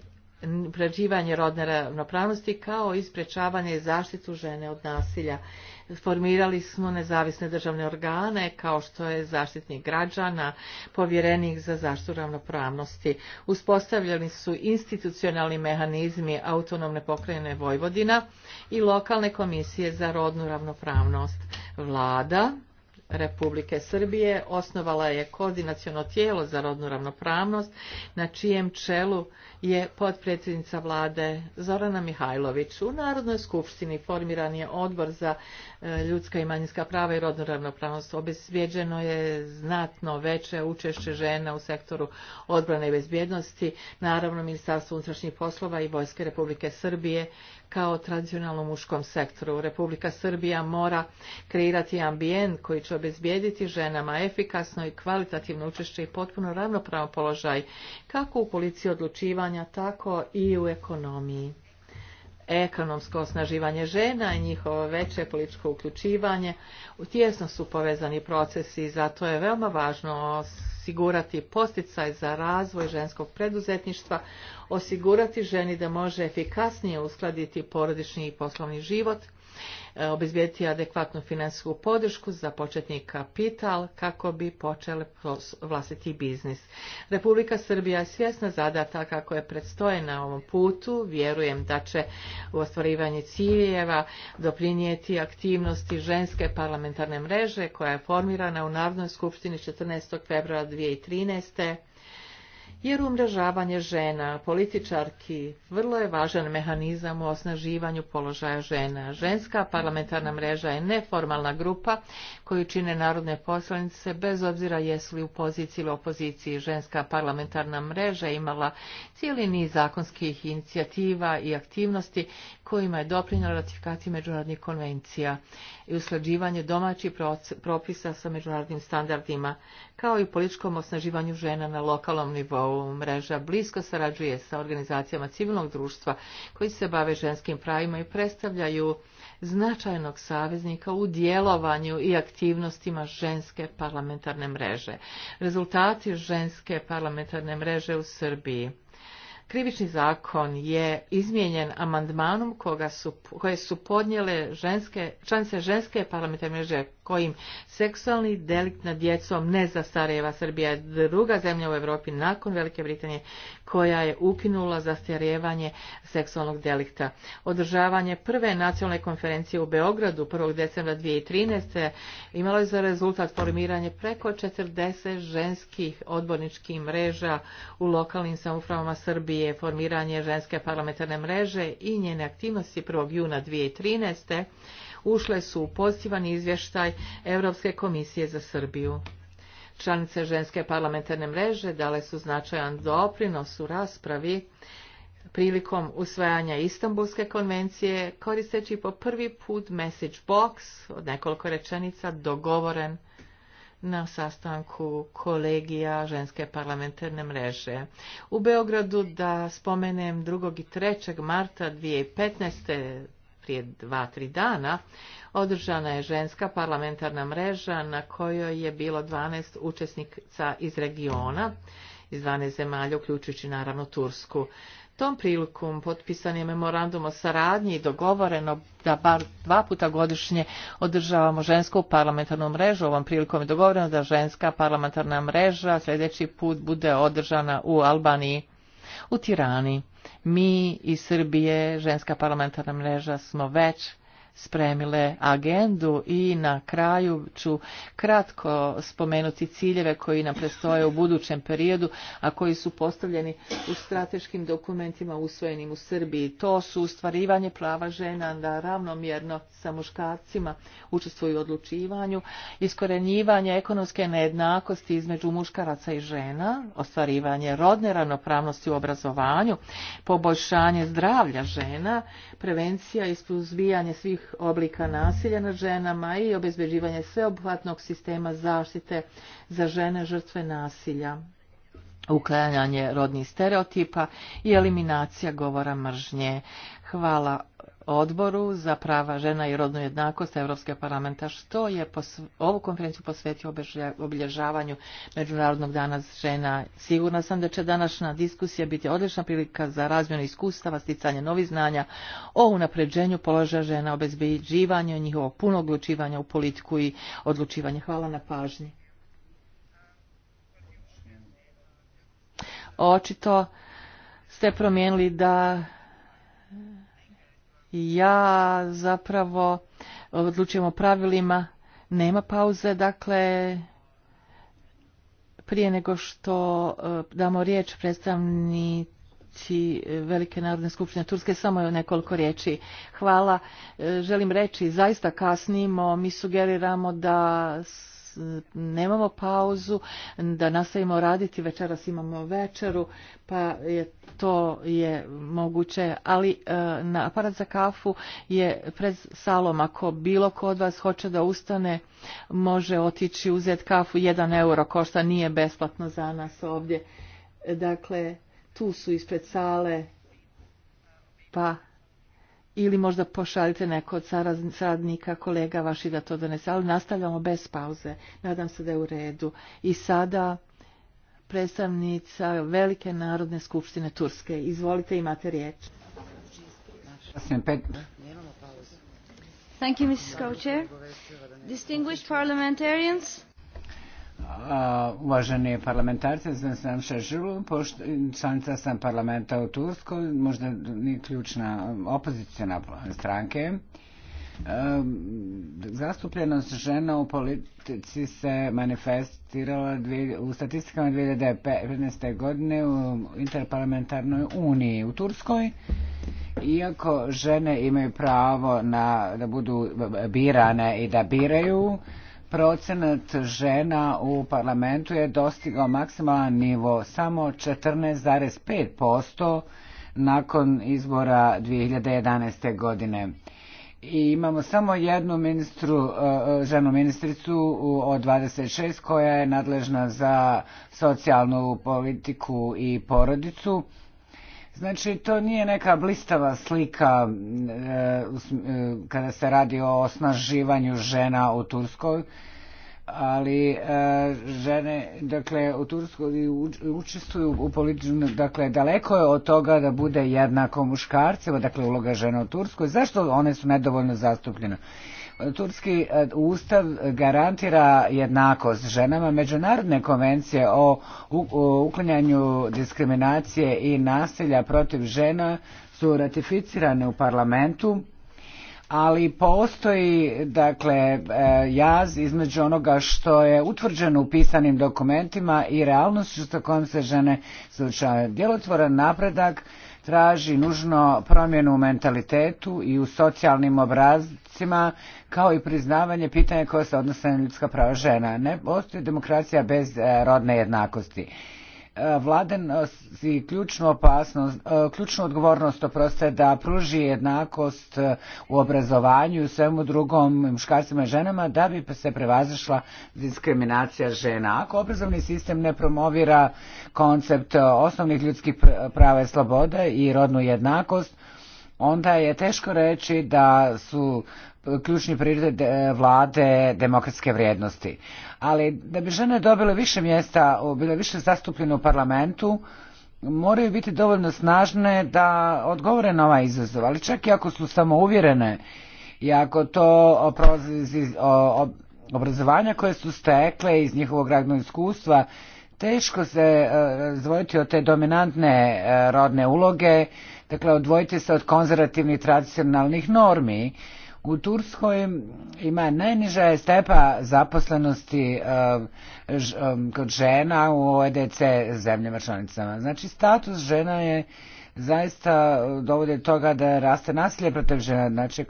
preživanje rodne ravnopravnosti kao i sprečavanje i zaštitu žene od nasilja. Formirali smo nezavisne državne organe kao što je zaštitnik građana, povjerenih za zaštitu ravnopravnosti. Uspostavljeni su institucionalni mehanizmi autonomne pokrajine Vojvodina i lokalne komisije za rodnu ravnopravnost. Vlada Republike Srbije osnovala je koordinacijono tijelo za rodnu ravnopravnost na čijem čelu je potpredsjednica vlade Zorana Mihajlović. U Narodnoj skupštini formiran je odbor za ljudska i manjinska prava i rodnu ravnopravnost. Obezbijeđeno je znatno veće učešće žena u sektoru odbrane i bezbjednosti. Naravno, Ministarstvo unutrašnjih poslova i Vojske Republike Srbije kao tradicionalno muškom sektoru. Republika Srbija mora kreirati ambijent koji će obezbijediti ženama efikasno i kvalitativno učešće i potpuno ravnopravan položaj kako u policiji odlučivanja, tako i u ekonomiji ekonomsko osnaživanje žena i njihovo veće političko uključivanje tijesno su povezani procesi i zato je veoma važno osigurati posticaj za razvoj ženskog preduzetništva, osigurati ženi da može efikasnije uskladiti porodični i poslovni život – obezbijediti adekvatnu finansijsku podršku za početni kapital kako bi počeli vlastiti biznis. Republika Srbija je svjesna zadataka koje predstoje na ovom putu. Vjerujem da će u ostvarivanje ciljeva doprinijeti aktivnosti ženske parlamentarne mreže koja je formirana u Narodnoj skupštini 14. februara 2013 jer umrežavanje žena, političarki, vrlo je važan mehanizam u osnaživanju položaja žena. Ženska parlamentarna mreža je neformalna grupa koju čine narodne poslanice, bez obzira jesu li u poziciji ili opoziciji. Ženska parlamentarna mreža imala cijeli niz zakonskih inicijativa i aktivnosti kojima je doprinjela ratifikacija međunarodnih konvencija i usklađivanje domaćih propisa sa međunarodnim standardima, kao i političkom osnaživanju žena na lokalnom nivou. Mreža blisko sarađuje sa organizacijama civilnog društva koji se bave ženskim pravima i predstavljaju značajnog saveznika u djelovanju i aktivnostima ženske parlamentarne mreže. Rezultati ženske parlamentarne mreže u Srbiji – krivični zakon je izmijenjen amandmanom koga su, koje su podnijele ženske, članice ženske parlamentarne mreže kojim seksualni delikt nad djecom ne zastarijeva Srbija je druga zemlja u Europi nakon Velike Britanije koja je ukinula zastarijevanje seksualnog delikta. Održavanje prve nacionalne konferencije u Beogradu 1. decembra 2013. imalo je za rezultat formiranje preko 40 ženskih odborničkih mreža u lokalnim samoupravama Srbije, formiranje ženske parlamentarne mreže i njene aktivnosti 1. juna 2013 ušle su u pozitivan izvještaj Europske komisije za Srbiju. Članice ženske parlamentarne mreže dale su značajan doprinos u raspravi prilikom usvajanja Istanbulske konvencije, koristeći po prvi put message box od nekoliko rečenica dogovoren na sastanku kolegija ženske parlamentarne mreže. U Beogradu da spomenem 2. i 3. marta 2015 prije dva, tri dana održana je ženska parlamentarna mreža na kojoj je bilo 12 učesnika iz regiona, iz 12 zemalja, uključujući naravno Tursku. Tom prilikom potpisan je memorandum o saradnji i dogovoreno da bar dva puta godišnje održavamo žensku parlamentarnu mrežu. Ovom prilikom je dogovoreno da ženska parlamentarna mreža sljedeći put bude održana u Albaniji U Tirani. Mi iz Srbije, Ženska parlamentarna mreža, smo već spremile agendu i na kraju ću kratko spomenuti ciljeve koji nam prestoje u budućem periodu, a koji su postavljeni u strateškim dokumentima usvojenim u Srbiji. To su ustvarivanje prava žena da ravnomjerno sa muškarcima učestvuju u odlučivanju, iskorenjivanje ekonomske nejednakosti između muškaraca i žena, ostvarivanje rodne ravnopravnosti u obrazovanju, poboljšanje zdravlja žena, prevencija i suzbijanje svih oblika nasilja nad ženama i obezbeđivanje sveobuhvatnog sistema zaštite za žene žrtve nasilja uklanjanje rodnih stereotipa i eliminacija govora mržnje. Hvala odboru za prava žena i rodnu jednakost Evropske parlamenta što je ovu konferenciju posvetio obilježavanju Međunarodnog dana žena. Sigurna sam da će današnja diskusija biti odlična prilika za razmjenu iskustava, sticanje novih znanja o unapređenju položaja žena, obezbeđivanju njihovog punog uključivanja u politiku i odlučivanje. Hvala na pažnji. Očito ste promijenili da ja zapravo odlučujem o pravilima, nema pauze, dakle prije nego što damo riječ predstavnici Velike narodne skupštine Turske, samo je nekoliko riječi. Hvala. Želim reći, zaista kasnimo, mi sugeriramo da nemamo pauzu, da nastavimo raditi, večeras imamo večeru, pa je to je moguće, ali e, na aparat za kafu je pred salom, ako bilo ko od vas hoće da ustane, može otići uzeti kafu, jedan euro košta, nije besplatno za nas ovdje. Dakle, tu su ispred sale, pa ili možda pošaljite nekog od saradnika, kolega vaši da to donese, ali nastavljamo bez pauze. Nadam se da je u redu. I sada predstavnica Velike narodne skupštine Turske. Izvolite, imate riječ. Thank you, Mrs. Co-Chair. Distinguished parliamentarians, uvaženi parlamentarci, zdaj sem še živo, članica sam parlamenta u Tursku, možda ni ključna opozicijona stranke. Ehm, zastupljenost žena u politici se manifestirala u statistikama 2015. godine u Interparlamentarnoj uniji u Turskoj. Iako žene imaju pravo na, da budu birane i da biraju, uh, procenat žena u parlamentu je dostigao maksimalan nivo samo 14,5% nakon izbora 2011. godine. I imamo samo jednu ministru, ženu ministricu od 26 koja je nadležna za socijalnu politiku i porodicu Znači, to nije neka blistava slika e, kada se radi o osnaživanju žena u Turskoj, ali e, žene, dakle, u Turskoj učestvuju u političku, dakle, daleko je od toga da bude jednako muškarcima, dakle, uloga žena u Turskoj. Zašto one su nedovoljno zastupljene? Turski ustav garantira jednakost ženama. Međunarodne konvencije o uklanjanju diskriminacije i nasilja protiv žena su ratificirane u parlamentu ali postoji dakle jaz između onoga što je utvrđeno u pisanim dokumentima i realnošću što kojom se žene suočavaju. Djelotvoran napredak traži nužno promjenu u mentalitetu i u socijalnim obrazcima, kao i priznavanje pitanja koje se odnose na ljudska prava žena. Ne postoji demokracija bez eh, rodne jednakosti vlade si ključnu opasnost, ključnu odgovornost, oproste da pruži jednakost u obrazovanju i svemu drugom muškarcima i ženama da bi se prevazišla diskriminacija žena. Ako obrazovni sistem ne promovira koncept osnovnih ljudskih prava i sloboda i rodnu jednakost, onda je teško reći da su ključni prioritet vlade demokratske vrijednosti ali da bi žene dobile više mjesta, bile više zastupljene u parlamentu, moraju biti dovoljno snažne da odgovore na ovaj izazov, ali čak i ako su samouvjerene i ako to prozizi obrazovanja koje su stekle iz njihovog radnog iskustva, teško se razvojiti od te dominantne rodne uloge, dakle odvojiti se od konzervativnih tradicionalnih normi U Turskoj ima najniža stepa zaposlenosti kod žena u OEDC zemljama članicama. Znači status žena je zaista dovode do toga da raste nasilje protiv žena. Znači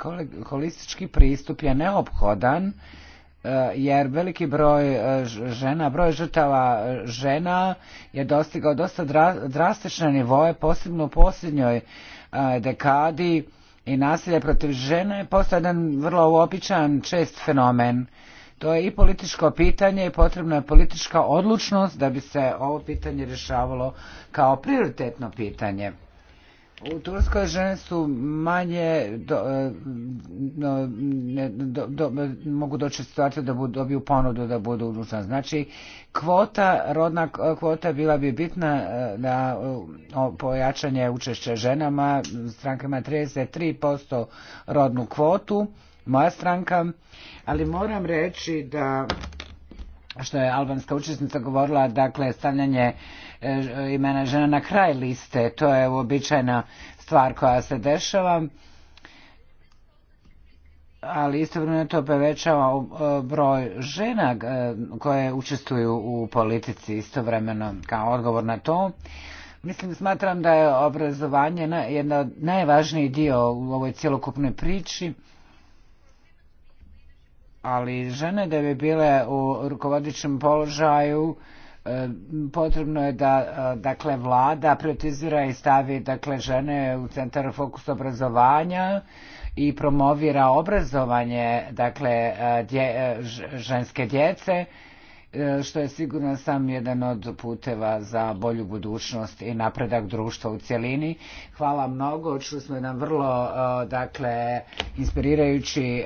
holistički pristup je neophodan jer veliki broj žena, broj žrtava žena je dostigao dosta drastične nivoje, posebno u posljednjoj dekadi i nasilje protiv žene postaje jedan vrlo uobičajan čest fenomen. To je i političko pitanje i potrebna je politička odlučnost da bi se ovo pitanje rješavalo kao prioritetno pitanje u Turskoj žene su manje do, do, do, do, mogu doći situacije da budu, dobiju ponudu da budu uručena. Znači kvota, rodna kvota bila bi bitna na pojačanje učešće ženama. Stranka ima 33% rodnu kvotu, moja stranka, ali moram reći da što je albanska učesnica govorila, dakle stavljanje uh, imena žena na kraj liste. To je uobičajena stvar koja se dešava ali istovremeno to povećava broj žena koje učestvuju u politici istovremeno kao odgovor na to. Mislim, smatram da je obrazovanje jedna od najvažnijih dio u ovoj cijelokupnoj priči, ali žene da bi bile u rukovodičnom položaju potrebno je da dakle vlada prioritizira i stavi dakle žene u centar fokus obrazovanja i promovira obrazovanje dakle dje, ženske djece što je sigurno sam jedan od puteva za bolju budućnost i napredak društva u cjelini. Hvala mnogo, čuli smo jedan vrlo dakle, inspirirajući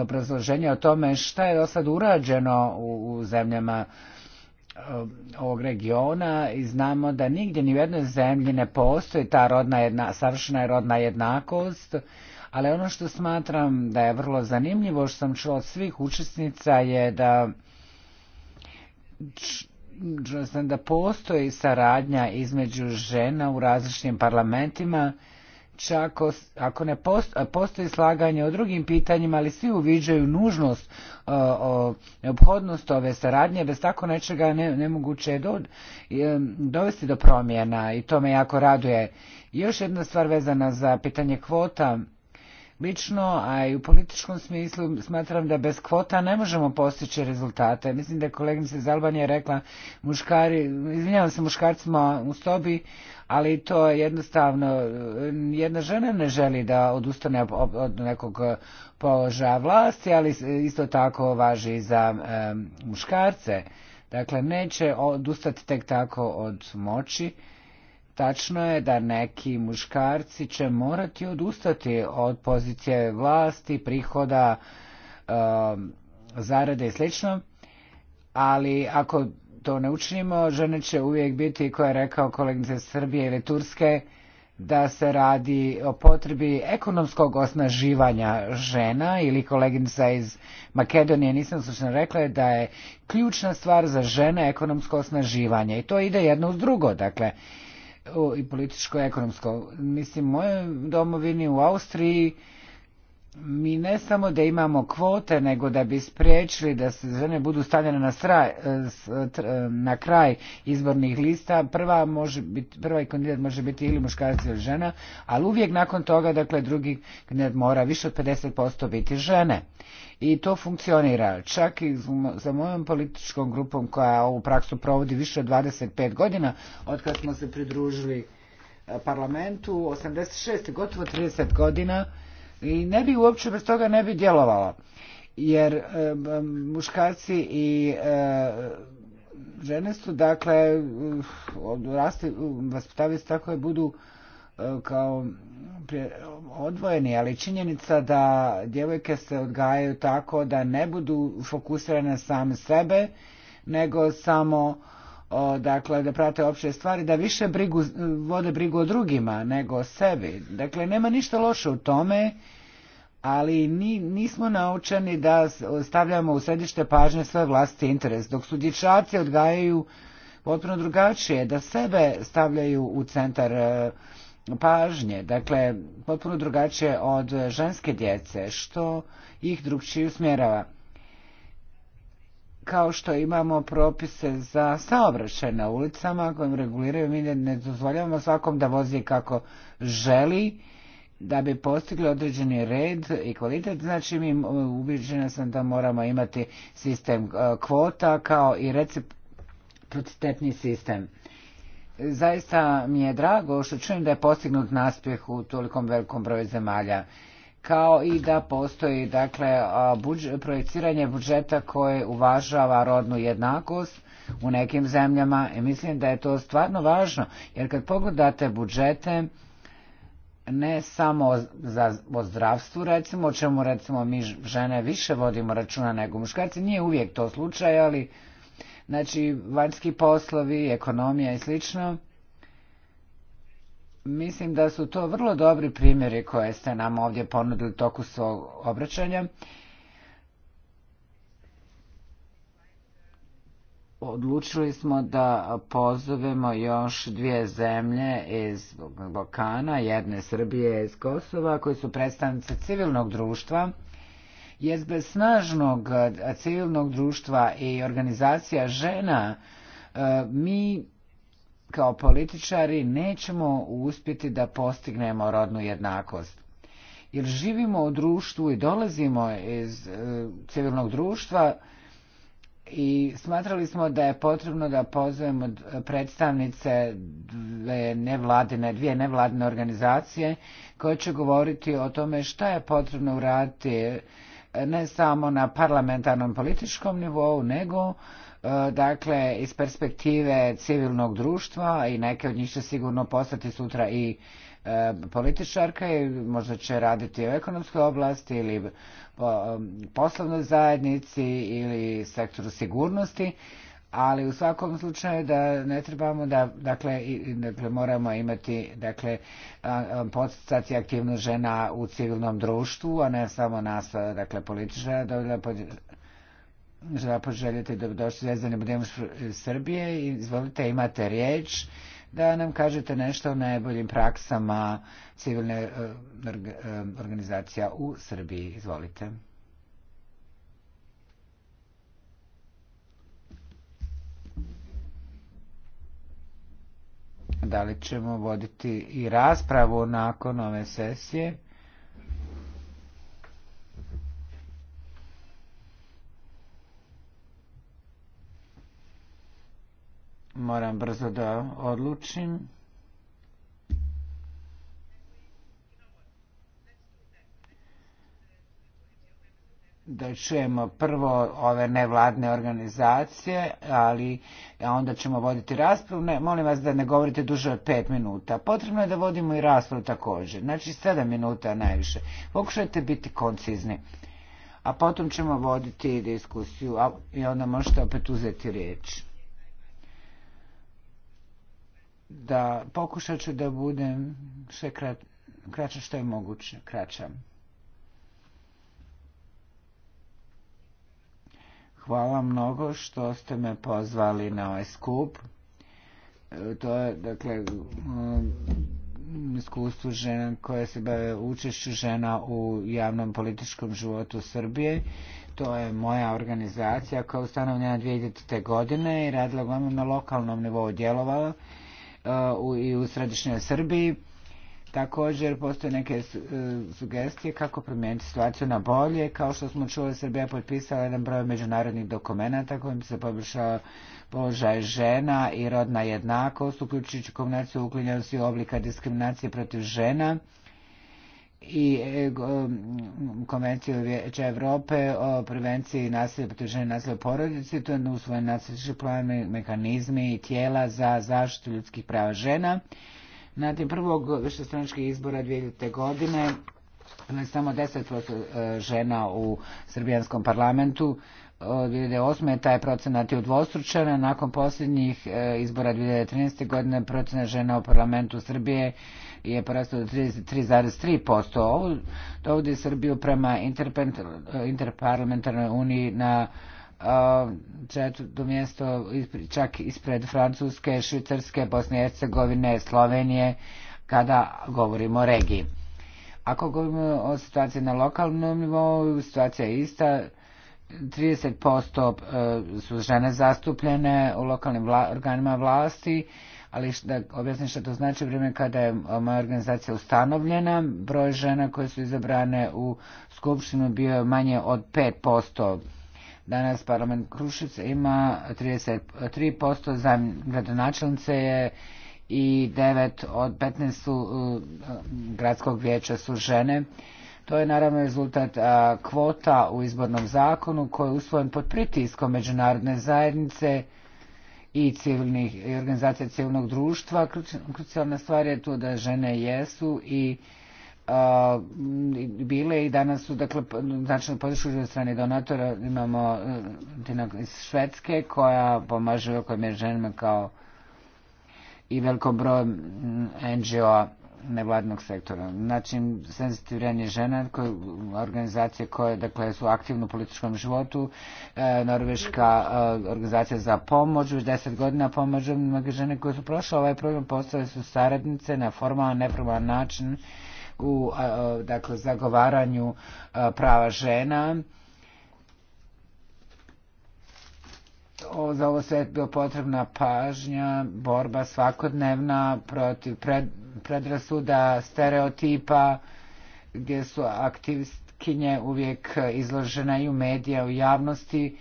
obrazloženje o tome šta je do sad urađeno u, u zemljama Um, ovog regiona i znamo da nigdje ni u jednoj zemlji ne postoji ta rodna jedna, savršena rodna jednakost, ali ono što smatram da je vrlo zanimljivo što sam čuo od svih učesnica je da da, da postoji saradnja između žena u različitim parlamentima čak ako ako ne eh, postoji slaganje o drugim pitanjima, ali svi uviđaju nužnost, eh, o neophodnost ove saradnje, bez tako nečega ne, nemoguće je do, dovesti do promjena i to me jako raduje. Još jedna stvar vezana za pitanje kvota, lično, a i u političkom smislu smatram da bez kvota ne možemo postići rezultate. Mislim da je se iz Albanije rekla muškari, izvinjavam se muškarcima u sobi, ali to je jednostavno, jedna žena ne želi da odustane od nekog položaja vlasti, ali isto tako važi i za e, muškarce. Dakle, neće odustati tek tako od moći Tačno je da neki muškarci će morati odustati od pozicije vlasti, prihoda, um, zarade i slično, ali ako to ne učinimo, žene će uvijek biti, koja je rekao kolegnice Srbije ili Turske, da se radi o potrebi ekonomskog osnaživanja žena ili koleginica iz Makedonije, nisam slučno rekla, da je ključna stvar za žene ekonomsko osnaživanje i to ide jedno uz drugo, dakle, uh, i političko-ekonomsko. Mislim, u mojoj domovini u Austriji mi ne samo da imamo kvote, nego da bi spriječili da se žene budu stavljene na, sraj, na kraj izbornih lista, prva može biti, prva kandidat može biti ili muškarac ili žena, ali uvijek nakon toga, dakle, drugi kandidat mora više od 50% biti žene. I to funkcionira. Čak i za mojom političkom grupom koja ovu praksu provodi više od 25 godina, od kad smo se pridružili eh, parlamentu, 86. gotovo 30 godina, i ne bi uopće bez toga ne bi djelovala. Jer e, muškarci i e, žene su dakle odrasli, vaspitavili se tako da budu e, kao prije, odvojeni, ali činjenica da djevojke se odgajaju tako da ne budu fokusirane same sebe, nego samo uh, o, dakle, da prate opće stvari, da više brigu, vode brigu o drugima nego o sebi. Dakle, nema ništa loše u tome, ali ni, nismo naučeni da stavljamo u središte pažnje sve vlasti interes, dok su dječaci odgajaju potpuno drugačije, da sebe stavljaju u centar pažnje, dakle, potpuno drugačije od ženske djece, što ih drugčije usmjerava kao što imamo propise za saobraćaj na ulicama kojim reguliraju mi ne dozvoljavamo svakom da vozi kako želi da bi postigli određeni red i kvalitet, znači mi ubiđena sam da moramo imati sistem kvota kao i reciprocitetni sistem. Zaista mi je drago što čujem da je postignut naspjeh u tolikom velikom broju zemalja kao i da postoji dakle budž, projeciranje budžeta koje uvažava rodnu jednakost u nekim zemljama i mislim da je to stvarno važno jer kad pogledate budžete ne samo za, o zdravstvu recimo, o čemu recimo mi žene više vodimo računa nego muškarci, nije uvijek to slučaj, ali znači vanjski poslovi, ekonomija i slično, Mislim da su to vrlo dobri primjeri koje ste nam ovdje ponudili toku svog obraćanja. Odlučili smo da pozovemo još dvije zemlje iz Balkana, jedne Srbije iz Kosova, koji su predstavnice civilnog društva. Jer bez snažnog civilnog društva i organizacija žena mi kao političari nećemo uspjeti da postignemo rodnu jednakost. Jer živimo u društvu i dolazimo iz civilnog društva i smatrali smo da je potrebno da pozovemo predstavnice dve nevladine, dvije nevladine organizacije koje će govoriti o tome šta je potrebno uraditi ne samo na parlamentarnom političkom nivou, nego Eh, dakle, iz perspektive civilnog društva i neke od njih će sigurno postati sutra i eh, političarka i možda će raditi u ekonomskoj oblasti ili eh, poslovnoj zajednici ili sektoru sigurnosti ali u svakom slučaju da ne trebamo da dakle, i, dakle moramo imati dakle podsticati aktivnu žena u civilnom društvu a ne samo nas dakle političara da da poželite za ne budemo Srbije. Izvolite, imate riječ da nam kažete nešto o najboljim praksama civilne organizacija u Srbiji. Izvolite. Da li ćemo voditi i raspravu nakon ove sesije? moram brzo da odlučim. da čujemo prvo ove nevladne organizacije, ali a onda ćemo voditi raspravu. Ne, molim vas da ne govorite duže od pet minuta. Potrebno je da vodimo i raspravu također. Znači sedam minuta najviše. Pokušajte biti koncizni. A potom ćemo voditi diskusiju a, i onda možete opet uzeti riječ da pokušat ću da budem sve krat, kraće što je moguće, kraća. Hvala mnogo što ste me pozvali na ovaj skup. To je, dakle, mm, iskustvo žena koje se bave učešću žena u javnom političkom životu Srbije. To je moja organizacija koja je ustanovljena 2000. godine i radila uglavnom na lokalnom nivou djelovala. Uh, i u središnjoj Srbiji. Također postoje neke uh, sugestije kako promijeniti situaciju na bolje. Kao što smo čuli, Srbija je potpisala jedan broj međunarodnih dokumenta kojim se poboljšava položaj žena i rodna jednakost, uključujući kombinaciju uklinjenosti oblika diskriminacije protiv žena i um, konvenciju Vijeća Evrope o prevenciji nasilja protiv žene nasilja u porodici. To je usvojen nasilji plan, mehanizmi i tijela za zaštitu ljudskih prava žena. Nakon prvog višestranačkih izbora 2000. godine samo 10% žena u srbijanskom parlamentu. Od 2008. taj procenat je udvostručen, nakon posljednjih izbora 2013. godine procena žena u parlamentu Srbije je porastao do 3,3%. Dovodi Srbiju prema interparlamentarnoj uniji na četvrto mjesto čak ispred Francuske, Švicarske, Bosne i Hercegovine, Slovenije kada govorimo o regiji. Ako govorimo o situaciji na lokalnom nivou, situacija je ista. 30% su žene zastupljene u lokalnim organima vlasti ali da objasnim što to znači, vrijeme kada je moja organizacija ustanovljena, broj žena koje su izabrane u skupštinu bio je manje od 5%. Danas parlament Krušic ima 33%, za gradonačelnice je i 9 od 15 su, gradskog vijeća su žene. To je naravno rezultat kvota u izbornom zakonu koji je usvojen pod pritiskom međunarodne zajednice i civilnih i organizacija civilnog društva. Krucijalna stvar je to da žene jesu i a, bile i danas su dakle značajno podršku od strane donatora imamo Tina iz Švedske koja pomaže u okolijem ženama kao i velikom brojem NGO-a nevladnog sektora. Znači, senzitivljanje žena, koje, organizacije koje dakle, su aktivne u političkom životu, e, Norveška e, organizacija za pomoć, već deset godina pomažu, mnoge žene koje su prošle ovaj program postale su saradnice na formalan, neformalan način u, dakle, zagovaranju prava žena, za ovo sve bio potrebna pažnja, borba svakodnevna protiv pred, predrasuda, stereotipa, gdje su aktivistkinje uvijek izložene i u medija, u javnosti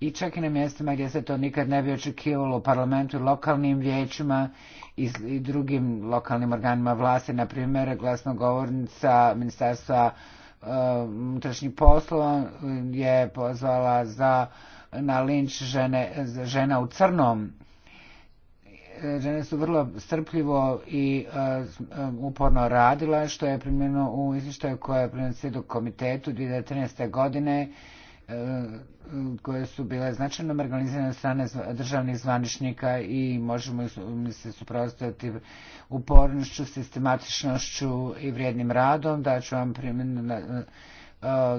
i čak i na mjestima gdje se to nikad ne bi očekivalo u parlamentu, lokalnim vijećima i, i drugim lokalnim organima vlasti, na primjer glasnogovornica ministarstva unutrašnjih poslova je pozvala za uh, na linč žene, žena u crnom. Žene su vrlo strpljivo i uh, uporno radila, što je primljeno u izvištaju koje je primljeno komitetu 2013. godine, uh, koje su bile značajno organizirane od strane državnih zvaničnika i možemo se suprotstaviti upornošću, sistematičnošću i vrijednim radom. Daću vam primjenu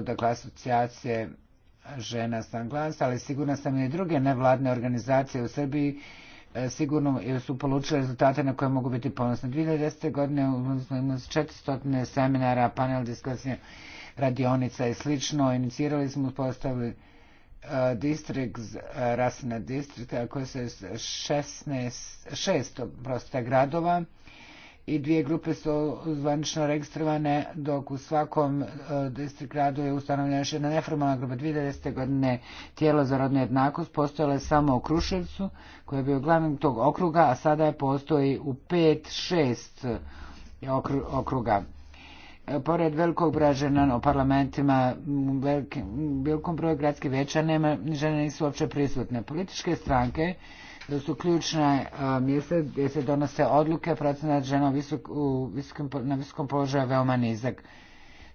dakle, asocijacije žena sam glas, ali sigurno sam i druge nevladne organizacije u Srbiji sigurno su polučile rezultate na koje mogu biti ponosne. 2010. godine imali 400 seminara, panel diskusije, radionica i slično. Inicirali smo, postavili distrikt, rasne distrikte, koje se 16, 600 prosta gradova i dvije grupe su zvanično registrovane dok u svakom distrikt radu je ustanovljena još jedna neformalna grupa 2010. godine tijelo za rodnu jednakost postojalo je samo u Kruševcu koji je bio glavnim tog okruga a sada je postoji u 5-6 okruga pored velikog broja žena u parlamentima, u velikom broju gradske veća nema, žene nisu uopće prisutne. Političke stranke da su ključne mjesta gdje se donose odluke, procenat žena visok, u visokom, na visokom položaju je veoma nizak.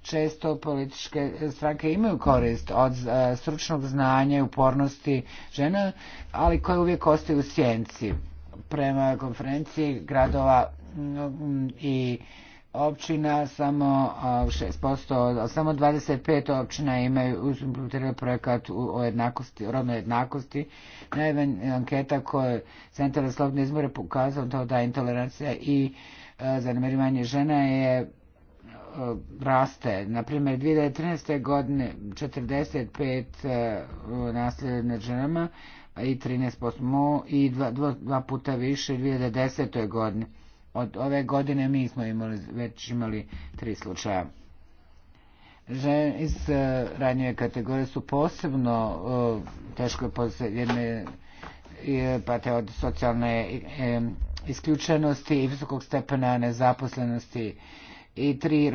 Često političke stranke imaju korist od stručnog znanja i upornosti žena, ali koje uvijek ostaju u sjenci. Prema konferenciji gradova i općina, samo 6%, samo 25 općina imaju uzimplutirani uh, projekat o jednakosti, o rodnoj jednakosti. Naime, anketa koju Centar za slobodne izbore pokazao to da intolerancija i uh, zanemarivanje žena je uh, raste. Na primjer, 2013. godine 45 nasilja nad ženama i 13% i dva, dva puta više 2010. godine od ove godine mi smo imali, već imali tri slučaja. Žene iz eh, ranjive kategorije su posebno eh, teško posljednje pate od socijalne eh, isključenosti i visokog stepena nezaposlenosti i tri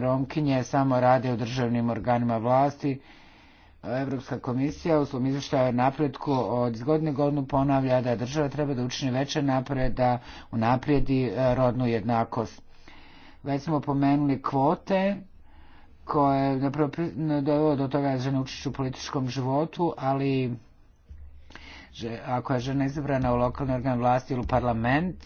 romkinje samo rade u državnim organima vlasti Evropska komisija u svom izvještaju o napretku od godine godinu ponavlja da država treba da učini veće napreda da unaprijedi rodnu jednakost. Već smo pomenuli kvote koje napravo dovelo do toga da žene učiću u političkom životu, ali ako je žena izabrana u lokalni organ vlasti ili parlament,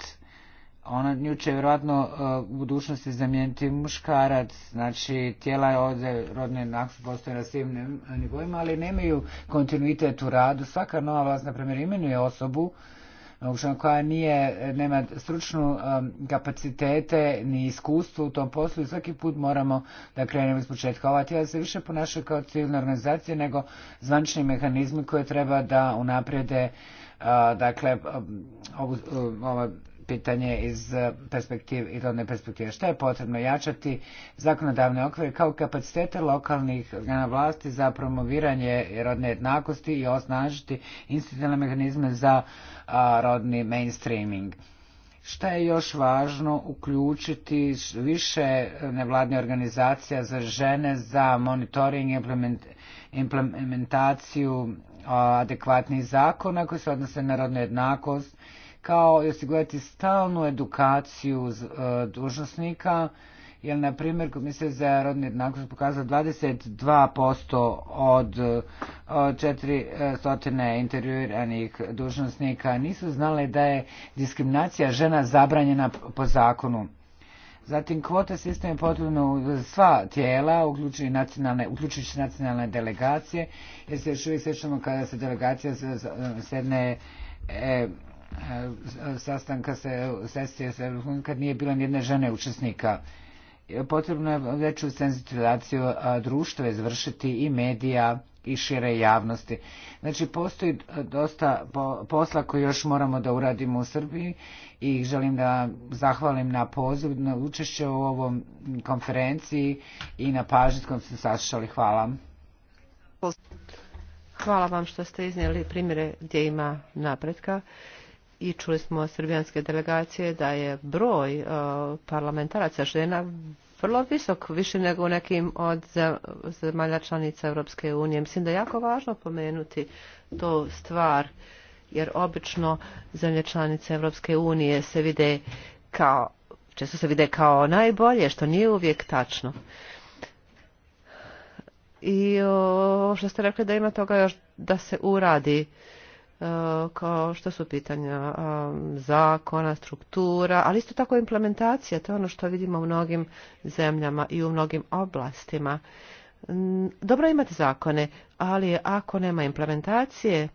ona nju će vjerojatno u budućnosti zamijeniti muškarac, znači tijela je ovdje rodne nakon postoje na svim nivoima, ali nemaju kontinuitet u radu. Svaka nova vlast, na primjer, imenuje osobu koja nije, nema stručnu kapacitete ni iskustvu u tom poslu i svaki put moramo da krenemo iz početka. Ova tijela se više ponašaju kao civilne organizacije nego zvančni mehanizmi koje treba da unaprijede dakle ovu, ovu pitanje iz perspektive, idealne perspektive. Šta je potrebno? Jačati zakonodavne okvire kao kapacitete lokalnih organa vlasti za promoviranje rodne jednakosti i osnažiti institucionalne mehanizme za a, rodni mainstreaming. Šta je još važno uključiti više nevladne organizacija za žene za monitoring implement, implementaciju adekvatnih zakona koji se odnose na rodnu jednakost, kao i osigurati stalnu edukaciju dužnosnika, jer na primjer Komisija za rodnu jednakost pokazala 22% od, od 400 intervjuiranih dužnosnika nisu znali da je diskriminacija žena zabranjena po zakonu. Zatim kvote sistem je potrebno sva tijela, uključujući nacionalne, uključujući nacionalne delegacije, jer se još uvijek sjećamo kada se delegacija sedne sastanka se, sesije sa Europskom kad nije bilo nijedne žene učesnika. Potrebno je deci, veću senzitizaciju društva izvršiti i medija i šire javnosti. Znači, postoji dosta posla koji još moramo da uradimo u Srbiji i želim da zahvalim na poziv, na učešće u ovom konferenciji i na pažnju s kojom ste sašali. Hvala. Hvala vam što ste iznijeli primjere gdje ima napretka i čuli smo srbijanske delegacije da je broj uh, parlamentaraca žena vrlo visok, više nego u nekim od zemalja članica Europske unije. Mislim da je jako važno pomenuti to stvar, jer obično zemlje članice Europske unije se vide kao, često se vide kao najbolje, što nije uvijek tačno. I o, što ste rekli da ima toga još da se uradi. Uh, kao uh, što su pitanja uh, zakona, struktura, ali isto tako implementacija, to je ono što vidimo u mnogim zemljama i u mnogim oblastima. Dobro imate zakone, ali ako nema implementacije,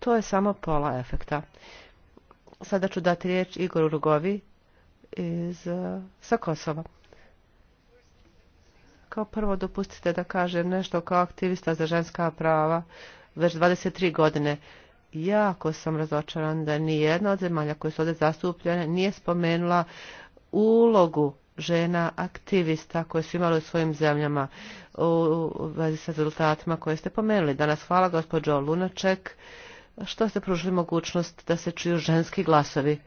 to je samo pola efekta. Sada ću dati riječ Igoru Rugovi iz, uh, sa Kosova. Kao prvo dopustite da kažem nešto kao aktivista za ženska prava već 23 godine jako sam razočaran da ni jedna od zemalja koje su ovdje zastupljene nije spomenula ulogu žena aktivista koje su imali u svojim zemljama u vezi sa rezultatima koje ste pomenuli. Danas hvala gospođo Lunaček što ste pružili mogućnost da se čuju ženski glasovi,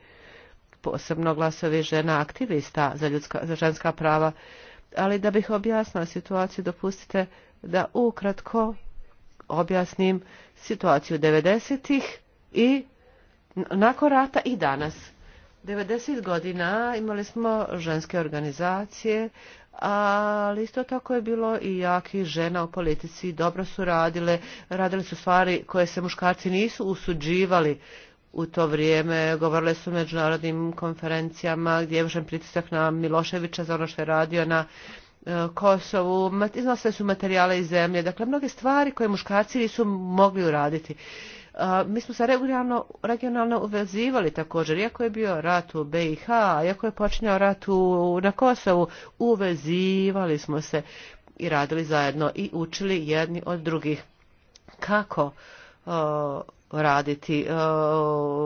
posebno glasovi žena aktivista za, ljudska, za ženska prava. Ali da bih objasnila situaciju, dopustite da ukratko objasnim situaciju 90-ih i nakon rata i danas. 90 godina imali smo ženske organizacije, ali isto tako je bilo i jaki žena u politici, dobro su radile, radile su stvari koje se muškarci nisu usuđivali u to vrijeme, govorile su međunarodnim konferencijama gdje je vršen pritisak na Miloševića za ono što je radio na uh, Kosovu, iznose su materijale iz zemlje, dakle mnoge stvari koje muškarci nisu mogli uraditi. Mi smo se regionalno, regionalno uvezivali također, iako je bio rat u BiH, iako je počinjao rat u, na Kosovu, uvezivali smo se i radili zajedno i učili jedni od drugih. Kako? Uh, raditi.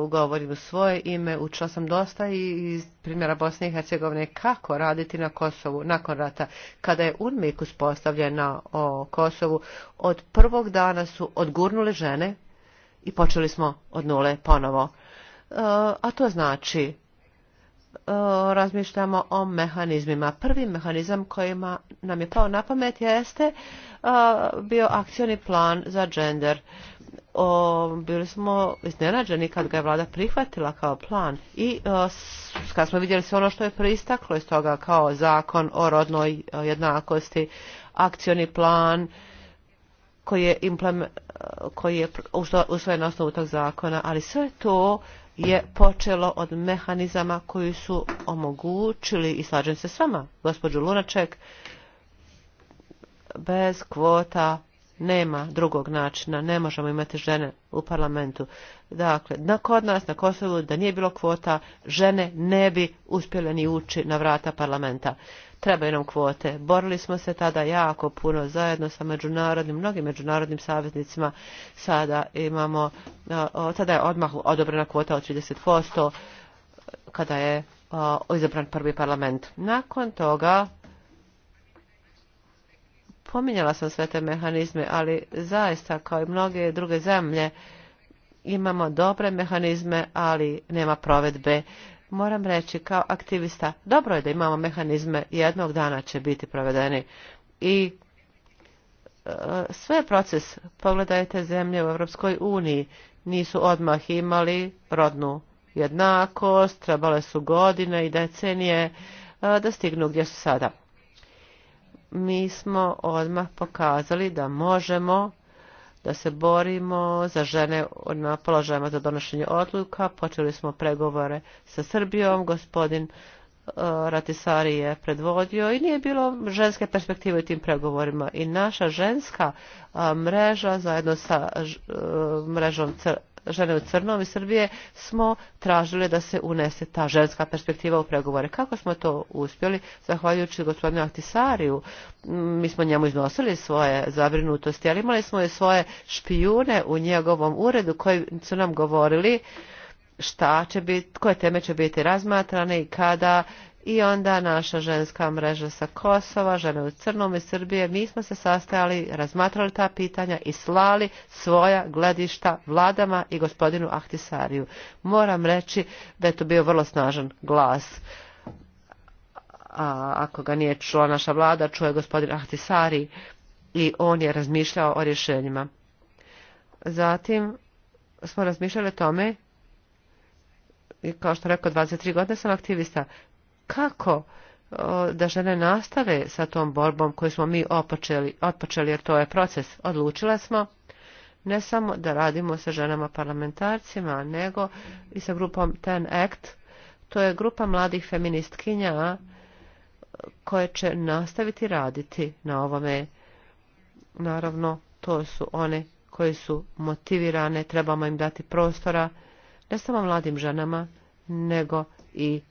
Govorim u svoje ime, učila sam dosta i iz primjera Bosne i Hercegovine kako raditi na Kosovu nakon rata. Kada je UNMIK uspostavljen na Kosovu, od prvog dana su odgurnule žene i počeli smo od nule ponovo. A to znači razmišljamo o mehanizmima. Prvi mehanizam kojima nam je pao na pamet jeste bio akcioni plan za gender o, bili smo iznenađeni kad ga je vlada prihvatila kao plan i s, kad smo vidjeli sve ono što je pristaklo iz toga kao zakon o rodnoj jednakosti, akcioni plan koji je, koji je usvojen na osnovu tog zakona, ali sve to je počelo od mehanizama koji su omogućili, i slažem se s vama, gospođu Lunaček, bez kvota Nema drugog načina, ne možemo imati žene u parlamentu. Dakle, na, kod nas na Kosovu da nije bilo kvota, žene ne bi uspjele ni ući na vrata parlamenta. Trebaju nam kvote. Borili smo se tada jako puno zajedno sa međunarodnim, mnogim međunarodnim saveznicima. Sada imamo, tada je odmah odobrena kvota od 30% kada je izabran prvi parlament. Nakon toga Pominjala sam sve te mehanizme, ali zaista kao i mnoge druge zemlje imamo dobre mehanizme, ali nema provedbe. Moram reći kao aktivista, dobro je da imamo mehanizme, jednog dana će biti provedeni. I sve proces, pogledajte zemlje u Europskoj uniji, nisu odmah imali rodnu jednakost, trebale su godine i decenije da stignu gdje su sada mi smo odmah pokazali da možemo da se borimo za žene na položajima za donošenje odluka. Počeli smo pregovore sa Srbijom, gospodin uh, Ratisari je predvodio i nije bilo ženske perspektive u tim pregovorima. I naša ženska uh, mreža zajedno sa uh, mrežom žene u crnom iz Srbije smo tražile da se unese ta ženska perspektiva u pregovore. Kako smo to uspjeli? Zahvaljujući gospodinu Aktisariju, mi smo njemu iznosili svoje zabrinutosti, ali imali smo i svoje špijune u njegovom uredu koji su nam govorili šta će biti, koje teme će biti razmatrane i kada i onda naša ženska mreža sa Kosova, žene u Crnom i Srbije, mi smo se sastajali, razmatrali ta pitanja i slali svoja gledišta vladama i gospodinu Ahtisariju. Moram reći da je to bio vrlo snažan glas. A ako ga nije čula naša vlada, čuje gospodin Ahtisari i on je razmišljao o rješenjima. Zatim smo razmišljali o tome i kao što rekao, 23 godine sam aktivista kako eh, da žene nastave sa tom borbom koju smo mi opočeli, otpočeli, jer to je proces. Odlučile smo ne samo da radimo sa ženama parlamentarcima, nego i sa grupom Ten Act. To je grupa mladih feministkinja eh, koje će nastaviti raditi na ovome. Naravno, to su one koje su motivirane, trebamo im dati prostora, ne samo mladim ženama, nego i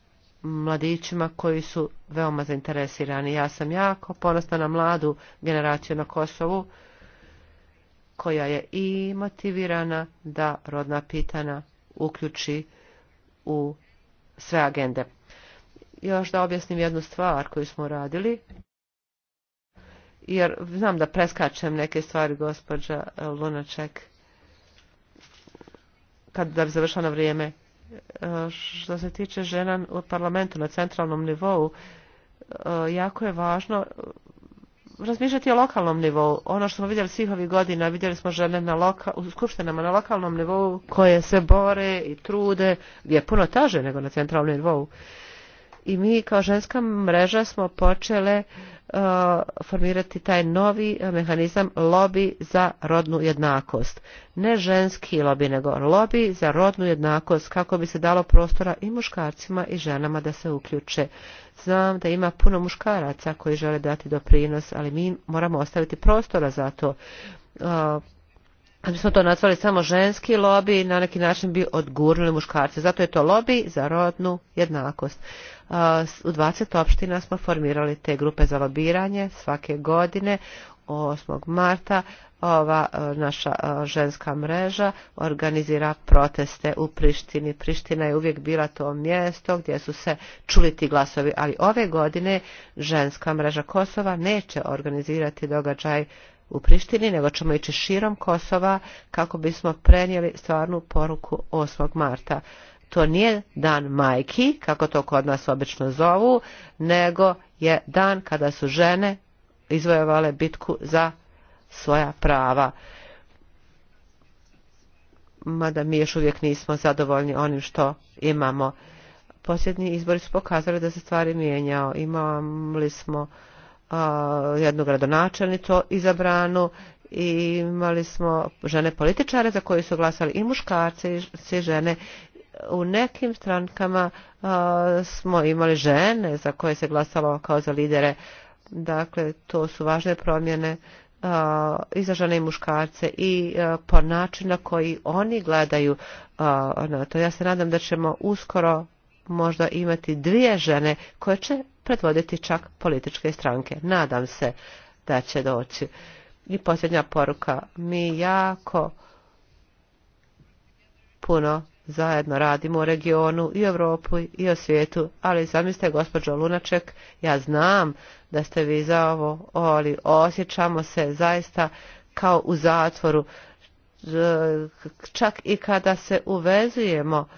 mladićima koji su veoma zainteresirani. Ja sam jako ponosna na mladu generaciju na Kosovu koja je i motivirana da rodna pitana uključi u sve agende. Još da objasnim jednu stvar koju smo radili, jer znam da preskačem neke stvari, gospođa Lunaček, kad da bi završila na vrijeme što se tiče žena u parlamentu na centralnom nivou, jako je važno razmišljati o lokalnom nivou. Ono što smo vidjeli svih ovih godina, vidjeli smo žene na loka, u skupštenama na lokalnom nivou koje se bore i trude, gdje je puno taže nego na centralnom nivou. Uh, i mi kao ženska mreža smo počele uh, formirati taj novi mehanizam lobby za rodnu jednakost. Ne ženski lobby, nego lobby za rodnu jednakost kako bi se dalo prostora i muškarcima i ženama da se uključe. Znam da ima puno muškaraca koji žele dati doprinos, ali mi moramo ostaviti prostora za to. Uh, kad bismo to nazvali samo ženski lobby, na neki način bi odgurnuli muškarce. Zato je to lobby za rodnu jednakost. Eh, u 20 opština smo formirali te grupe za lobiranje svake godine. 8. marta ova eh, naša eh, ženska mreža organizira proteste u Prištini. Priština je uvijek bila to mjesto gdje su se čuli ti glasovi, ali ove godine ženska mreža Kosova neće organizirati događaj u Prištini, nego ćemo ići širom Kosova kako bismo prenijeli stvarnu poruku 8. marta to nije dan majki, kako to kod nas obično zovu, nego je dan kada su žene izvojevale bitku za svoja prava. Mada mi još uvijek nismo zadovoljni onim što imamo. Posljednji izbori su pokazali da se stvari mijenjao. Imali smo a, jednu gradonačelnicu izabranu, i imali smo žene političare za koje su glasali i muškarce i žene u nekim strankama a, smo imali žene za koje se glasalo kao za lidere. Dakle, to su važne promjene a, i za žene i muškarce i a, po način na koji oni gledaju a, na to. Ja se nadam da ćemo uskoro možda imati dvije žene koje će predvoditi čak političke stranke. Nadam se da će doći. I posljednja poruka. Mi jako puno zajedno radimo u regionu i u Europu i u svijetu, ali sami ste gospođo Lunaček, ja znam da ste vi za ovo, ali osjećamo se zaista kao u zatvoru, čak i kada se uvezujemo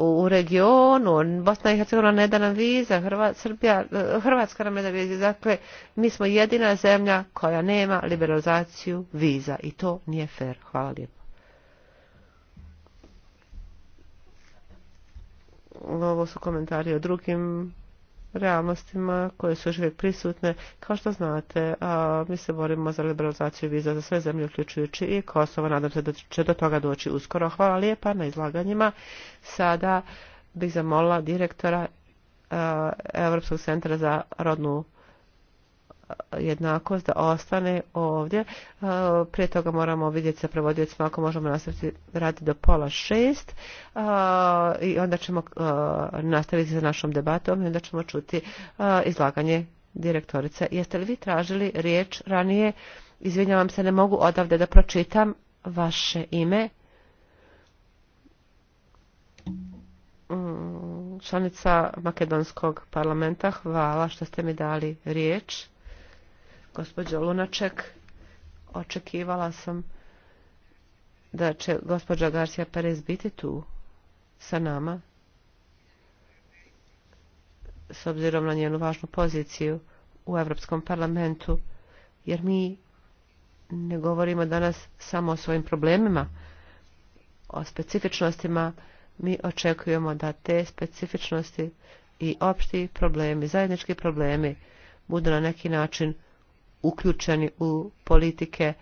u regionu, Bosna i Hercegovina ne da nam viza, Hrva, Srbija, Hrvatska nam ne da viza, dakle mi smo jedina zemlja koja nema liberalizaciju viza i to nije fair. Hvala lijepo. ovo su komentari o drugim realnostima koje su još uvijek prisutne. Kao što znate, a, mi se borimo za liberalizaciju viza za sve zemlje, uključujući i Kosovo. Nadam se da će do toga doći uskoro. Hvala lijepa na izlaganjima. Sada bih zamolila direktora a, Europskog centra za rodnu jednakost da ostane ovdje. Prije toga moramo vidjeti sa prevodilicima ako možemo nastaviti raditi do pola šest i onda ćemo nastaviti sa našom debatom i onda ćemo čuti izlaganje direktorice. Jeste li vi tražili riječ ranije? Izvinjavam se, ne mogu odavde da pročitam vaše ime. Mm, članica Makedonskog parlamenta, hvala što ste mi dali riječ gospođa Lunaček. Očekivala sam da će gospođa Garcia Perez biti tu sa nama s obzirom na njenu važnu poziciju u Evropskom parlamentu, jer mi ne govorimo danas samo o svojim problemima, o specifičnostima, mi očekujemo da te specifičnosti i opšti problemi, zajednički problemi budu na neki način uključeni u politike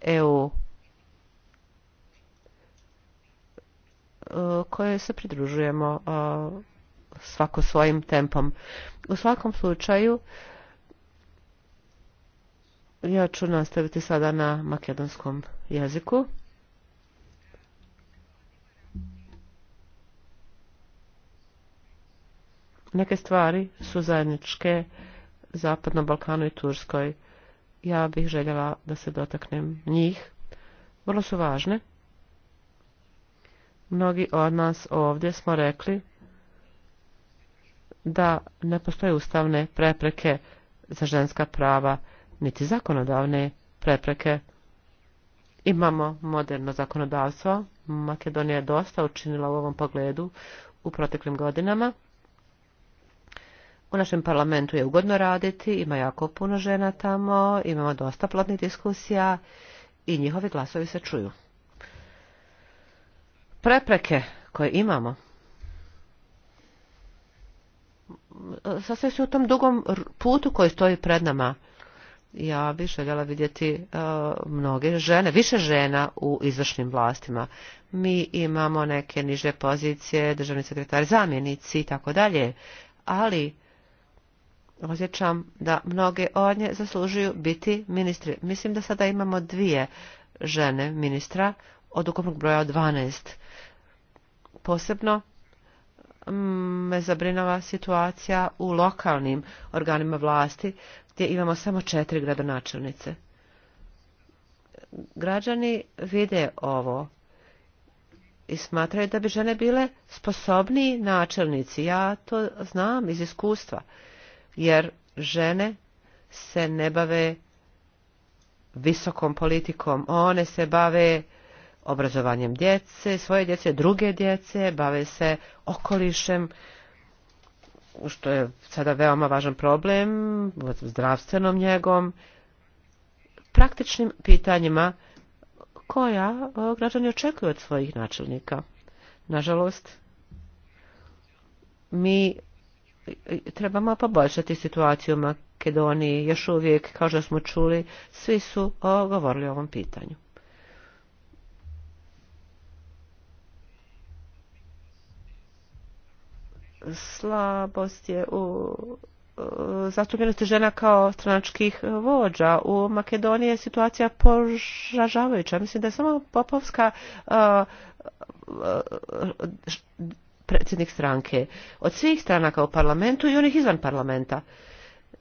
EU koje se pridružujemo svako svojim tempom. U svakom slučaju ja ću nastaviti sada na makedonskom jeziku. Neke stvari su zajedničke uh, Zapadnom Balkanu i Turskoj. Ja bih željela da se dotaknem njih. Vrlo su važne. Mnogi od nas ovdje smo rekli da ne postoje ustavne prepreke za ženska prava, niti zakonodavne prepreke. Imamo moderno zakonodavstvo. Makedonija je dosta učinila u ovom pogledu u proteklim godinama. U našem parlamentu je ugodno raditi, ima jako puno žena tamo, imamo dosta plodnih diskusija i njihovi glasovi se čuju. Prepreke koje imamo sasvim su u tom dugom putu koji stoji pred nama. Ja bi željela vidjeti uh, mnoge žene, više žena u izvršnim vlastima. Mi imamo neke niže pozicije, državni sekretari, zamjenici i tako dalje, ali Uh, osjećam da mnoge od nje zaslužuju biti ministri. Mislim da sada imamo dvije žene ministra od ukupnog broja od 12. Posebno mm, me zabrinava situacija u lokalnim organima vlasti gdje imamo samo četiri gradonačelnice. Građani vide ovo i smatraju da bi žene bile sposobniji načelnici. Ja to znam iz iskustva jer žene se ne bave visokom politikom. One se bave obrazovanjem djece, svoje djece, druge djece, bave se okolišem, što je sada veoma važan problem, zdravstvenom njegom, praktičnim pitanjima koja građani očekuju od svojih načelnika. Nažalost, mi trebamo poboljšati situaciju u Makedoniji. Još uvijek, kao što smo čuli, svi su o, govorili o ovom pitanju. Slabost je u zastupljenosti žena kao stranačkih vođa. U Makedoniji je situacija poražavajuća. Mislim da je samo Popovska predsjednik stranke od svih stranaka u parlamentu i onih izvan parlamenta.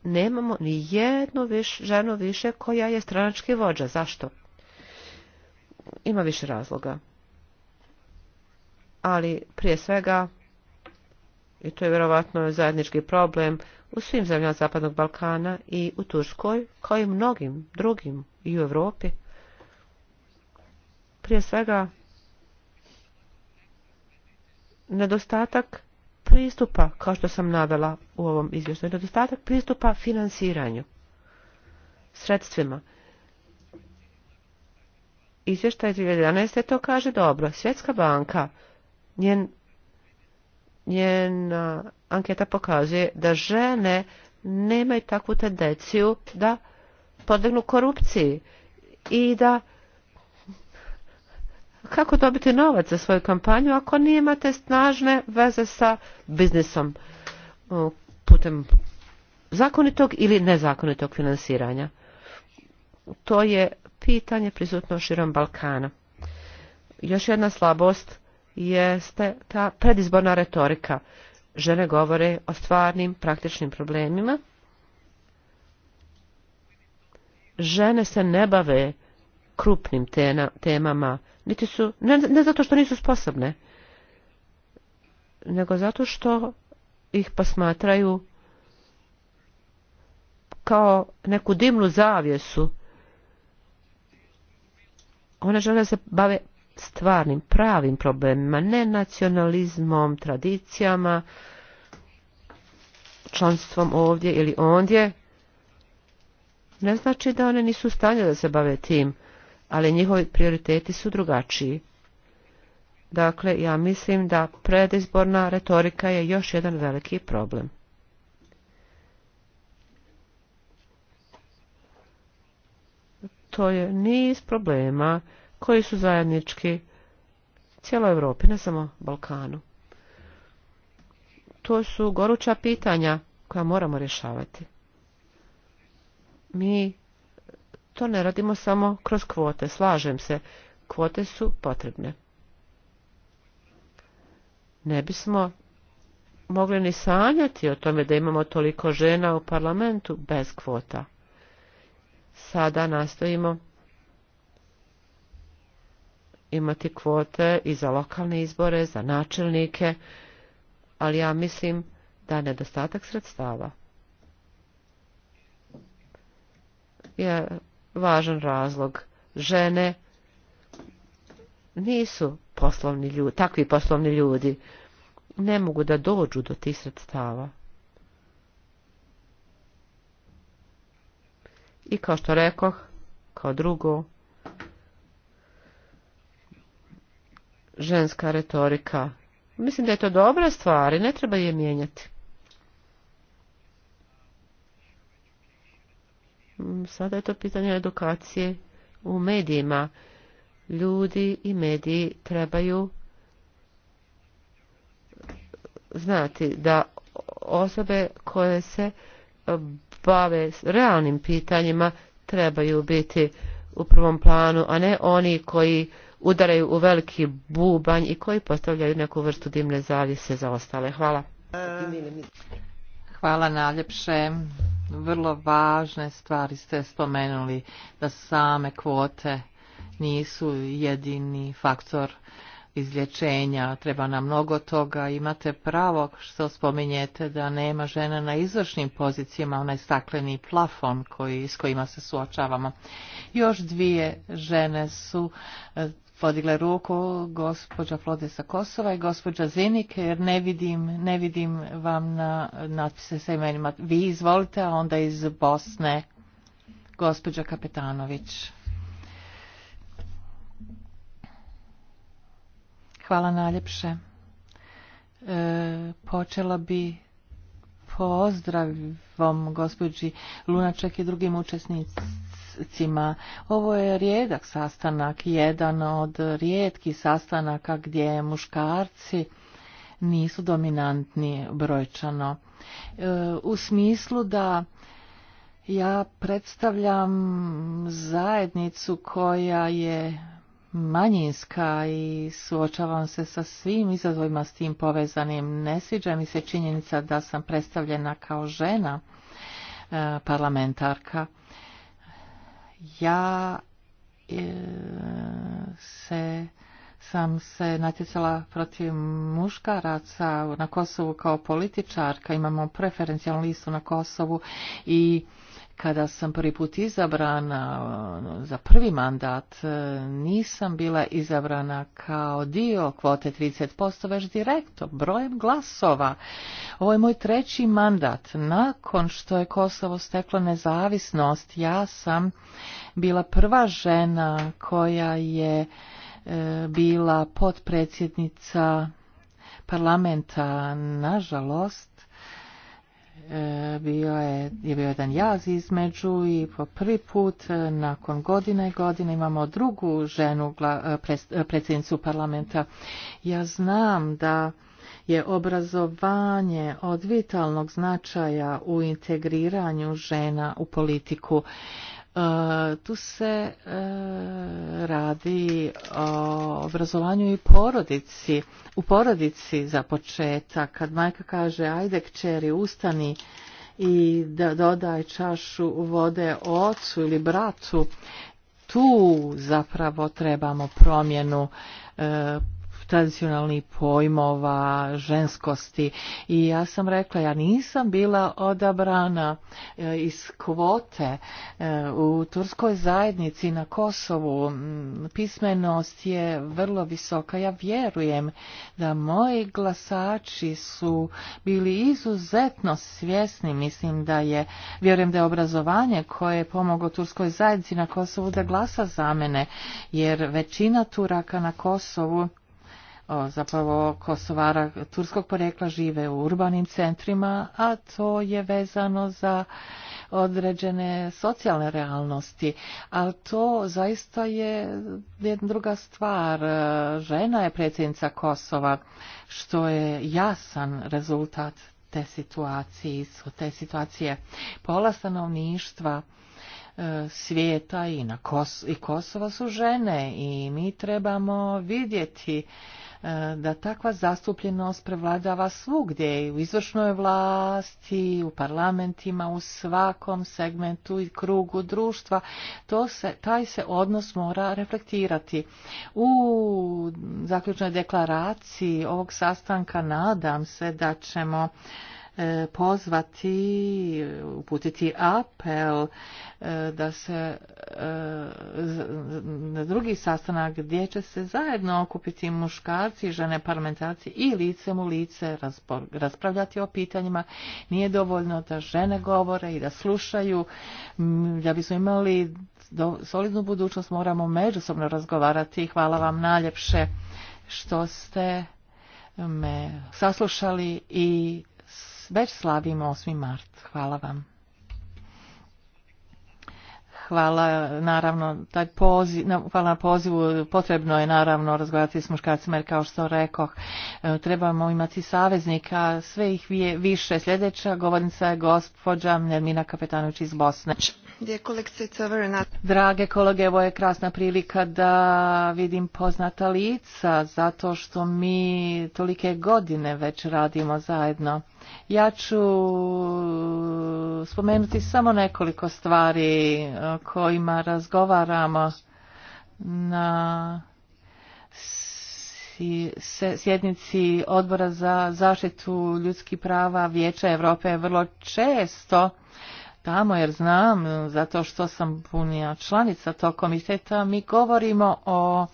Nemamo ni jednu viš, ženu više koja je stranački vođa. Zašto? Ima više razloga. Ali prije svega, i to je vjerovatno zajednički problem, u svim zemljama Zapadnog Balkana i u Turskoj, kao i mnogim drugim i u Europi. Prije svega, nedostatak pristupa, kao što sam nadala u ovom izvještaju, nedostatak pristupa financiranju, sredstvima. Izvještaj 2011. to kaže dobro. Svjetska banka, njen, njena anketa pokazuje da žene nemaju takvu tendenciju da podignu korupciji i da kako dobiti novac za svoju kampanju ako nemate snažne veze sa biznisom putem zakonitog ili nezakonitog finansiranja. To je pitanje prisutno širom Balkana. Još jedna slabost jeste ta predizborna retorika. Žene govore o stvarnim praktičnim problemima. Žene se ne bave uh, krupnim tena, temama, niti su, ne, ne zato što nisu sposobne, nego zato što ih posmatraju kao neku dimnu zavjesu. One žele da se bave stvarnim, pravim problemima, ne nacionalizmom, tradicijama, članstvom ovdje ili ondje, ne znači da one nisu u stanju da se bave tim ali njihovi prioriteti su drugačiji. Dakle, ja mislim da predizborna retorika je još jedan veliki problem. To je niz problema koji su zajednički cijeloj Europi, ne samo Balkanu. To su goruća pitanja koja moramo rješavati. Mi To ne radimo samo kroz kvote, slažem se, kvote su potrebne. Ne bismo mogli ni sanjati o tome da imamo toliko žena u parlamentu bez kvota. Sada nastojimo imati kvote i za lokalne izbore, za načelnike, ali ja mislim da nedostatak sredstava je važan razlog. Žene nisu poslovni ljudi, takvi poslovni ljudi ne mogu da dođu do tih sredstava. I kao što rekoh, kao drugo, ženska retorika. Mislim da je to dobra stvar i ne treba je mijenjati. Mm, sada je to pitanje edukacije u medijima. Ljudi i mediji trebaju znati da osobe koje se bave realnim pitanjima trebaju biti u prvom planu, a ne oni koji udaraju u veliki bubanj i koji postavljaju neku vrstu dimne zavise za ostale. Hvala. Hvala najljepše. Vrlo važne stvari ste spomenuli, da same kvote nisu jedini faktor izlječenja, treba nam mnogo toga, imate pravo što spominjete da nema žena na izvršnim pozicijama, onaj stakleni plafon koji, s kojima se suočavamo. Još dvije žene su podigla ruku gospođa Flode sa Kosova i gospođa Zenik, jer ne vidim, ne vidim vam na natpise sa imenima. Vi izvolite, a onda iz Bosne, gospođa Kapetanović. Hvala najljepše. E, počela bi pozdravom gospođi Lunaček i drugim učesnicima sastancima. Ovo je rijedak sastanak, jedan od rijetkih sastanaka gdje muškarci nisu dominantni brojčano. U smislu da ja predstavljam zajednicu koja je manjinska i suočavam se sa svim izazovima s tim povezanim. Ne sviđa mi se činjenica da sam predstavljena kao žena parlamentarka. Ja se sam se natjecala protiv muškaraca na Kosovu kao političarka. Imamo preferencijalnu listu na Kosovu i Kada sam prvi put izabrana za prvi mandat, nisam bila izabrana kao dio kvote 30%, već direktno, brojem glasova. Ovo je moj treći mandat. Nakon što je Kosovo steklo nezavisnost, ja sam bila prva žena koja je e, bila potpredsjednica parlamenta. Nažalost, bio je, je bio jedan jaz između i po prvi put nakon godine i godine imamo drugu ženu predsjednicu parlamenta. Ja znam da je obrazovanje od vitalnog značaja u integriranju žena u politiku tu se radi o obrazovanju i porodici. U porodici za početak, kad majka kaže ajde kćeri ustani i da dodaj čašu vode ocu ili bratu, tu zapravo trebamo promjenu tradicionalnih pojmova ženskosti i ja sam rekla ja nisam bila odabrana eh, iz kvote eh, u turskoj zajednici na Kosovu mm, pismenost je vrlo visoka ja vjerujem da moji glasači su bili izuzetno svjesni mislim da je vjerujem da je obrazovanje koje je pomoglo turskoj zajednici na Kosovu da glasa za mene jer većina Turaka na Kosovu zapravo Kosovara turskog porekla žive u urbanim centrima, a to je vezano za određene socijalne realnosti. Ali to zaista je jedna druga stvar. Žena je predsjednica Kosova, što je jasan rezultat te situacije, te situacije. Pola stanovništva svijeta i, na Kos i Kosova su žene i mi trebamo vidjeti uh, da takva zastupljenost prevladava svugdje, u izvršnoj vlasti, u parlamentima, u svakom segmentu i krugu društva. To se, taj se odnos mora reflektirati. U zaključnoj deklaraciji ovog sastanka nadam se da ćemo uh, pozvati, uputiti apel da se na drugi sastanak gdje će se zajedno okupiti muškarci i žene parlamentarci i lice mu lice raspravljati o pitanjima. Nije dovoljno da žene govore i da slušaju. Da bismo imali solidnu budućnost moramo međusobno razgovarati. Hvala vam najljepše što ste me saslušali i veď slávime 8. mart. Hvala vam. Hvala, naravno, taj poziv, hvala na pozivu. Potrebno je, naravno, razgovarati s muškarcima, jer kao što rekoh, trebamo imati saveznika, sve ih više. Sljedeća govornica je gospođa Nermina Kapetanović iz Bosne. Drage kolege, ovo je krasna prilika da vidim poznata lica, zato što mi tolike godine već radimo zajedno. Ja ću spomenuti samo nekoliko stvari o kojima razgovaramo na sjednici odbora za zaštitu ljudskih prava Vijeća Evrope. vrlo često tamo jer znam, zato što sam punija članica tog komiteta, mi govorimo o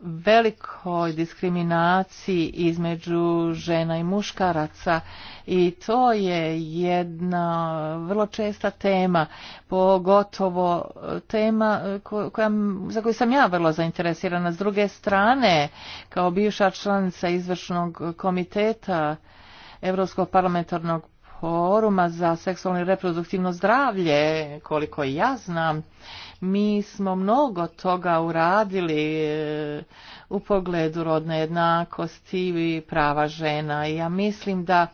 velikoj diskriminaciji između žena i muškaraca i to je jedna vrlo česta tema, pogotovo tema koja, za koju sam ja vrlo zainteresirana. S druge strane, kao bivša članica izvršnog komiteta Evropskog parlamentarnog foruma za seksualno i reproduktivno zdravlje, koliko ja znam. Mi smo mnogo toga uradili u pogledu rodne jednakosti i prava žena. Ja mislim da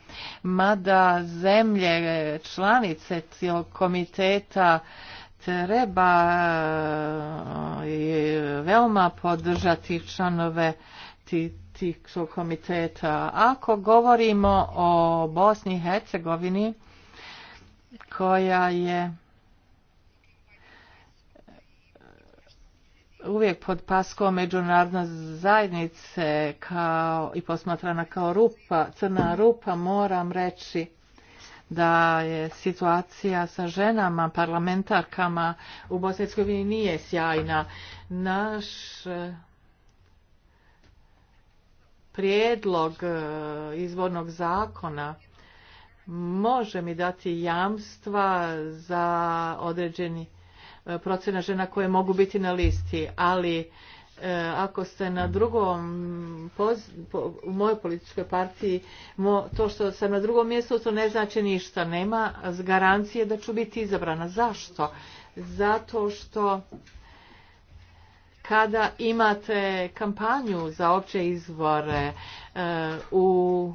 mada zemlje članice tijel komiteta treba veoma podržati članove ti Helsinškog komiteta. Ako govorimo o Bosni i Hercegovini, koja je uvijek pod paskom međunarodne zajednice kao, i posmatrana kao rupa, crna rupa, moram reći da je situacija sa ženama, parlamentarkama u Bosnijskoj nije sjajna. Naš prijedlog izvornog zakona može mi dati jamstva za određeni procena žena koje mogu biti na listi, ali ako ste na drugom u mojoj političkoj partiji to što sam na drugom mjestu to ne znači ništa nema garancije da ću biti izabrana zašto zato što kada imate kampanju za opće izvore eh, u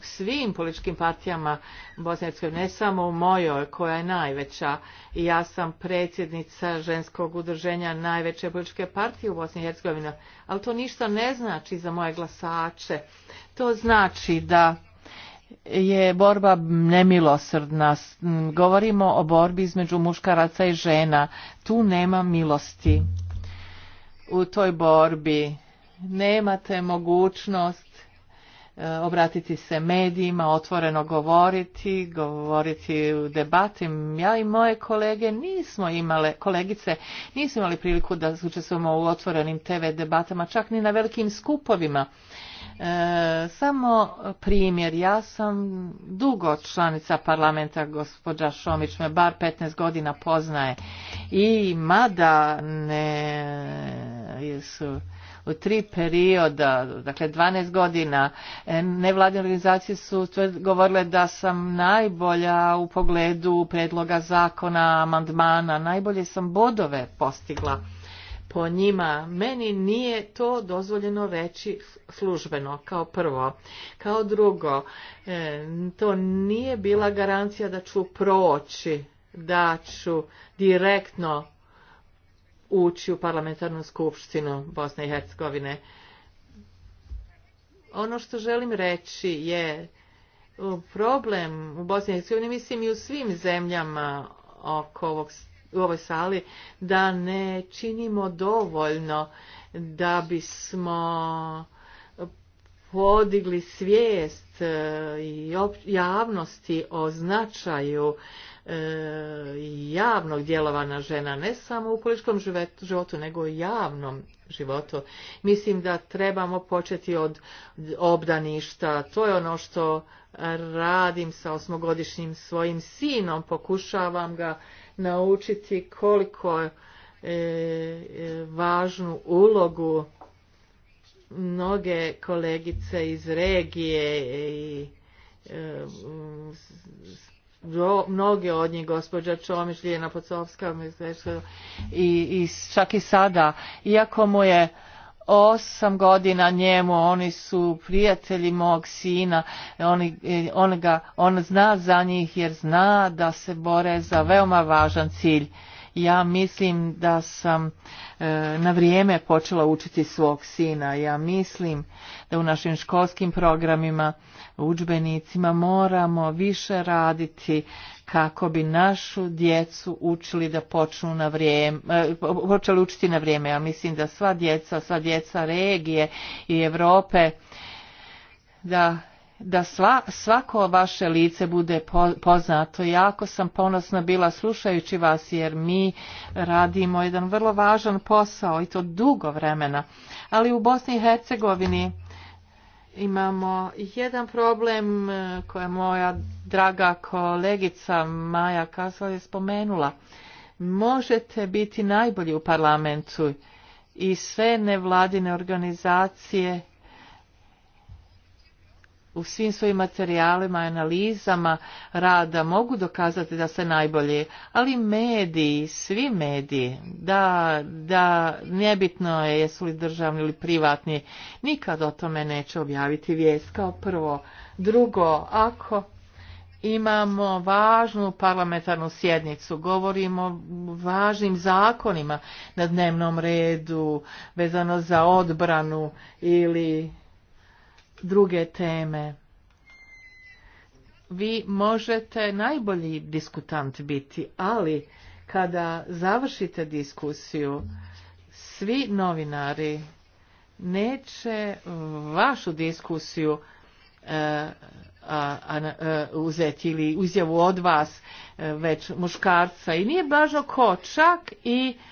svim političkim partijama Bosne ne samo u mojoj koja je najveća. Ja sam predsjednica ženskog udrženja najveće političke partije u Bosni i Hercegovini, ali to ništa ne znači za moje glasače. To znači da je borba nemilosrdna. Govorimo o borbi između muškaraca i žena. Tu nema milosti u toj borbi. Nemate mogućnost obratiti se medijima, otvoreno govoriti, govoriti u debati. Ja i moje kolege nismo imale, kolegice, nismo imali priliku da učestvujemo u otvorenim TV debatama, čak ni na velikim skupovima. E, samo primjer, ja sam dugo članica parlamenta, gospođa Šomić me bar 15 godina poznaje i mada ne jesu u tri perioda, dakle 12 godina, nevladine organizacije su govorile da sam najbolja u pogledu predloga zakona, amandmana, najbolje sam bodove postigla po njima. Meni nije to dozvoljeno reći službeno, kao prvo. Kao drugo, to nije bila garancija da ću proći, da ću direktno ući u parlamentarnu skupštinu Bosne i Hercegovine. Ono što želim reći je problem u Bosni i Hercegovini, mislim i u svim zemljama oko ovog, u ovoj sali, da ne činimo dovoljno da bismo podigli svijest i javnosti o značaju Eh, javnog djelovana žena, ne samo u političkom životu, nego u javnom životu. Mislim da trebamo početi od obdaništa. To je ono što radim sa osmogodišnjim svojim sinom. Pokušavam ga naučiti koliko e, eh, važnu ulogu mnoge kolegice iz regije i e, eh, s, mnoge od njih, gospođa Čomić, Lijena Pocovska, i, i čak i sada. Iako mu je osam godina njemu, oni su prijatelji mog sina, oni, on, ga, on zna za njih jer zna da se bore za veoma važan cilj. Ja mislim da sam e, na vrijeme počela učiti svog sina. Ja mislim da u našim školskim programima, učbenicima moramo više raditi kako bi našu djecu učili da počnu na vrijeme, e, počeli učiti na vrijeme. Ja mislim da sva djeca, sva djeca regije i Europe da da sva, svako vaše lice bude po, poznato. Jako sam ponosna bila slušajući vas jer mi radimo jedan vrlo važan posao i to dugo vremena. Ali u Bosni i Hercegovini imamo jedan problem eh, koje moja draga kolegica Maja Kasal je spomenula. Možete biti najbolji u parlamentu i sve nevladine organizacije u svim svojim materijalima i analizama rada mogu dokazati da se najbolje, ali mediji, svi mediji, da, da nebitno je jesu li državni ili privatni, nikad o tome neće objaviti vijest kao prvo. Drugo, ako imamo važnu parlamentarnu sjednicu, govorimo o važnim zakonima na dnevnom redu vezano za odbranu ili druge teme. Vi možete najbolji diskutant biti, ali kada završite diskusiju, svi novinari neće vašu diskusiju uh, a, a, a, uzeti ili uzjavu od vas, uh, već muškarca. I nije važno ko, čak i uh,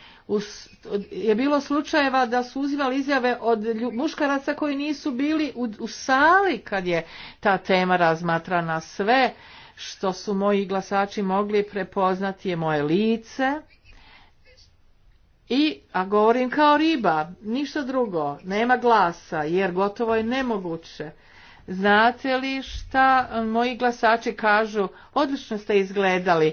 je bilo slučajeva da su uzimali izjave od muškaraca koji nisu bili u, u sali kad je ta tema razmatrana sve što su moji glasači mogli prepoznati je moje lice i a govorim kao riba ništa drugo nema glasa jer gotovo je nemoguće znate li šta moji glasači kažu odlično ste izgledali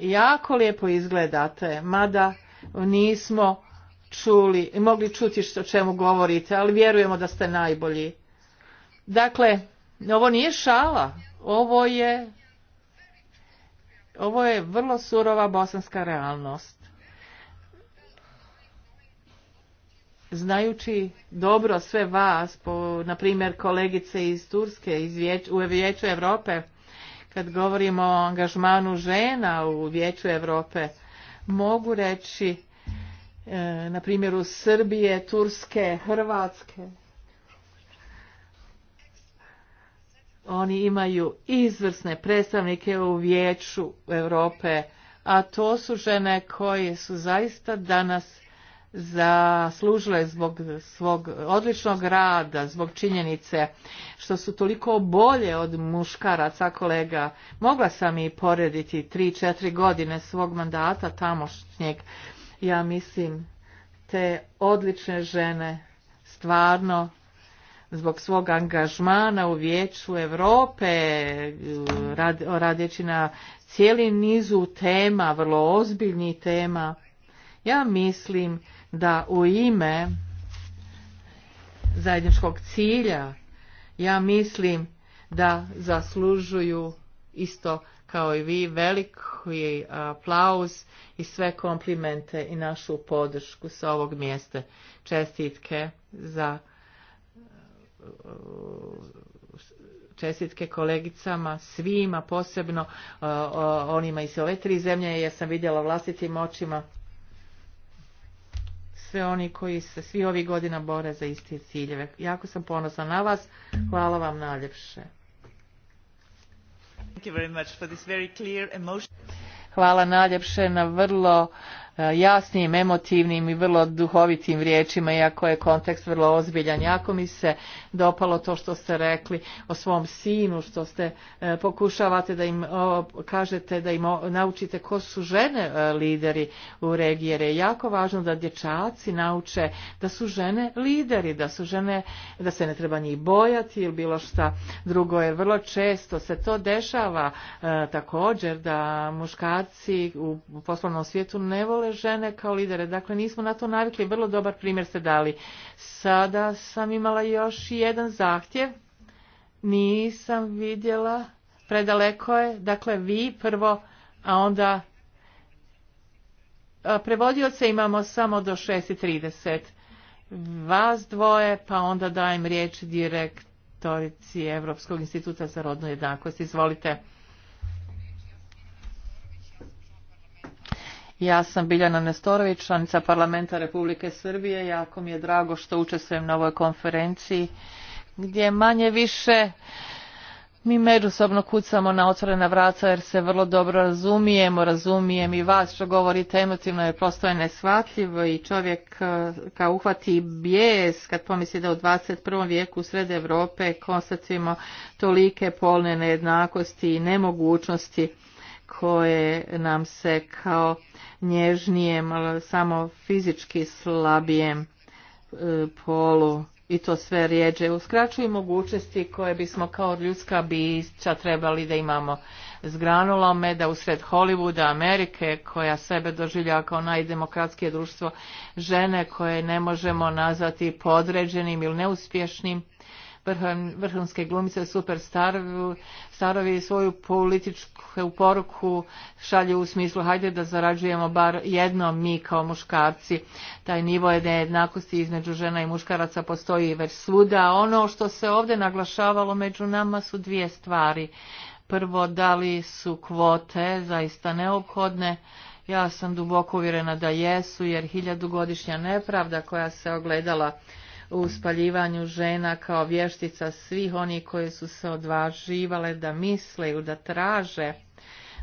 jako lijepo izgledate mada nismo čuli, mogli čuti o čemu govorite, ali vjerujemo da ste najbolji. Dakle, ovo nije šala, ovo je, ovo je vrlo surova bosanska realnost. Znajući dobro sve vas, po, na primjer kolegice iz Turske, iz Vijeć, u Vijeću Europe, kad govorimo o angažmanu žena u Vijeću Europe, mogu reći e, na primjeru Srbije, Turske, Hrvatske. Oni imaju izvrsne predstavnike u vijeću Europe, a to su žene koje su zaista danas zaslužile zbog svog odličnog rada, zbog činjenice što su toliko bolje od muškaraca kolega. Mogla sam i porediti 3-4 godine svog mandata tamošnjeg. Ja mislim, te odlične žene stvarno zbog svog angažmana u Vijeću Europe, rad, radeći na cijeli nizu tema, vrlo ozbiljnih tema, ja mislim da u ime zajedničkog cilja ja mislim da zaslužuju isto kao i vi veliki aplauz i sve komplimente i našu podršku sa ovog mjesta. Čestitke za čestitke kolegicama, svima posebno onima iz ove tri zemlje jer sam vidjela vlastitim očima sve oni koji se svi ovi godina bore za iste ciljeve. Jako sam ponosna na vas. Hvala vam najljepše. Hvala najljepše na vrlo Eh, jasnim, emotivnim i vrlo duhovitim riječima, iako je kontekst vrlo ozbiljan. Jako mi se dopalo to što ste rekli o svom sinu, što ste eh, pokušavate da im kažete, da im naučite ko su žene eh, lideri u regiji, jer je jako važno da dječaci nauče da su žene lideri, da su žene, da se ne treba njih bojati ili bilo šta drugo, jer vrlo često se to dešava također da muškarci u poslovnom svijetu ne vole postavile žene kao lidere. Dakle, nismo na to navikli. Vrlo dobar primjer ste dali. Sada sam imala još jedan zahtjev. Nisam vidjela. Predaleko je. Dakle, vi prvo, a onda... Prevodioce imamo samo do 6.30. Vas dvoje, pa onda dajem riječ direktorici Evropskog instituta za rodnu jednakost. Izvolite. Ja sam Biljana Nestorović, članica parlamenta Republike Srbije. Jako mi je drago što učestvujem na ovoj konferenciji gdje manje više mi međusobno kucamo na otvorena vraca jer se vrlo dobro razumijemo, razumijem i vas što govorite emotivno je prosto nesvatljivo i čovjek kao uhvati bijes kad pomisli da u 21. vijeku sred Evrope konstatujemo tolike polne nejednakosti i nemogućnosti koje nam se kao nježnijem, ali samo fizički slabijem polu i to sve rijeđe uskraćuju mogućnosti koje bismo kao ljudska bića trebali da imamo. Zgranulo me da usred Hollywooda, Amerike, koja sebe doživlja kao najdemokratskije društvo, žene koje ne možemo nazvati podređenim ili neuspješnim, vrhunske glumice, super starovi svoju političku poruku šalju u smislu hajde da zarađujemo bar jedno mi kao muškarci. Taj nivo je nejednakosti između žena i muškaraca postoji već svuda. Ono što se ovdje naglašavalo među nama su dvije stvari. Prvo, da li su kvote zaista neophodne? Ja sam duboko uvjerena da jesu, jer hiljadugodišnja nepravda koja se ogledala u spaljivanju žena kao vještica svih oni koji su se odvaživale da misle da traže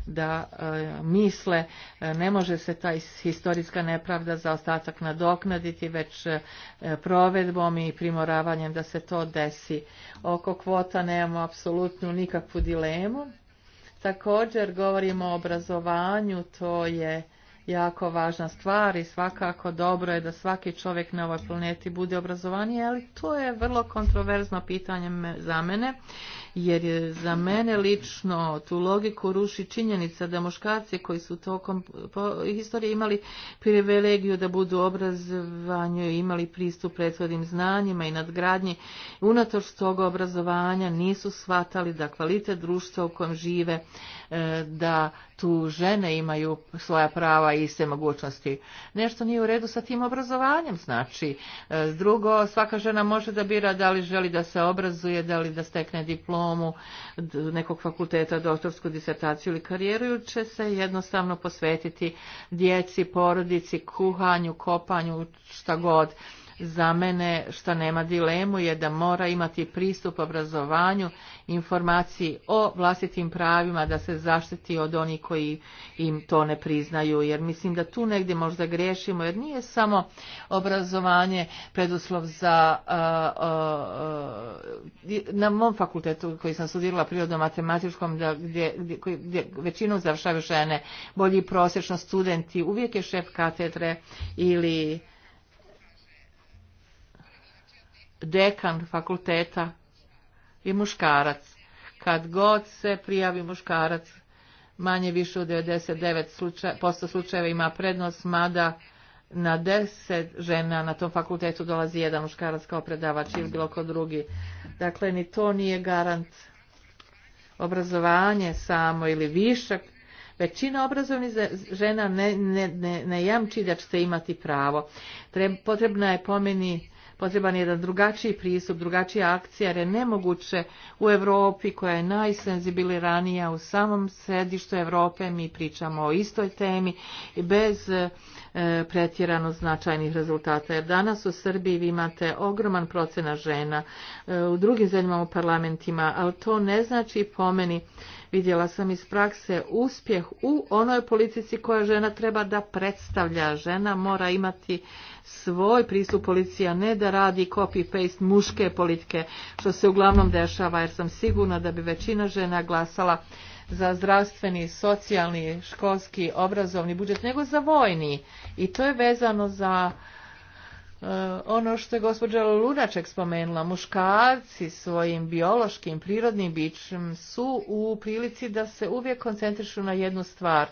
da e, misle e, ne može se ta historijska nepravda za ostatak nadoknaditi već e, provedbom i primoravanjem da se to desi. Oko kvota nemamo apsolutnu nikakvu dilemu. Također govorimo o obrazovanju, to je jako važna stvar i svakako dobro je da svaki čovjek na ovoj planeti bude obrazovaniji, ali to je vrlo kontroverzno pitanje za mene jer za mene lično tu logiku ruši činjenica da muškarci koji su tokom historije imali privilegiju da budu obrazovanju, imali pristup prethodnim znanjima i nadgradnji, unatoč toga obrazovanja nisu shvatali da kvalitet društva u kojem žive, da tu žene imaju svoja prava i iste mogućnosti. Nešto nije u redu sa tim obrazovanjem, znači. Drugo, svaka žena može da bira da li želi da se obrazuje, da li da stekne diplom, diplomu nekog fakulteta, doktorsku disertaciju ili karijeru ili će se jednostavno posvetiti djeci, porodici, kuhanju, kopanju, šta god za mene što nema dilemu je da mora imati pristup obrazovanju, informaciji o vlastitim pravima da se zaštiti od onih koji im to ne priznaju jer mislim da tu negdje možda grešimo jer nije samo obrazovanje preduslov za na mom fakultetu koji sam studirala prirodno matematičkom da gdje, gdje, gdje većinom završaju žene bolji prosječno studenti uvijek je šef katedre ili dekan fakulteta i muškarac. Kad god se prijavi muškarac, manje više od 99% slučaje, slučajeva ima prednost, mada na 10 žena na tom fakultetu dolazi jedan muškarac kao predavač ili bilo ko drugi. Dakle, ni to nije garant obrazovanje samo ili višak. Većina obrazovnih žena ne, ne, ne, ne jamči da ćete imati pravo. Treb, potrebna je pomeni potreban jedan drugačiji pristup, drugačija akcija, jer je nemoguće u Europi koja je najsenzibiliranija u samom središtu Europe, mi pričamo o istoj temi i bez pretjerano značajnih rezultata. Jer danas u Srbiji vi imate ogroman procena žena, u drugim zemljama u parlamentima, ali to ne znači pomeni Vidjela sam iz prakse uspjeh u onoj politici koja žena treba da predstavlja. Žena mora imati svoj pristup policija ne da radi copy-paste muške politike, što se uglavnom dešava jer sam sigurna da bi većina žena glasala za zdravstveni, socijalni, školski, obrazovni budžet, nego za vojni. I to je vezano za ono što je gospođa Lunaček spomenula, muškarci svojim biološkim, prirodnim bićem su u prilici da se uvijek koncentrišu na jednu stvar.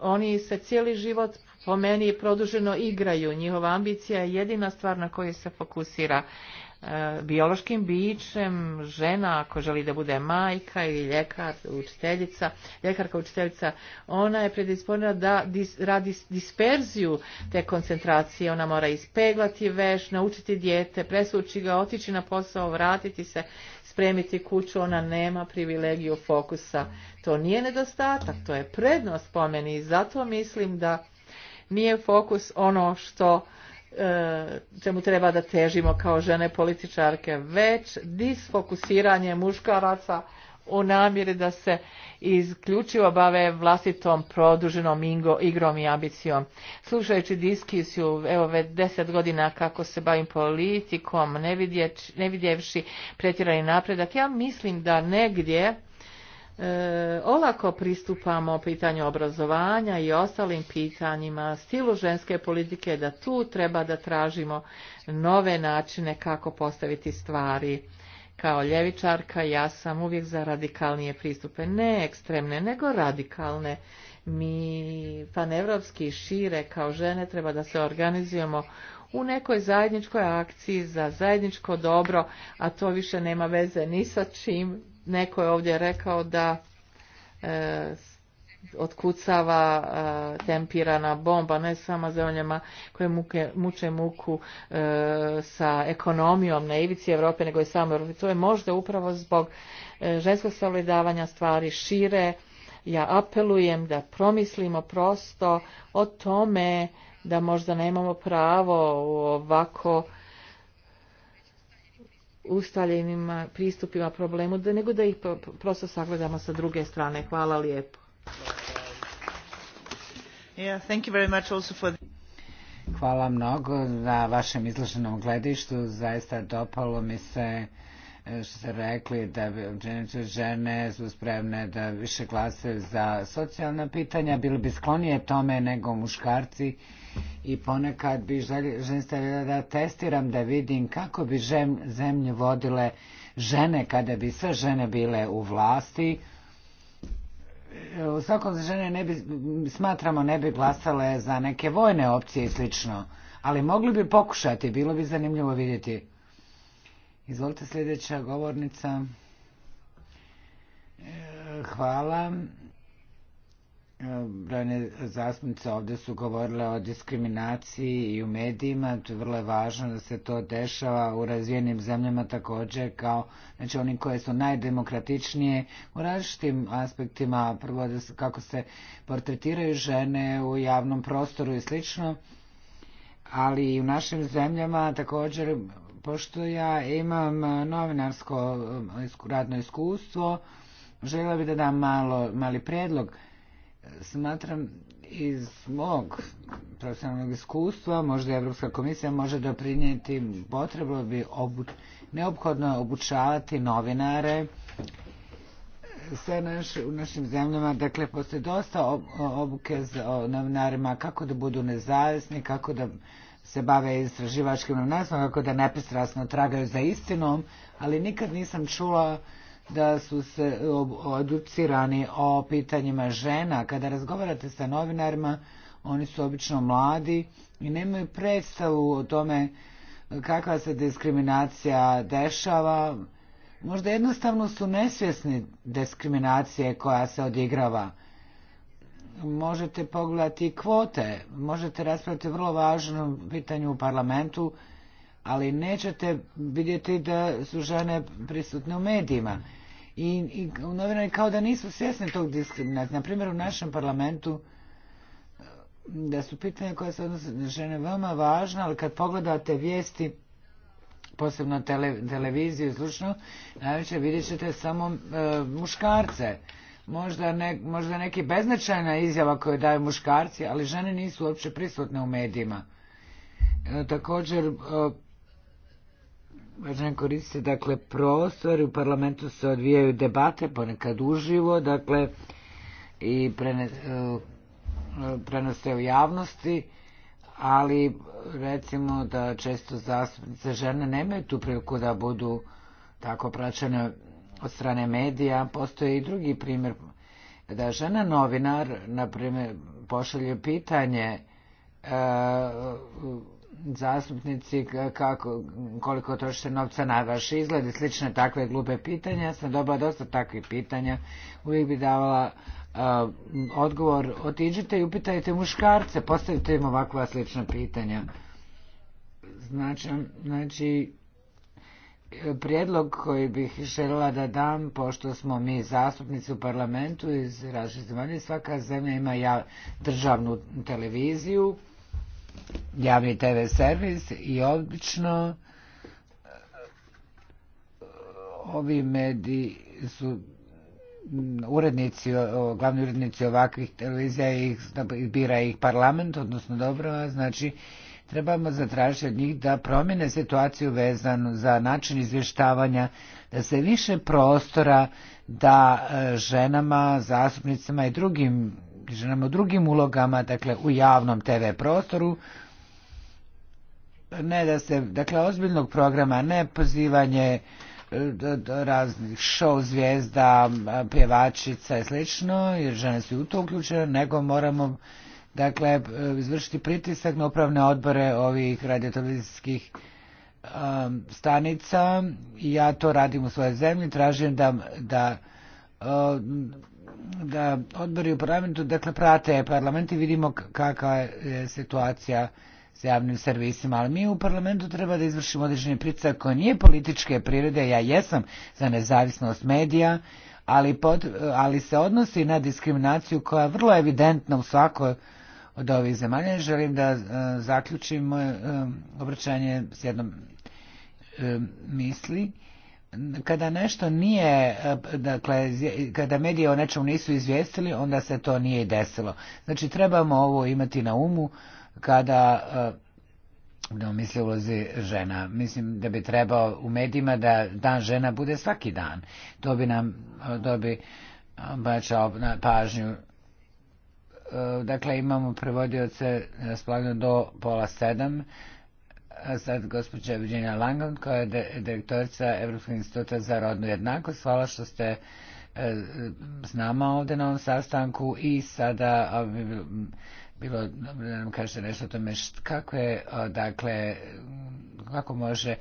Oni se cijeli život, po meni, produženo igraju. Njihova ambicija je jedina stvar na koju se fokusira. biološkim bićem žena, ako želi da bude majka ili ljekar, učiteljica, ljekarka, učiteljica, ona je predisponila da dis, radi disperziju te koncentracije. Ona mora ispeglati veš, naučiti dijete, presući ga, otići na posao, vratiti se spremiti kuću, ona nema privilegiju fokusa. To nije nedostatak, to je prednost po meni i zato mislim da nije fokus ono što čemu treba da težimo kao žene političarke, već disfokusiranje muškaraca u namjeri da se isključivo bave vlastitom produženom ingo, igrom i ambicijom. Slušajući diskusiju, evo već deset godina kako se bavim politikom, ne, vidjeć, ne vidjevši pretjerani napredak, ja mislim da negdje e, olako pristupamo pitanju obrazovanja i ostalim pitanjima, stilu ženske politike, da tu treba da tražimo nove načine kako postaviti stvari Kao ljevičarka ja sam uvijek za radikalnije pristupe, ne ekstremne, nego radikalne. Mi panevropski šire kao žene treba da se organizujemo u nekoj zajedničkoj akciji za zajedničko dobro, a to više nema veze ni sa čim. Neko je ovdje rekao da e, otkucava tempirana bomba ne samo zemljama koje muke, muče muku sa ekonomijom na ivici Evrope, nego i samo Evrope. To je možda upravo zbog ženskog savladavanja stvari šire. Ja apelujem da promislimo prosto o tome da možda nemamo pravo u ovako ustaljenim pristupima problemu, da nego da ih prosto sagledamo sa druge strane. Hvala lijepo. Yeah, thank you very much also for... Hvala mnogo na vašem izloženom gledištu. Zaista dopalo mi se što ste rekli da žene su spremne da više glase za socijalna pitanja, bili bi sklonije tome nego muškarci i ponekad bi željela da testiram da vidim kako bi žem, zemlju vodile žene kada bi sve žene bile u vlasti u svakom žene ne bi, smatramo ne bi glasale za neke vojne opcije i slično, ali mogli bi pokušati, bilo bi zanimljivo vidjeti. Izvolite sljedeća govornica. Hvala. Brojne zastupnice ovde su govorile o diskriminaciji i u medijima, to je vrlo važno da se to dešava u razvijenim zemljama takođe kao znači oni koje su najdemokratičnije u različitim aspektima, prvo da se, kako se portretiraju žene u javnom prostoru i slično, ali i u našim zemljama takođe, pošto ja imam novinarsko um, radno iskustvo, Želela bi da dam malo, mali predlog – Smatram iz mog profesionalnog iskustva, možda Evropska komisija može doprinijeti, potrebno bi obu, neophodno obučavati novinare sve naš, u našim zemljama, dakle, postoje dosta obuke za novinarima kako da budu nezavisni, kako da se bave istraživačkim novinarstvom, kako da nepristrasno tragaju za istinom, ali nikad nisam čula uh, da su se educirani o pitanjima žena. Kada razgovarate sa novinarima, oni su obično mladi i nemaju predstavu o tome kakva se diskriminacija dešava. Možda jednostavno su nesvjesni diskriminacije koja se odigrava. Možete pogledati kvote, možete raspraviti vrlo važno pitanje u parlamentu, ali nećete vidjeti da su žene prisutne u medijima i, i novinari kao da nisu svjesni tog diskriminacije. Na primjer, u našem parlamentu eh, da su pitanja koja se odnose na žene veoma važna, ali kad pogledate vijesti, posebno tele, televiziju i slučno, najveće vidjet ćete samo e, eh, muškarce. Možda, ne, možda neki beznačajna izjava koju daju muškarci, ali žene nisu uopće prisutne u medijima. E, eh, također, e, Uvaženi koriste, dakle, prostor u parlamentu se odvijaju debate, ponekad uživo, dakle, i prene, prenose u javnosti, ali recimo da često zastupnice žene nemaju tu priliku da budu tako praćene od strane medija. Postoje i drugi primjer da žena novinar, na primjer, pošalje pitanje e, zastupnici kako, koliko trošite novca na vaš izgled i slične takve glupe pitanja. Ja sam dobila dosta takvih pitanja. Uvijek bi davala uh, odgovor, otiđite i upitajte muškarce, postavite im ovakva slična pitanja. Znači, znači prijedlog koji bih željela da dam, pošto smo mi zastupnici u parlamentu iz različitih zemlje, svaka zemlja ima ja, državnu televiziju, javni TV servis i obično ovi mediji su urednici, glavni urednici ovakvih televizija ih, bira ih parlament, odnosno dobro, znači trebamo zatražiti od njih da promjene situaciju vezanu za način izvještavanja, da se više prostora da ženama, zastupnicama i drugim ženama u drugim ulogama, dakle u javnom TV prostoru, ne da se, dakle ozbiljnog programa, ne pozivanje do, do raznih show zvijezda, pjevačica i slično, jer žene su i u to uključene, nego moramo dakle izvršiti pritisak na upravne odbore ovih radiotelevizijskih um, stanica i ja to radim u svojoj zemlji, tražim da, da um, da odbori u parlamentu dakle prate parlament i vidimo kakva je situacija s javnim servisima, ali mi u parlamentu treba da izvršimo određeni pritisak koji nije političke prirode, ja jesam za nezavisnost medija, ali, pod, ali se odnosi na diskriminaciju koja je vrlo evidentna u svakoj od ovih zemalja. Želim da e, zaključim moje e, obraćanje s jednom e, misli. E, kada nešto nije, eh, dakle, kada medije o nečemu nisu izvijestili, onda se to nije desilo. Znači, trebamo ovo imati na umu kada no, eh, da misli ulozi žena. Mislim da bi trebao u medijima da dan žena bude svaki dan. To bi nam, eh, to bi bačao na pažnju. Dakle, imamo prevodioce raspolagano do pola sedam sad gospođa Virginia Langon koja je direktorica Evropskog instituta za rodnu jednakost. Hvala što ste s nama ovdje na ovom sastanku i sada bi bilo dobro da nam kažete nešto o tome kako je, dakle, kako može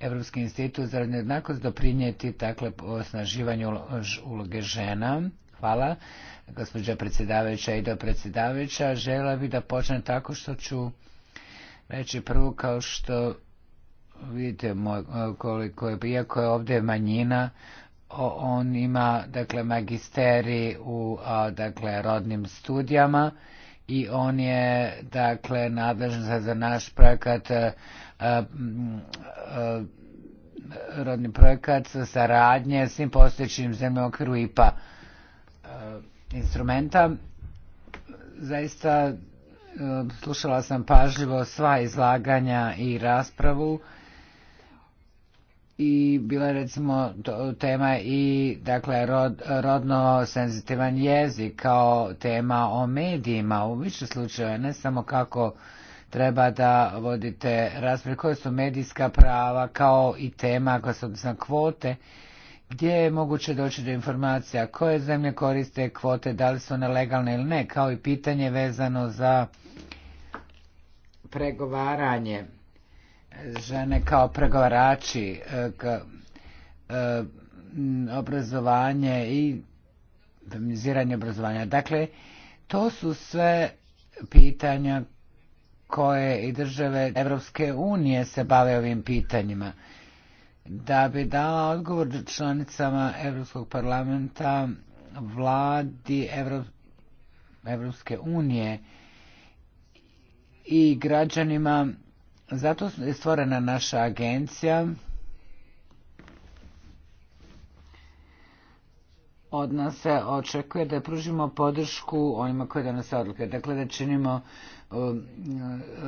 Evropski institut za rodnu jednakost doprinijeti dakle, osnaživanju uloge žena. Hvala, gospođa predsjedavajuća i do predsjedavajuća. Žela bi da počnem tako što ću reći prvo kao što vidite moj, koliko je, iako je ovdje manjina, on ima dakle magisteri u dakle rodnim studijama i on je dakle nadležan za naš projekat a, a, a, rodni projekat sa saradnje s svim postojećim zemljama okviru IPA instrumenta zaista slušala sam pažljivo sva izlaganja i raspravu i bila recimo tema i dakle rod, rodno senzitivan jezik kao tema o medijima u više slučajeva ne samo kako treba da vodite rasprave koje su medijska prava kao i tema koja se odnosi na kvote gdje je moguće doći do informacija koje zemlje koriste kvote, da li su one legalne ili ne, kao i pitanje vezano za pregovaranje žene kao pregovarači, ka, e, obrazovanje i feminiziranje obrazovanja. Dakle, to su sve pitanja koje i države Evropske unije se bave ovim pitanjima da bi dala odgovor da članicama Evropskog parlamenta vladi Evrop... Evropske unije i građanima. Zato je stvorena naša agencija. Od nas se očekuje da pružimo podršku onima koji donose odluke. Dakle, da činimo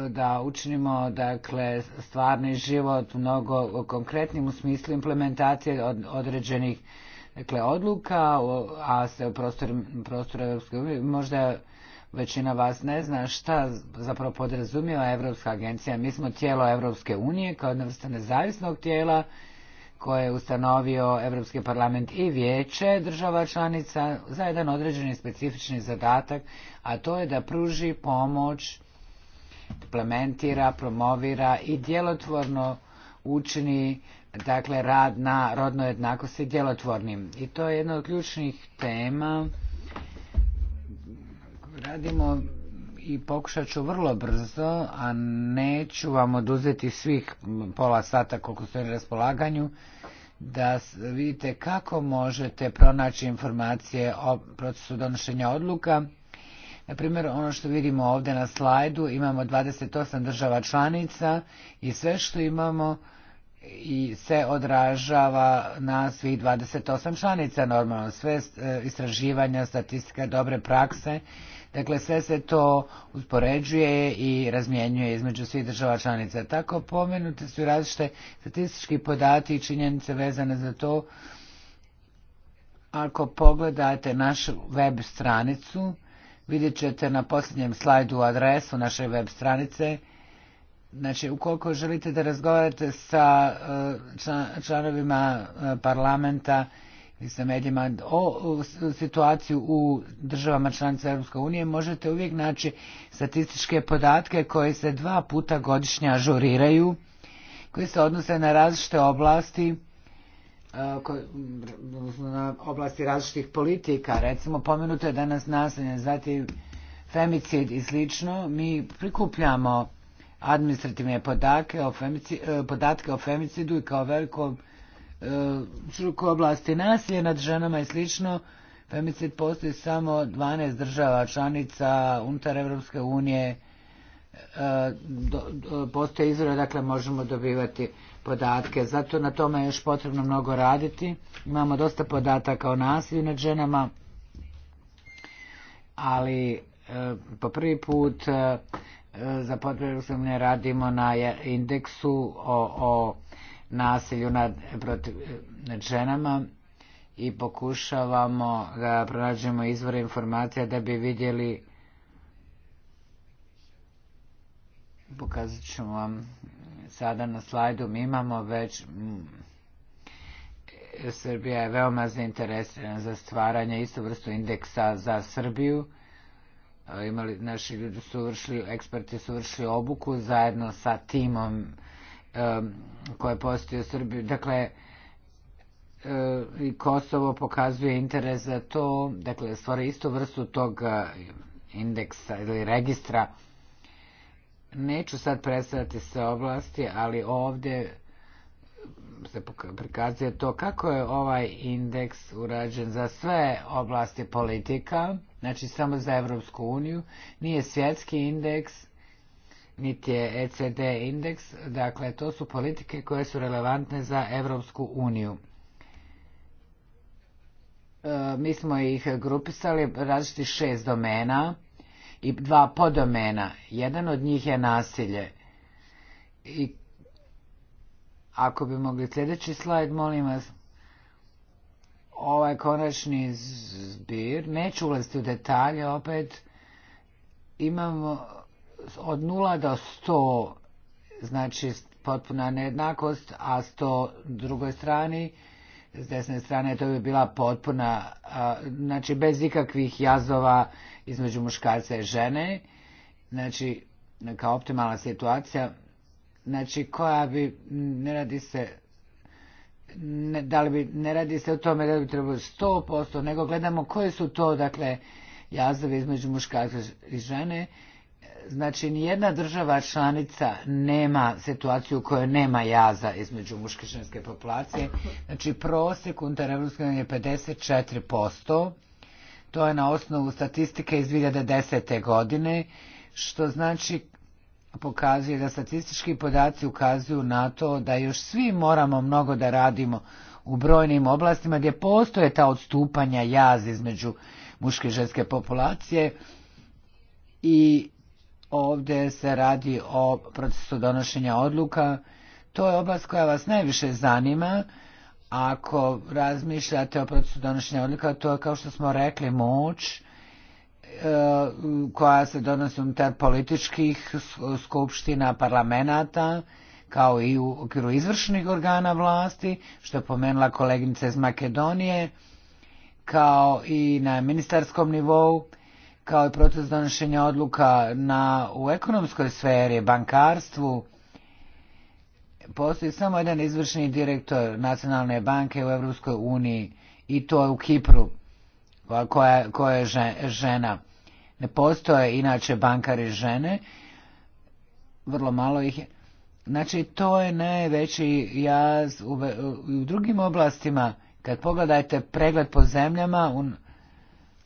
da učinimo dakle stvarni život mnogo konkretnim u smislu implementacije određenih dakle odluka a se u prostoru, prostoru Europske unije možda većina vas ne zna šta zapravo podrazumijeva Europska agencija mi smo tijelo Europske unije kao jedna vrsta nezavisnog tijela koje je ustanovio Evropski parlament i vijeće država članica za jedan određeni specifični zadatak, a to je da pruži pomoć, implementira, promovira i djelotvorno učini dakle, rad na rodnoj jednakosti djelotvornim. I to je jedna od ključnih tema radimo i pokušat ću vrlo brzo, a neću vam oduzeti svih pola sata koliko ste na raspolaganju, da, da vidite kako možete pronaći informacije o procesu donošenja odluka. Na primjer, ono što vidimo ovdje na slajdu, imamo 28 država članica i sve što imamo i se odražava na svih 28 članica normalno. Sve istraživanja, statistika, dobre prakse Dakle, sve se to uspoređuje i razmjenjuje između svih država članica. Tako pomenute su različite statistički podati i činjenice vezane za to. Ako pogledate našu web stranicu, vidjet ćete na posljednjem slajdu adresu naše web stranice. Znači, ukoliko želite da razgovarate sa članovima parlamenta, sa medijima o situaciju u državama članica Europske unije možete uvijek naći statističke podatke koje se dva puta godišnje ažuriraju, koji se odnose na različite oblasti, na oblasti različitih politika, recimo pomenuto je danas nasilje, zatim femicid i slično, mi prikupljamo administrativne podatke o, femici, podatke o femicidu i kao velikom u oblasti nasilja nad ženama i slično, femicid postoji samo 12 država članica unutar Evropske unije, postoje izvore, dakle možemo dobivati podatke. Zato na tome je još potrebno mnogo raditi. Imamo dosta podataka o nasilju nad ženama, ali po prvi put za potrebu se radimo na indeksu o, o nasilju nad protiv nad ženama i pokušavamo da pronađemo izvore informacija da bi vidjeli pokazat ću vam sada na slajdu mi imamo već Srbija je veoma zainteresirana za stvaranje istu vrstu indeksa za Srbiju imali, naši ljudi su vršili, eksperti su vršili obuku zajedno sa timom um, koje postoje u Srbiji. Dakle, i Kosovo pokazuje interes za to, dakle, stvore istu vrstu tog indeksa ili registra. Neću sad predstavljati se oblasti, ali ovdje se prikazuje to kako je ovaj indeks urađen za sve oblasti politika, znači samo za Evropsku uniju, nije svjetski indeks, niti je ECD indeks, dakle to su politike koje su relevantne za Evropsku uniju. E, mi smo ih grupisali različiti šest domena i dva podomena. Jedan od njih je nasilje. I ako bi mogli sljedeći slajd, molim vas, ovaj konačni zbir, neću ulaziti u detalje opet, imamo od 0 do 100 znači potpuna nejednakost, a 100 drugoj strani, s desne strane to bi bila potpuna, znači bez ikakvih jazova između muškarca i žene, znači kao optimalna situacija, znači koja bi, ne radi se, ne, da li bi, ne radi se o tome da bi trebalo 100%, nego gledamo koje su to, dakle, jazove između muškarca i žene, Znači, nijedna država članica nema situaciju u kojoj nema jaza između muške i ženske populacije. Znači, prosek unutar Evropske unije je 54%. To je na osnovu statistike iz 2010. godine, što znači pokazuje da statistički podaci ukazuju na to da još svi moramo mnogo da radimo u brojnim oblastima gdje postoje ta odstupanja jaz između muške i ženske populacije i ovdje se radi o procesu donošenja odluka. To je oblast koja vas najviše zanima. Ako razmišljate o procesu donošenja odluka, to je kao što smo rekli moć koja se donosi unutar političkih skupština, parlamenta, kao i u okviru izvršnih organa vlasti, što je pomenula koleginica iz Makedonije, kao i na ministarskom nivou kao i proces donošenja odluka na, u ekonomskoj sferi, bankarstvu, postoji samo jedan izvršni direktor nacionalne banke u Evropskoj uniji i to je u Kipru, koja, koja je žena. Ne postoje inače bankari žene, vrlo malo ih je. Znači, to je najveći jaz u, u drugim oblastima. Kad pogledajte pregled po zemljama, un,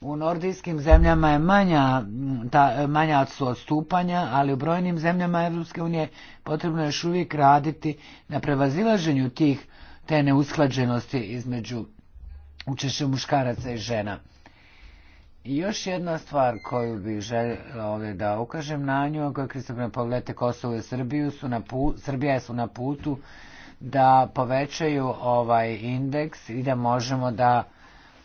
U nordijskim zemljama je manja, ta, manja su odstupanja, ali u brojnim zemljama Evropske unije potrebno je još uvijek raditi na prevazilaženju tih te neusklađenosti između učešća muškaraca i žena. I još jedna stvar koju bih željela ovdje da ukažem na nju, ako je Kristofne poglede Kosovo i Srbiju, su na pu, Srbija su na putu da povećaju ovaj indeks i da možemo da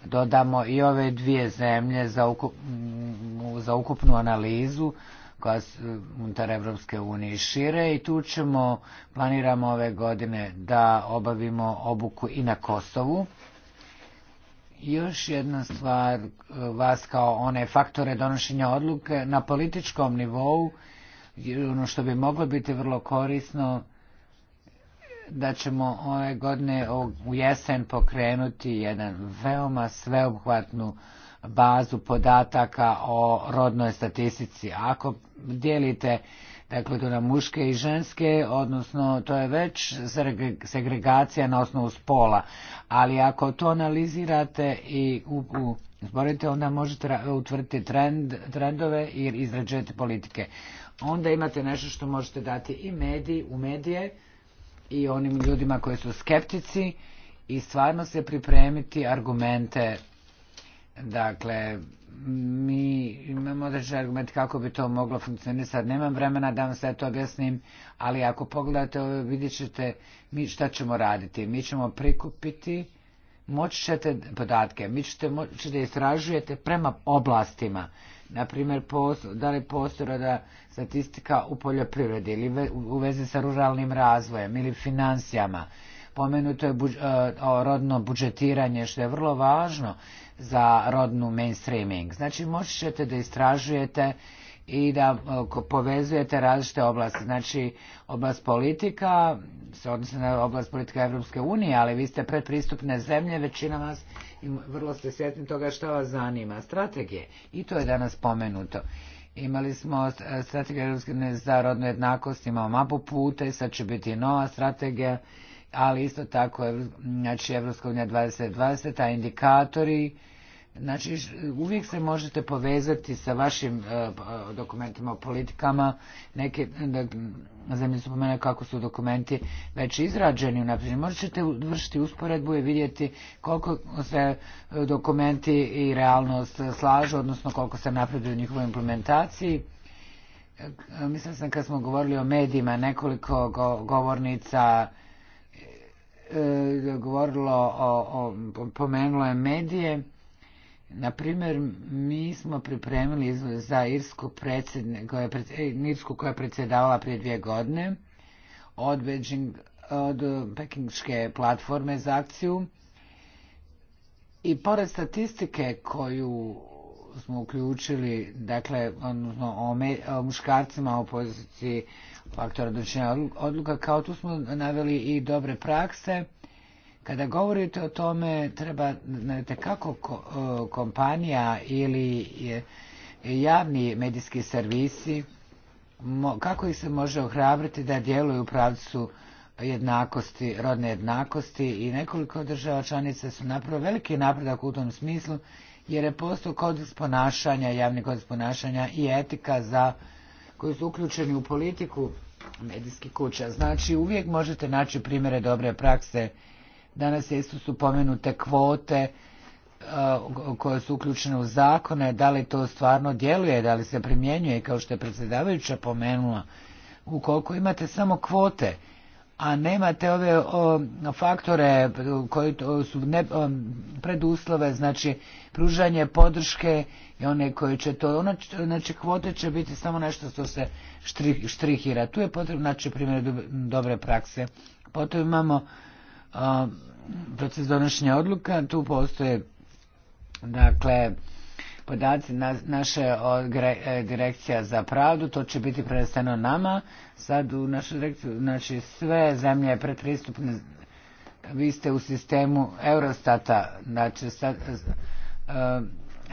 dodamo i ove dvije zemlje za, ukup, mm, za ukupnu analizu koja unutar Evropske unije šire i tu ćemo, planiramo ove godine da obavimo obuku i na Kosovu. Još jedna stvar, vas kao one faktore donošenja odluke na političkom nivou, ono što bi moglo biti vrlo korisno, da ćemo ove godine u jesen pokrenuti jedan veoma sveobuhvatnu bazu podataka o rodnoj statistici. Ako dijelite dakle to na muške i ženske, odnosno to je već segregacija na osnovu spola, ali ako to analizirate i u, u zborite, onda možete utvrditi trend, trendove i izrađujete politike. Onda imate nešto što možete dati i mediji, u medije, i onim ljudima koji su skeptici i stvarno se pripremiti argumente Dakle, mi imamo određen argument kako bi to moglo funkcionisati. Nemam vremena da vam sve to objasnim, ali ako pogledate ovo vidjet ćete mi šta ćemo raditi. Mi ćemo prikupiti, moći ćete podatke, mi ćete, moći da istražujete prema oblastima na primjer da li postura da statistika u poljoprivredi ili u vezi sa ruralnim razvojem ili financijama. Pomenuto je buđ, eh, o, rodno budžetiranje što je vrlo važno za rodnu mainstreaming. Znači moći ćete da istražujete i da eh, povezujete različite oblasti. Znači, oblast politika, se odnosno na oblast politika Evropske unije, ali vi ste predpristupne zemlje, većina vas i vrlo ste svjetni toga što vas zanima. Strategije, i to je danas pomenuto. Imali smo strategiju Europske za rodnu jednakost, imamo mapu pute, sad će biti nova strategija, ali isto tako, znači Europska unija 2020, a indikatori, Znači, uvijek se možete povezati sa vašim uh, dokumentima o politikama. Neke da, zemlje su pomene kako su dokumenti već izrađeni Naprijed, Možete vršiti usporedbu i vidjeti koliko se dokumenti i realnost slažu, odnosno koliko se napreduje u njihovoj implementaciji. Mislim sam kad smo govorili o medijima, nekoliko go, govornica e, govorilo o, o, pomenulo je medije Na primjer, mi smo pripremili za Irsku, koja je, Irsku koja je predsjedavala prije dvije godine od, Beijing, od pekingške platforme za akciju i pored statistike koju smo uključili, dakle, odnosno o, me, o muškarcima u poziciji faktora donošenja odluka, kao tu smo naveli i dobre prakse Kada govorite o tome, treba, znate, kako kompanija ili javni medijski servisi, kako ih se može ohrabriti da djeluju u pravcu jednakosti, rodne jednakosti i nekoliko država članica su napravili veliki napredak u tom smislu jer je postao kodis ponašanja, javni kodis ponašanja i etika za koji su uključeni u politiku medijskih kuća. Znači uvijek možete naći primjere dobre prakse Danas jesu su pomenute kvote koje su uključene u zakone, da li to stvarno djeluje, da li se primjenjuje, kao što je predsjedavajuća pomenula. Ukoliko imate samo kvote, a nemate ove o, faktore koji su ne, o, preduslove, znači pružanje podrške i one koje će to, ona, znači kvote će biti samo nešto što se štrih, štrihira. Tu je potrebno, znači primjer dobre prakse. Potom imamo proces donošenja odluka, tu postoje dakle podaci na, naše od, gre, direkcija za pravdu, to će biti predstavljeno nama, sad u našu direkciju, znači sve zemlje predpristupne, vi ste u sistemu Eurostata, znači sad,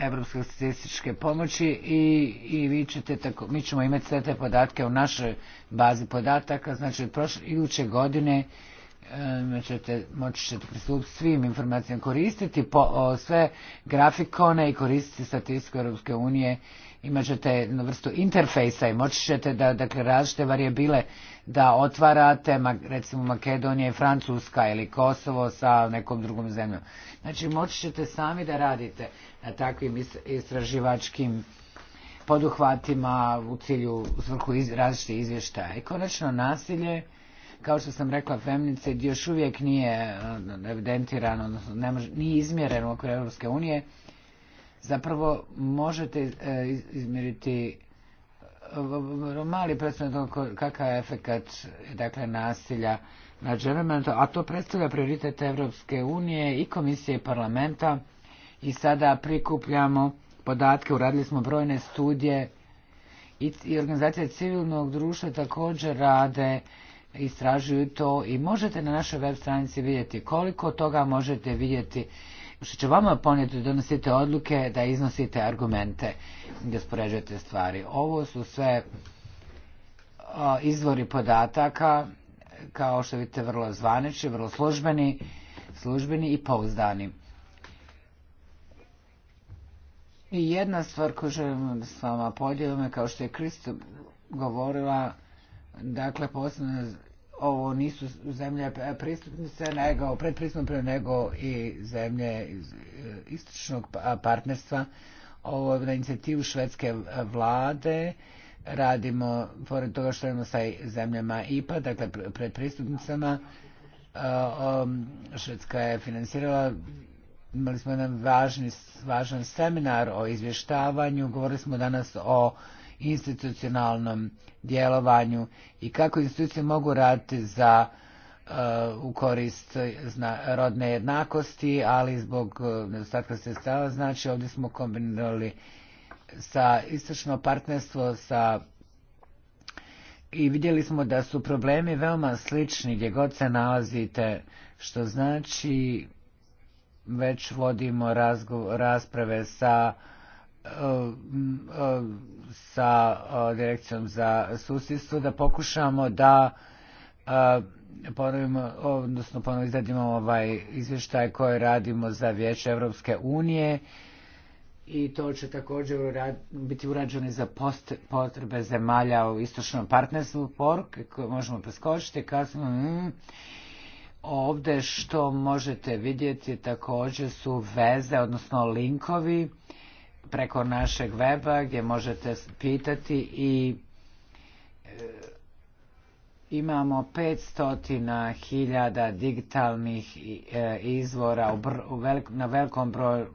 Evropske statističke pomoći i, i vi ćete tako, mi ćemo imati sve te podatke u našoj bazi podataka, znači od prošle, iduće godine uh, ćete, moći ćete pristupiti svim informacijama, koristiti po, o, sve grafikone i koristiti statistiku Europske unije, imat ćete jednu vrstu interfejsa i moći ćete da dakle, različite varijabile da otvarate, recimo Makedonija i Francuska ili Kosovo sa nekom drugom zemljom. Znači moći ćete sami da radite na takvim istraživačkim poduhvatima u cilju u svrhu iz, različitih izvještaja. I konačno nasilje, kao što sam rekla, femnicid još uvijek nije eh, evidentiran, odnosno ne može, nije izmjeren u okviru Europske unije, zapravo možete eh, izmjeriti eh, mali predstavljeno kakav je efekat dakle, nasilja na ženama, a to predstavlja prioritet Europske unije i komisije i parlamenta i sada prikupljamo podatke, uradili smo brojne studije i, i organizacije civilnog društva također rade istražuju to i možete na našoj web stranici vidjeti koliko toga možete vidjeti što će vama ponijeti da donosite odluke, da iznosite argumente, da spoređujete stvari. Ovo su sve izvori podataka, kao što vidite, vrlo zvanični, vrlo službeni, službeni i pouzdani. I jedna stvar koju želim s vama je kao što je Kristo govorila, dakle, posebno ovo nisu zemlje pristupnice nego predpristupnice nego i zemlje iz istočnog partnerstva ovo je na inicijativu švedske vlade radimo pored toga što radimo sa zemljama IPA dakle predpristupnicama Švedska je financirala imali smo jedan važni, važan seminar o izvještavanju govorili smo danas o uh, institucionalnom djelovanju i kako institucije mogu raditi za eh, u korist zna, rodne jednakosti, ali zbog eh, nedostatka sredstava, znači ovdje smo kombinirali sa istočno partnerstvo sa i vidjeli smo da su problemi veoma slični gdje god se nalazite, što znači već vodimo razgo, rasprave sa uh, Uh, uh, sa uh, direkcijom za susjedstvo da pokušamo da ponovimo, odnosno ponovno izradimo ovaj izvještaj koji radimo za Vijeće Europske unije i to će također biti urađeno za post potrebe zemalja u istočnom partnerstvu pork koje možemo preskočiti kasno mm, ovdje što možete vidjeti također su veze odnosno linkovi uh, preko našeg weba gdje možete pitati i imamo 500.000 digitalnih izvora na velikom broju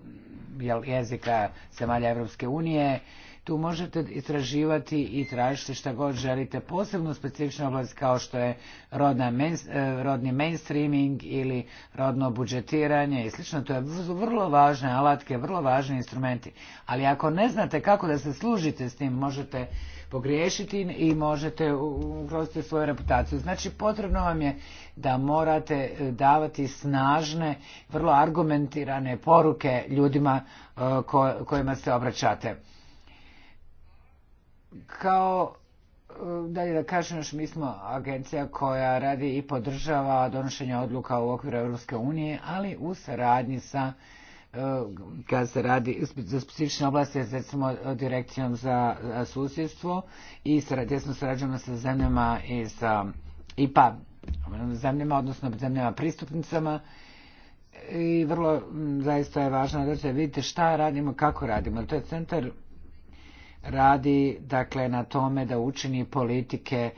jezika zemalja Europske unije tu možete istraživati i tražiti šta god želite, posebno specifična oblast kao što je rodna, main, rodni mainstreaming ili rodno budžetiranje i slično. To je vrlo važne alatke, vrlo važni instrumenti. Ali ako ne znate kako da se služite s tim, možete pogriješiti i možete ugroziti svoju reputaciju. Znači potrebno vam je da morate davati snažne, vrlo argumentirane poruke ljudima kojima se obraćate kao dalje da kažem još mi smo agencija koja radi i podržava donošenje odluka u okviru Europske unije, ali u saradnji sa kad se radi za specifične oblasti, recimo direkcijom za susjedstvo i gdje smo sarađujemo sa zemljama i sa IPA zemljama, odnosno zemljama pristupnicama i vrlo zaista je važno da se vidite šta radimo, kako radimo. To je centar radi dakle na tome da učini politike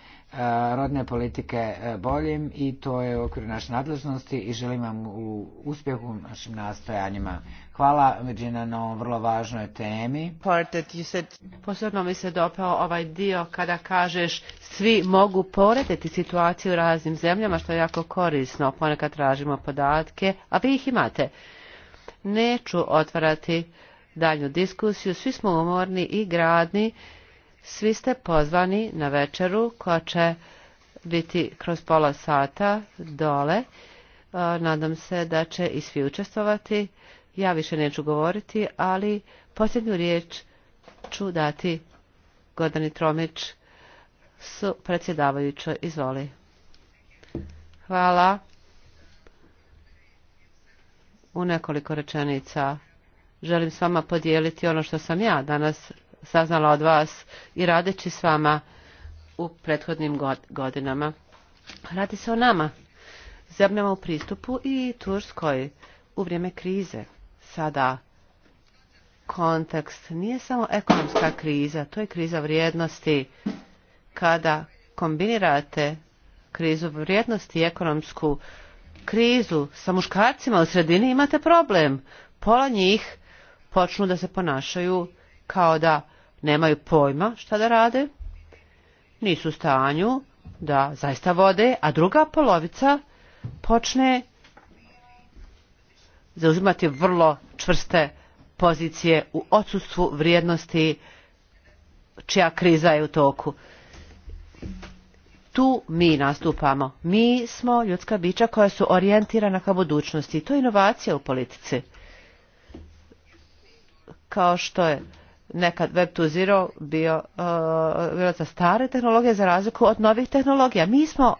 rodne politike boljim i to je u okviru naše nadležnosti i želim vam u uspjehu u našim nastojanjima. Hvala Virginia na ovom vrlo važnoj temi. Posebno mi se dopao ovaj dio kada kažeš svi mogu porediti situaciju u raznim zemljama što je jako korisno. Ponekad tražimo podatke, a vi ih imate. Neću otvarati daljnu diskusiju. Svi smo umorni i gradni. Svi ste pozvani na večeru koja će biti kroz pola sata dole. Nadam se da će i svi učestvovati. Ja više neću govoriti, ali posljednju riječ ću dati Godani Tromić su predsjedavajuće Izvoli. Hvala. U nekoliko rečenica želim s vama podijeliti ono što sam ja danas saznala od vas i radeći s vama u prethodnim godinama. Radi se o nama, zemljama u pristupu i Turskoj u vrijeme krize. Sada kontekst nije samo ekonomska kriza, to je kriza vrijednosti. Kada kombinirate krizu vrijednosti i ekonomsku krizu sa muškarcima u sredini imate problem. Pola njih počnu da se ponašaju kao da nemaju pojma šta da rade, nisu u stanju da zaista vode, a druga polovica počne zauzimati vrlo čvrste pozicije u odsustvu vrijednosti čija kriza je u toku. Tu mi nastupamo. Mi smo ljudska bića koja su orijentirana ka budućnosti. To je inovacija u politici kao što je nekad Web 2.0 bio, uh, bio za stare tehnologije za razliku od novih tehnologija. Mi smo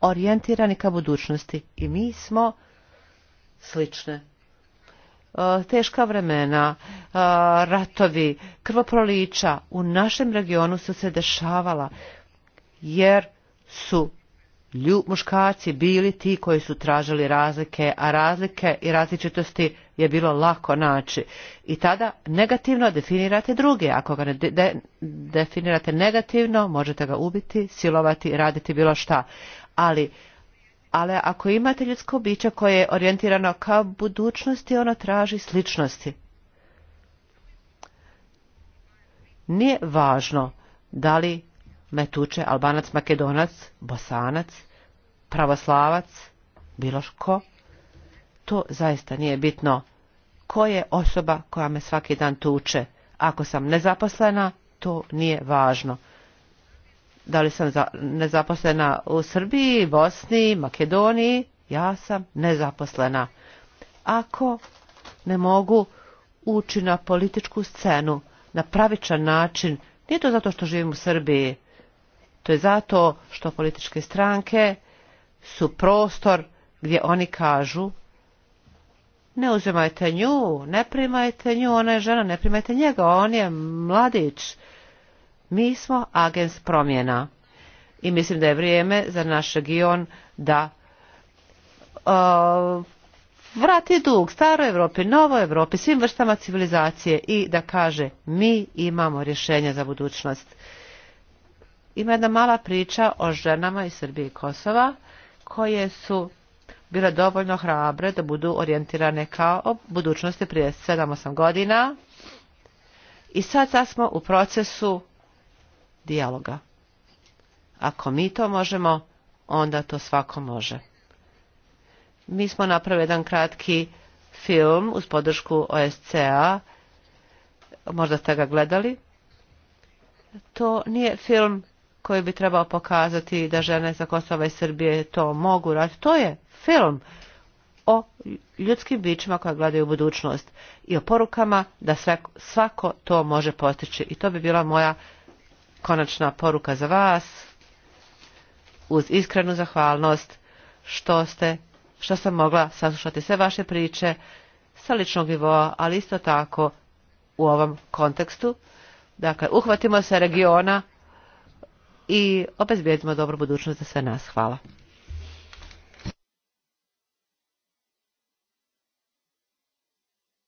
orijentirani ka budućnosti i mi smo slične. Uh, teška vremena, uh, ratovi, krvoprolića u našem regionu su se dešavala jer su Ljub, muškarci bili ti koji su tražili razlike, a razlike i različitosti je bilo lako naći. I tada negativno definirate druge. Ako ga ne de, definirate negativno, možete ga ubiti, silovati, raditi bilo šta. Ali, ali ako imate ljudsko biće koje je orijentirano ka budućnosti, ono traži sličnosti. Nije važno da li Metuče, Albanac, Makedonac, Bosanac, Pravoslavac, bilo ško. To zaista nije bitno. Ko je osoba koja me svaki dan tuče? Ako sam nezaposlena, to nije važno. Da li sam nezaposlena u Srbiji, Bosni, Makedoniji? Ja sam nezaposlena. Ako ne mogu ući na političku scenu na pravičan način, nije to zato što živim u Srbiji, To je zato što političke stranke su prostor gdje oni kažu ne uzimajte nju, ne primajte nju, ona je žena, ne primajte njega, on je mladić. Mi smo agens promjena i mislim da je vrijeme za naš region da uh, vrati dug staroj Evropi, novoj Evropi, svim vrstama civilizacije i da kaže mi imamo rješenje za budućnost. Ima jedna mala priča o ženama iz Srbije i Kosova koje su bile dovoljno hrabre da budu orijentirane kao o budućnosti prije 7-8 godina i sad, sad smo u procesu dijaloga. Ako mi to možemo, onda to svako može. Mi smo napravili jedan kratki film uz podršku OSCA, možda ste ga gledali. To nije film koji bi trebao pokazati da žene sa Kosova i Srbije to mogu raditi. To je film o ljudskim bićima koja gledaju u budućnost i o porukama da svako to može postići. I to bi bila moja konačna poruka za vas uz iskrenu zahvalnost što ste što sam mogla saslušati sve vaše priče sa ličnog nivoa, ali isto tako u ovom kontekstu. Dakle, uhvatimo se regiona i opet vidimo dobru budućnost za sve nas. Hvala.